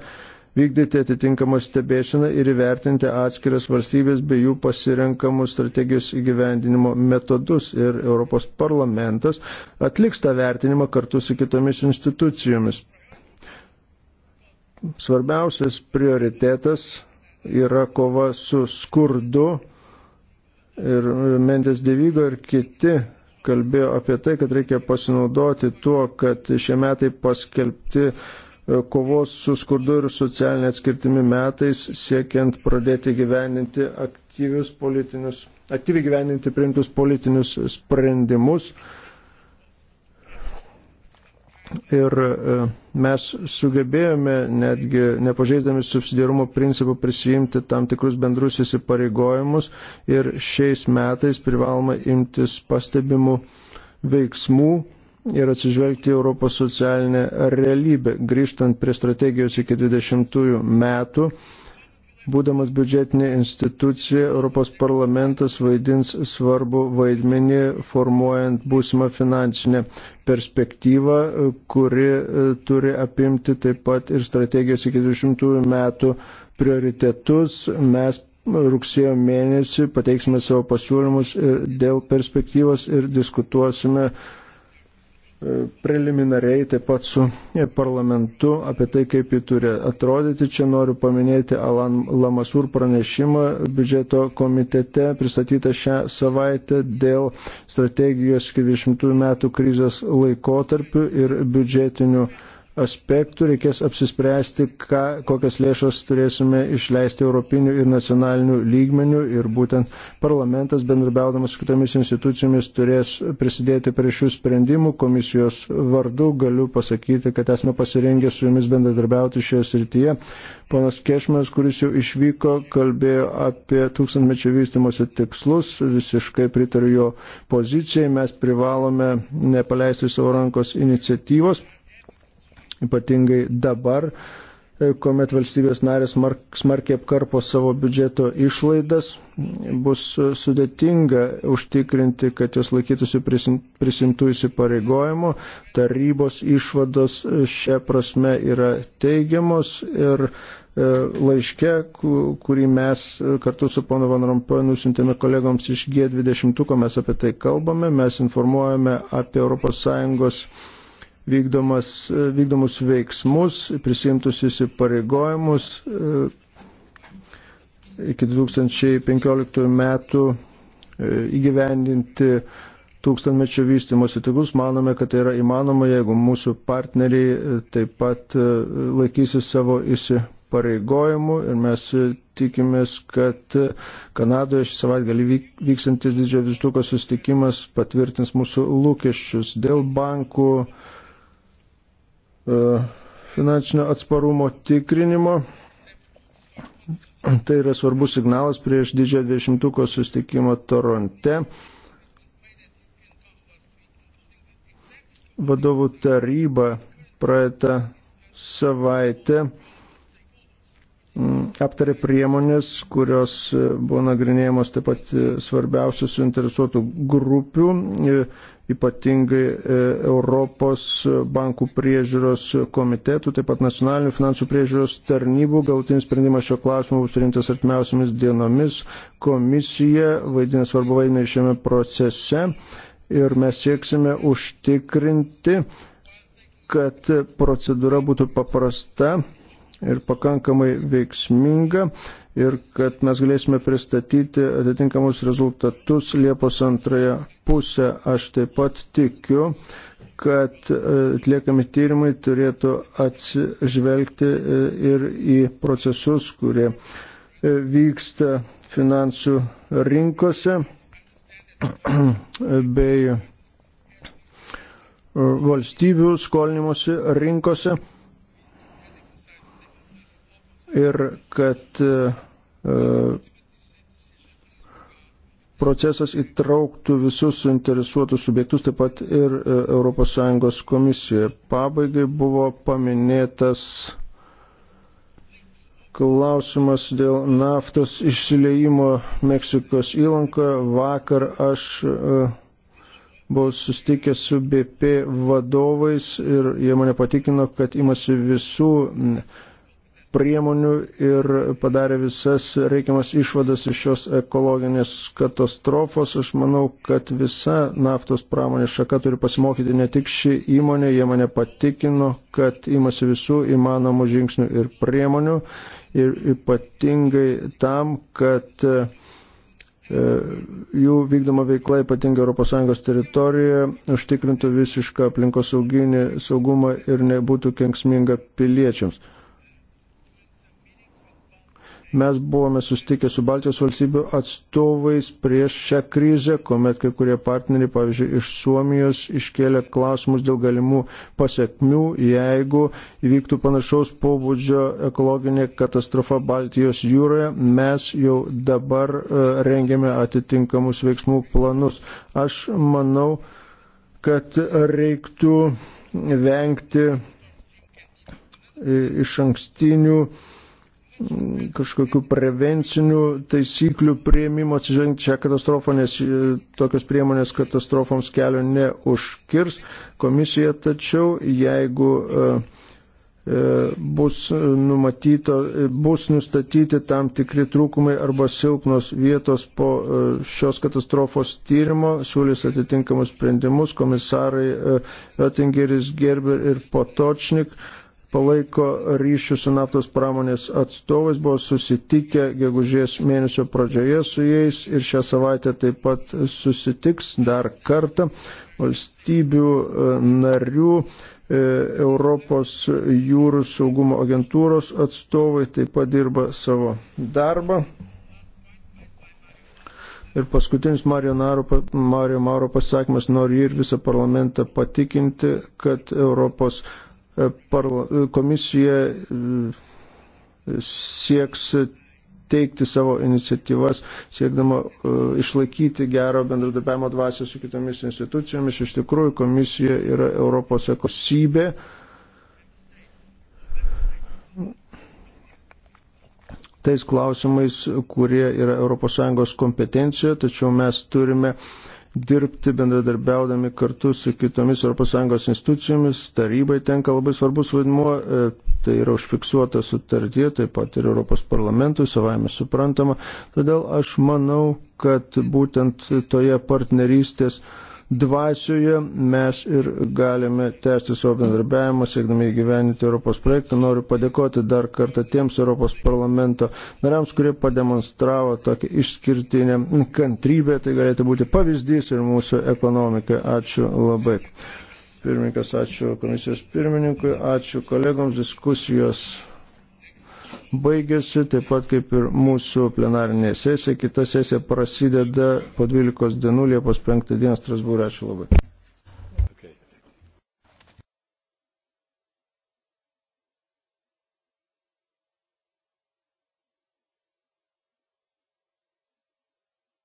vykdyti atitinkamą stebėsiną ir įvertinti atskiras valstybės bei jų pasirenkamus strategijos įgyvendinimo metodus. Ir Europos parlamentas atliks tą vertinimą kartu su kitomis institucijomis. Svarbiausias prioritetas yra kova su skurdu ir Mendes Devygo ir kiti kalbėjo apie tai, kad reikia pasinaudoti tuo, kad šie metai paskelbti e, kovos su skurdu ir socialinė atskirtimi metais, siekiant pradėti gyveninti aktyvius politinius, aktyviai gyveninti priimtus politinius sprendimus Ir e, mes sugebėjome netgi nepažeisdami subsidiarumo principų prisijimti tam tikrus bendrus įsipareigojimus ir šiais metais privaloma imtis pastebimų veiksmų ir atsižvelgti Europos socialinę realybę. Grįžtant prie strategijos iki 20 metų, Būdamas biudžetinė institucija, Europos parlamentas vaidins svarbu vaidmenį formuojant būsimą finansinę perspektyvą, kuri e, turi apimti taip pat ir strategijos iki 20 metų prioritetus. Mes rugsėjo mėnesį pateiksime savo pasiūlymus e, dėl perspektyvos ir diskutuosime preliminariai taip pat su parlamentu apie tai, kaip jį turi atrodyti. Čia noriu paminėti Alan Lamasur pranešimą biudžeto komitete pristatytą šią savaitę dėl strategijos 20 metų krizės laikotarpių ir biudžetinių aspektų reikės apsispręsti, ką, kokias lėšas turėsime išleisti europinių ir nacionalinių lygmenių ir būtent parlamentas bendrabiaudamas su kitomis institucijomis turės prisidėti prie šių sprendimų. Komisijos vardu galiu pasakyti, kad esame pasirengę su jumis bendradarbiauti šioje srityje. Ponas Kešmas, kuris jau išvyko, kalbėjo apie tūkstantmečio vystimosi tikslus, visiškai pritariu jo pozicijai, mes privalome nepaleisti savo rankos iniciatyvos ypatingai dabar, e, kuomet valstybės narės smarkiai apkarpo savo biudžeto išlaidas, bus e, sudėtinga užtikrinti, kad jos laikytųsi prisimtų įsipareigojimų. Tarybos išvados e, šia prasme yra teigiamos ir laiške, kurį mes kartu su pono Van Rompuoju nusintėme kolegoms iš G20, mes apie tai kalbame, mes informuojame apie ES vykdomas, e, vykdomus veiksmus, prisimtus įsipareigojimus e, iki 2015 metų e, įgyvendinti tūkstantmečio vystimosi tikus. Manome, kad tai yra įmanoma, jeigu mūsų partneriai taip pat laikysis savo įsipareigojimų ir mes tikimės, kad Kanadoje šį savaitgalį vyksantis didžiojo vištuko sustikimas patvirtins mūsų lūkesčius dėl bankų E, finansinio atsparumo tikrinimo. Tai yra svarbus signalas prieš didžiąją dvidešimtuko sustikimą Toronte. Vadovų taryba praeitą savaitę mm, aptarė priemonės, kurios buvo nagrinėjamos taip pat svarbiausių suinteresuotų grupių ypatingai e, Europos bankų priežiūros komitetų, taip pat nacionalinių finansų priežiūros tarnybų. Galutinis sprendimas šio klausimo bus priimtas artimiausiamis dienomis. Komisija vaidina svarbu vaidmenį šiame procese ir mes sieksime užtikrinti, kad procedūra būtų paprasta ir pakankamai veiksminga ir kad mes galėsime pristatyti atitinkamus rezultatus Liepos antroje pusėje. Aš taip pat tikiu, kad e, atliekami tyrimai turėtų atsižvelgti e, ir į procesus, kurie e, vyksta finansų rinkose bei valstybių skolinimuose rinkose ir kad e, e, procesas įtrauktų visus suinteresuotus subjektus, taip pat ir ES komisijoje. Pabaigai buvo paminėtas klausimas dėl naftos išsileimo Meksikos įlanką. Vakar aš e, buvau sustikęs su BP vadovais ir jie mane patikino, kad imasi visų priemonių ir padarė visas reikiamas išvadas iš šios ekologinės katastrofos. Aš manau, kad visa naftos pramonės šaka turi pasimokyti ne tik ši įmonė, jie mane patikino, kad imasi visų įmanomų žingsnių ir priemonių ir ypatingai tam, kad e, jų vykdoma veikla, ypatingai ES teritorijoje, užtikrintų visišką aplinkos sauginį saugumą ir nebūtų kenksminga piliečiams. Mes buvome sustikę su Baltijos valstybių atstovais prieš šią krizę, kuomet kai kurie partneriai, pavyzdžiui, iš Suomijos iškėlė klausimus dėl galimų pasiekmių, jeigu įvyktų panašaus pobūdžio ekologinė katastrofa Baltijos jūroje. Mes jau dabar e, rengiame atitinkamus veiksmų planus. Aš manau, kad reiktų vengti e, iš ankstinių kažkokių prevencinių taisyklių prieimimo atsižvelgiant šią katastrofą, nes e, tokios priemonės katastrofoms kelio neužkirs komisija, tačiau jeigu e, e, bus numatyto, bus nustatyti tam tikri trūkumai arba silpnos vietos po šios katastrofos tyrimo, siūlys atitinkamus sprendimus komisarai Oettingeris, Gerber ir Potočnik palaiko ryšių su naftos pramonės atstovais, buvo susitikę gegužės mėnesio pradžioje su jais ir šią savaitę taip pat susitiks dar kartą valstybių e, narių. E, Europos jūrų saugumo agentūros atstovai taip pat dirba savo darbą. Ir paskutinis Mario, Naro, Mario Mauro pasakymas nori ir visą parlamentą patikinti, kad Europos E, e, komisija e, sieks teikti savo iniciatyvas, siekdama išlaikyti gero bendradarbiavimo dvasę su kitomis institucijomis. Iš tikrųjų, komisija yra Europos ekosybė. Tais klausimais, kurie yra ES kompetencijoje, tačiau mes turime uh, dirbti bendradarbiaudami kartu su kitomis ES institucijomis. Tarybai tenka labai svarbus vaidmuo, e, tai yra užfiksuota sutartie, taip pat ir Europos parlamentui, savaime suprantama. Todėl aš manau, kad būtent toje partnerystės dvasioje mes ir galime tęsti savo bendarbiavimą, siekdami įgyveninti Europos projektą. Noriu padėkoti dar kartą tiems Europos parlamento nariams, kurie pademonstravo tokią išskirtinę kantrybę. Tai galėtų būti pavyzdys ir mūsų ekonomikai. Ačiū labai. Pirmininkas, ačiū komisijos pirmininkui, ačiū kolegoms diskusijos baigėsi, taip pat kaip ir mūsų plenarinė sesija. Kita sesija prasideda po 12 dienų Liepos 5 dienos Strasbūrė. Ačiū labai.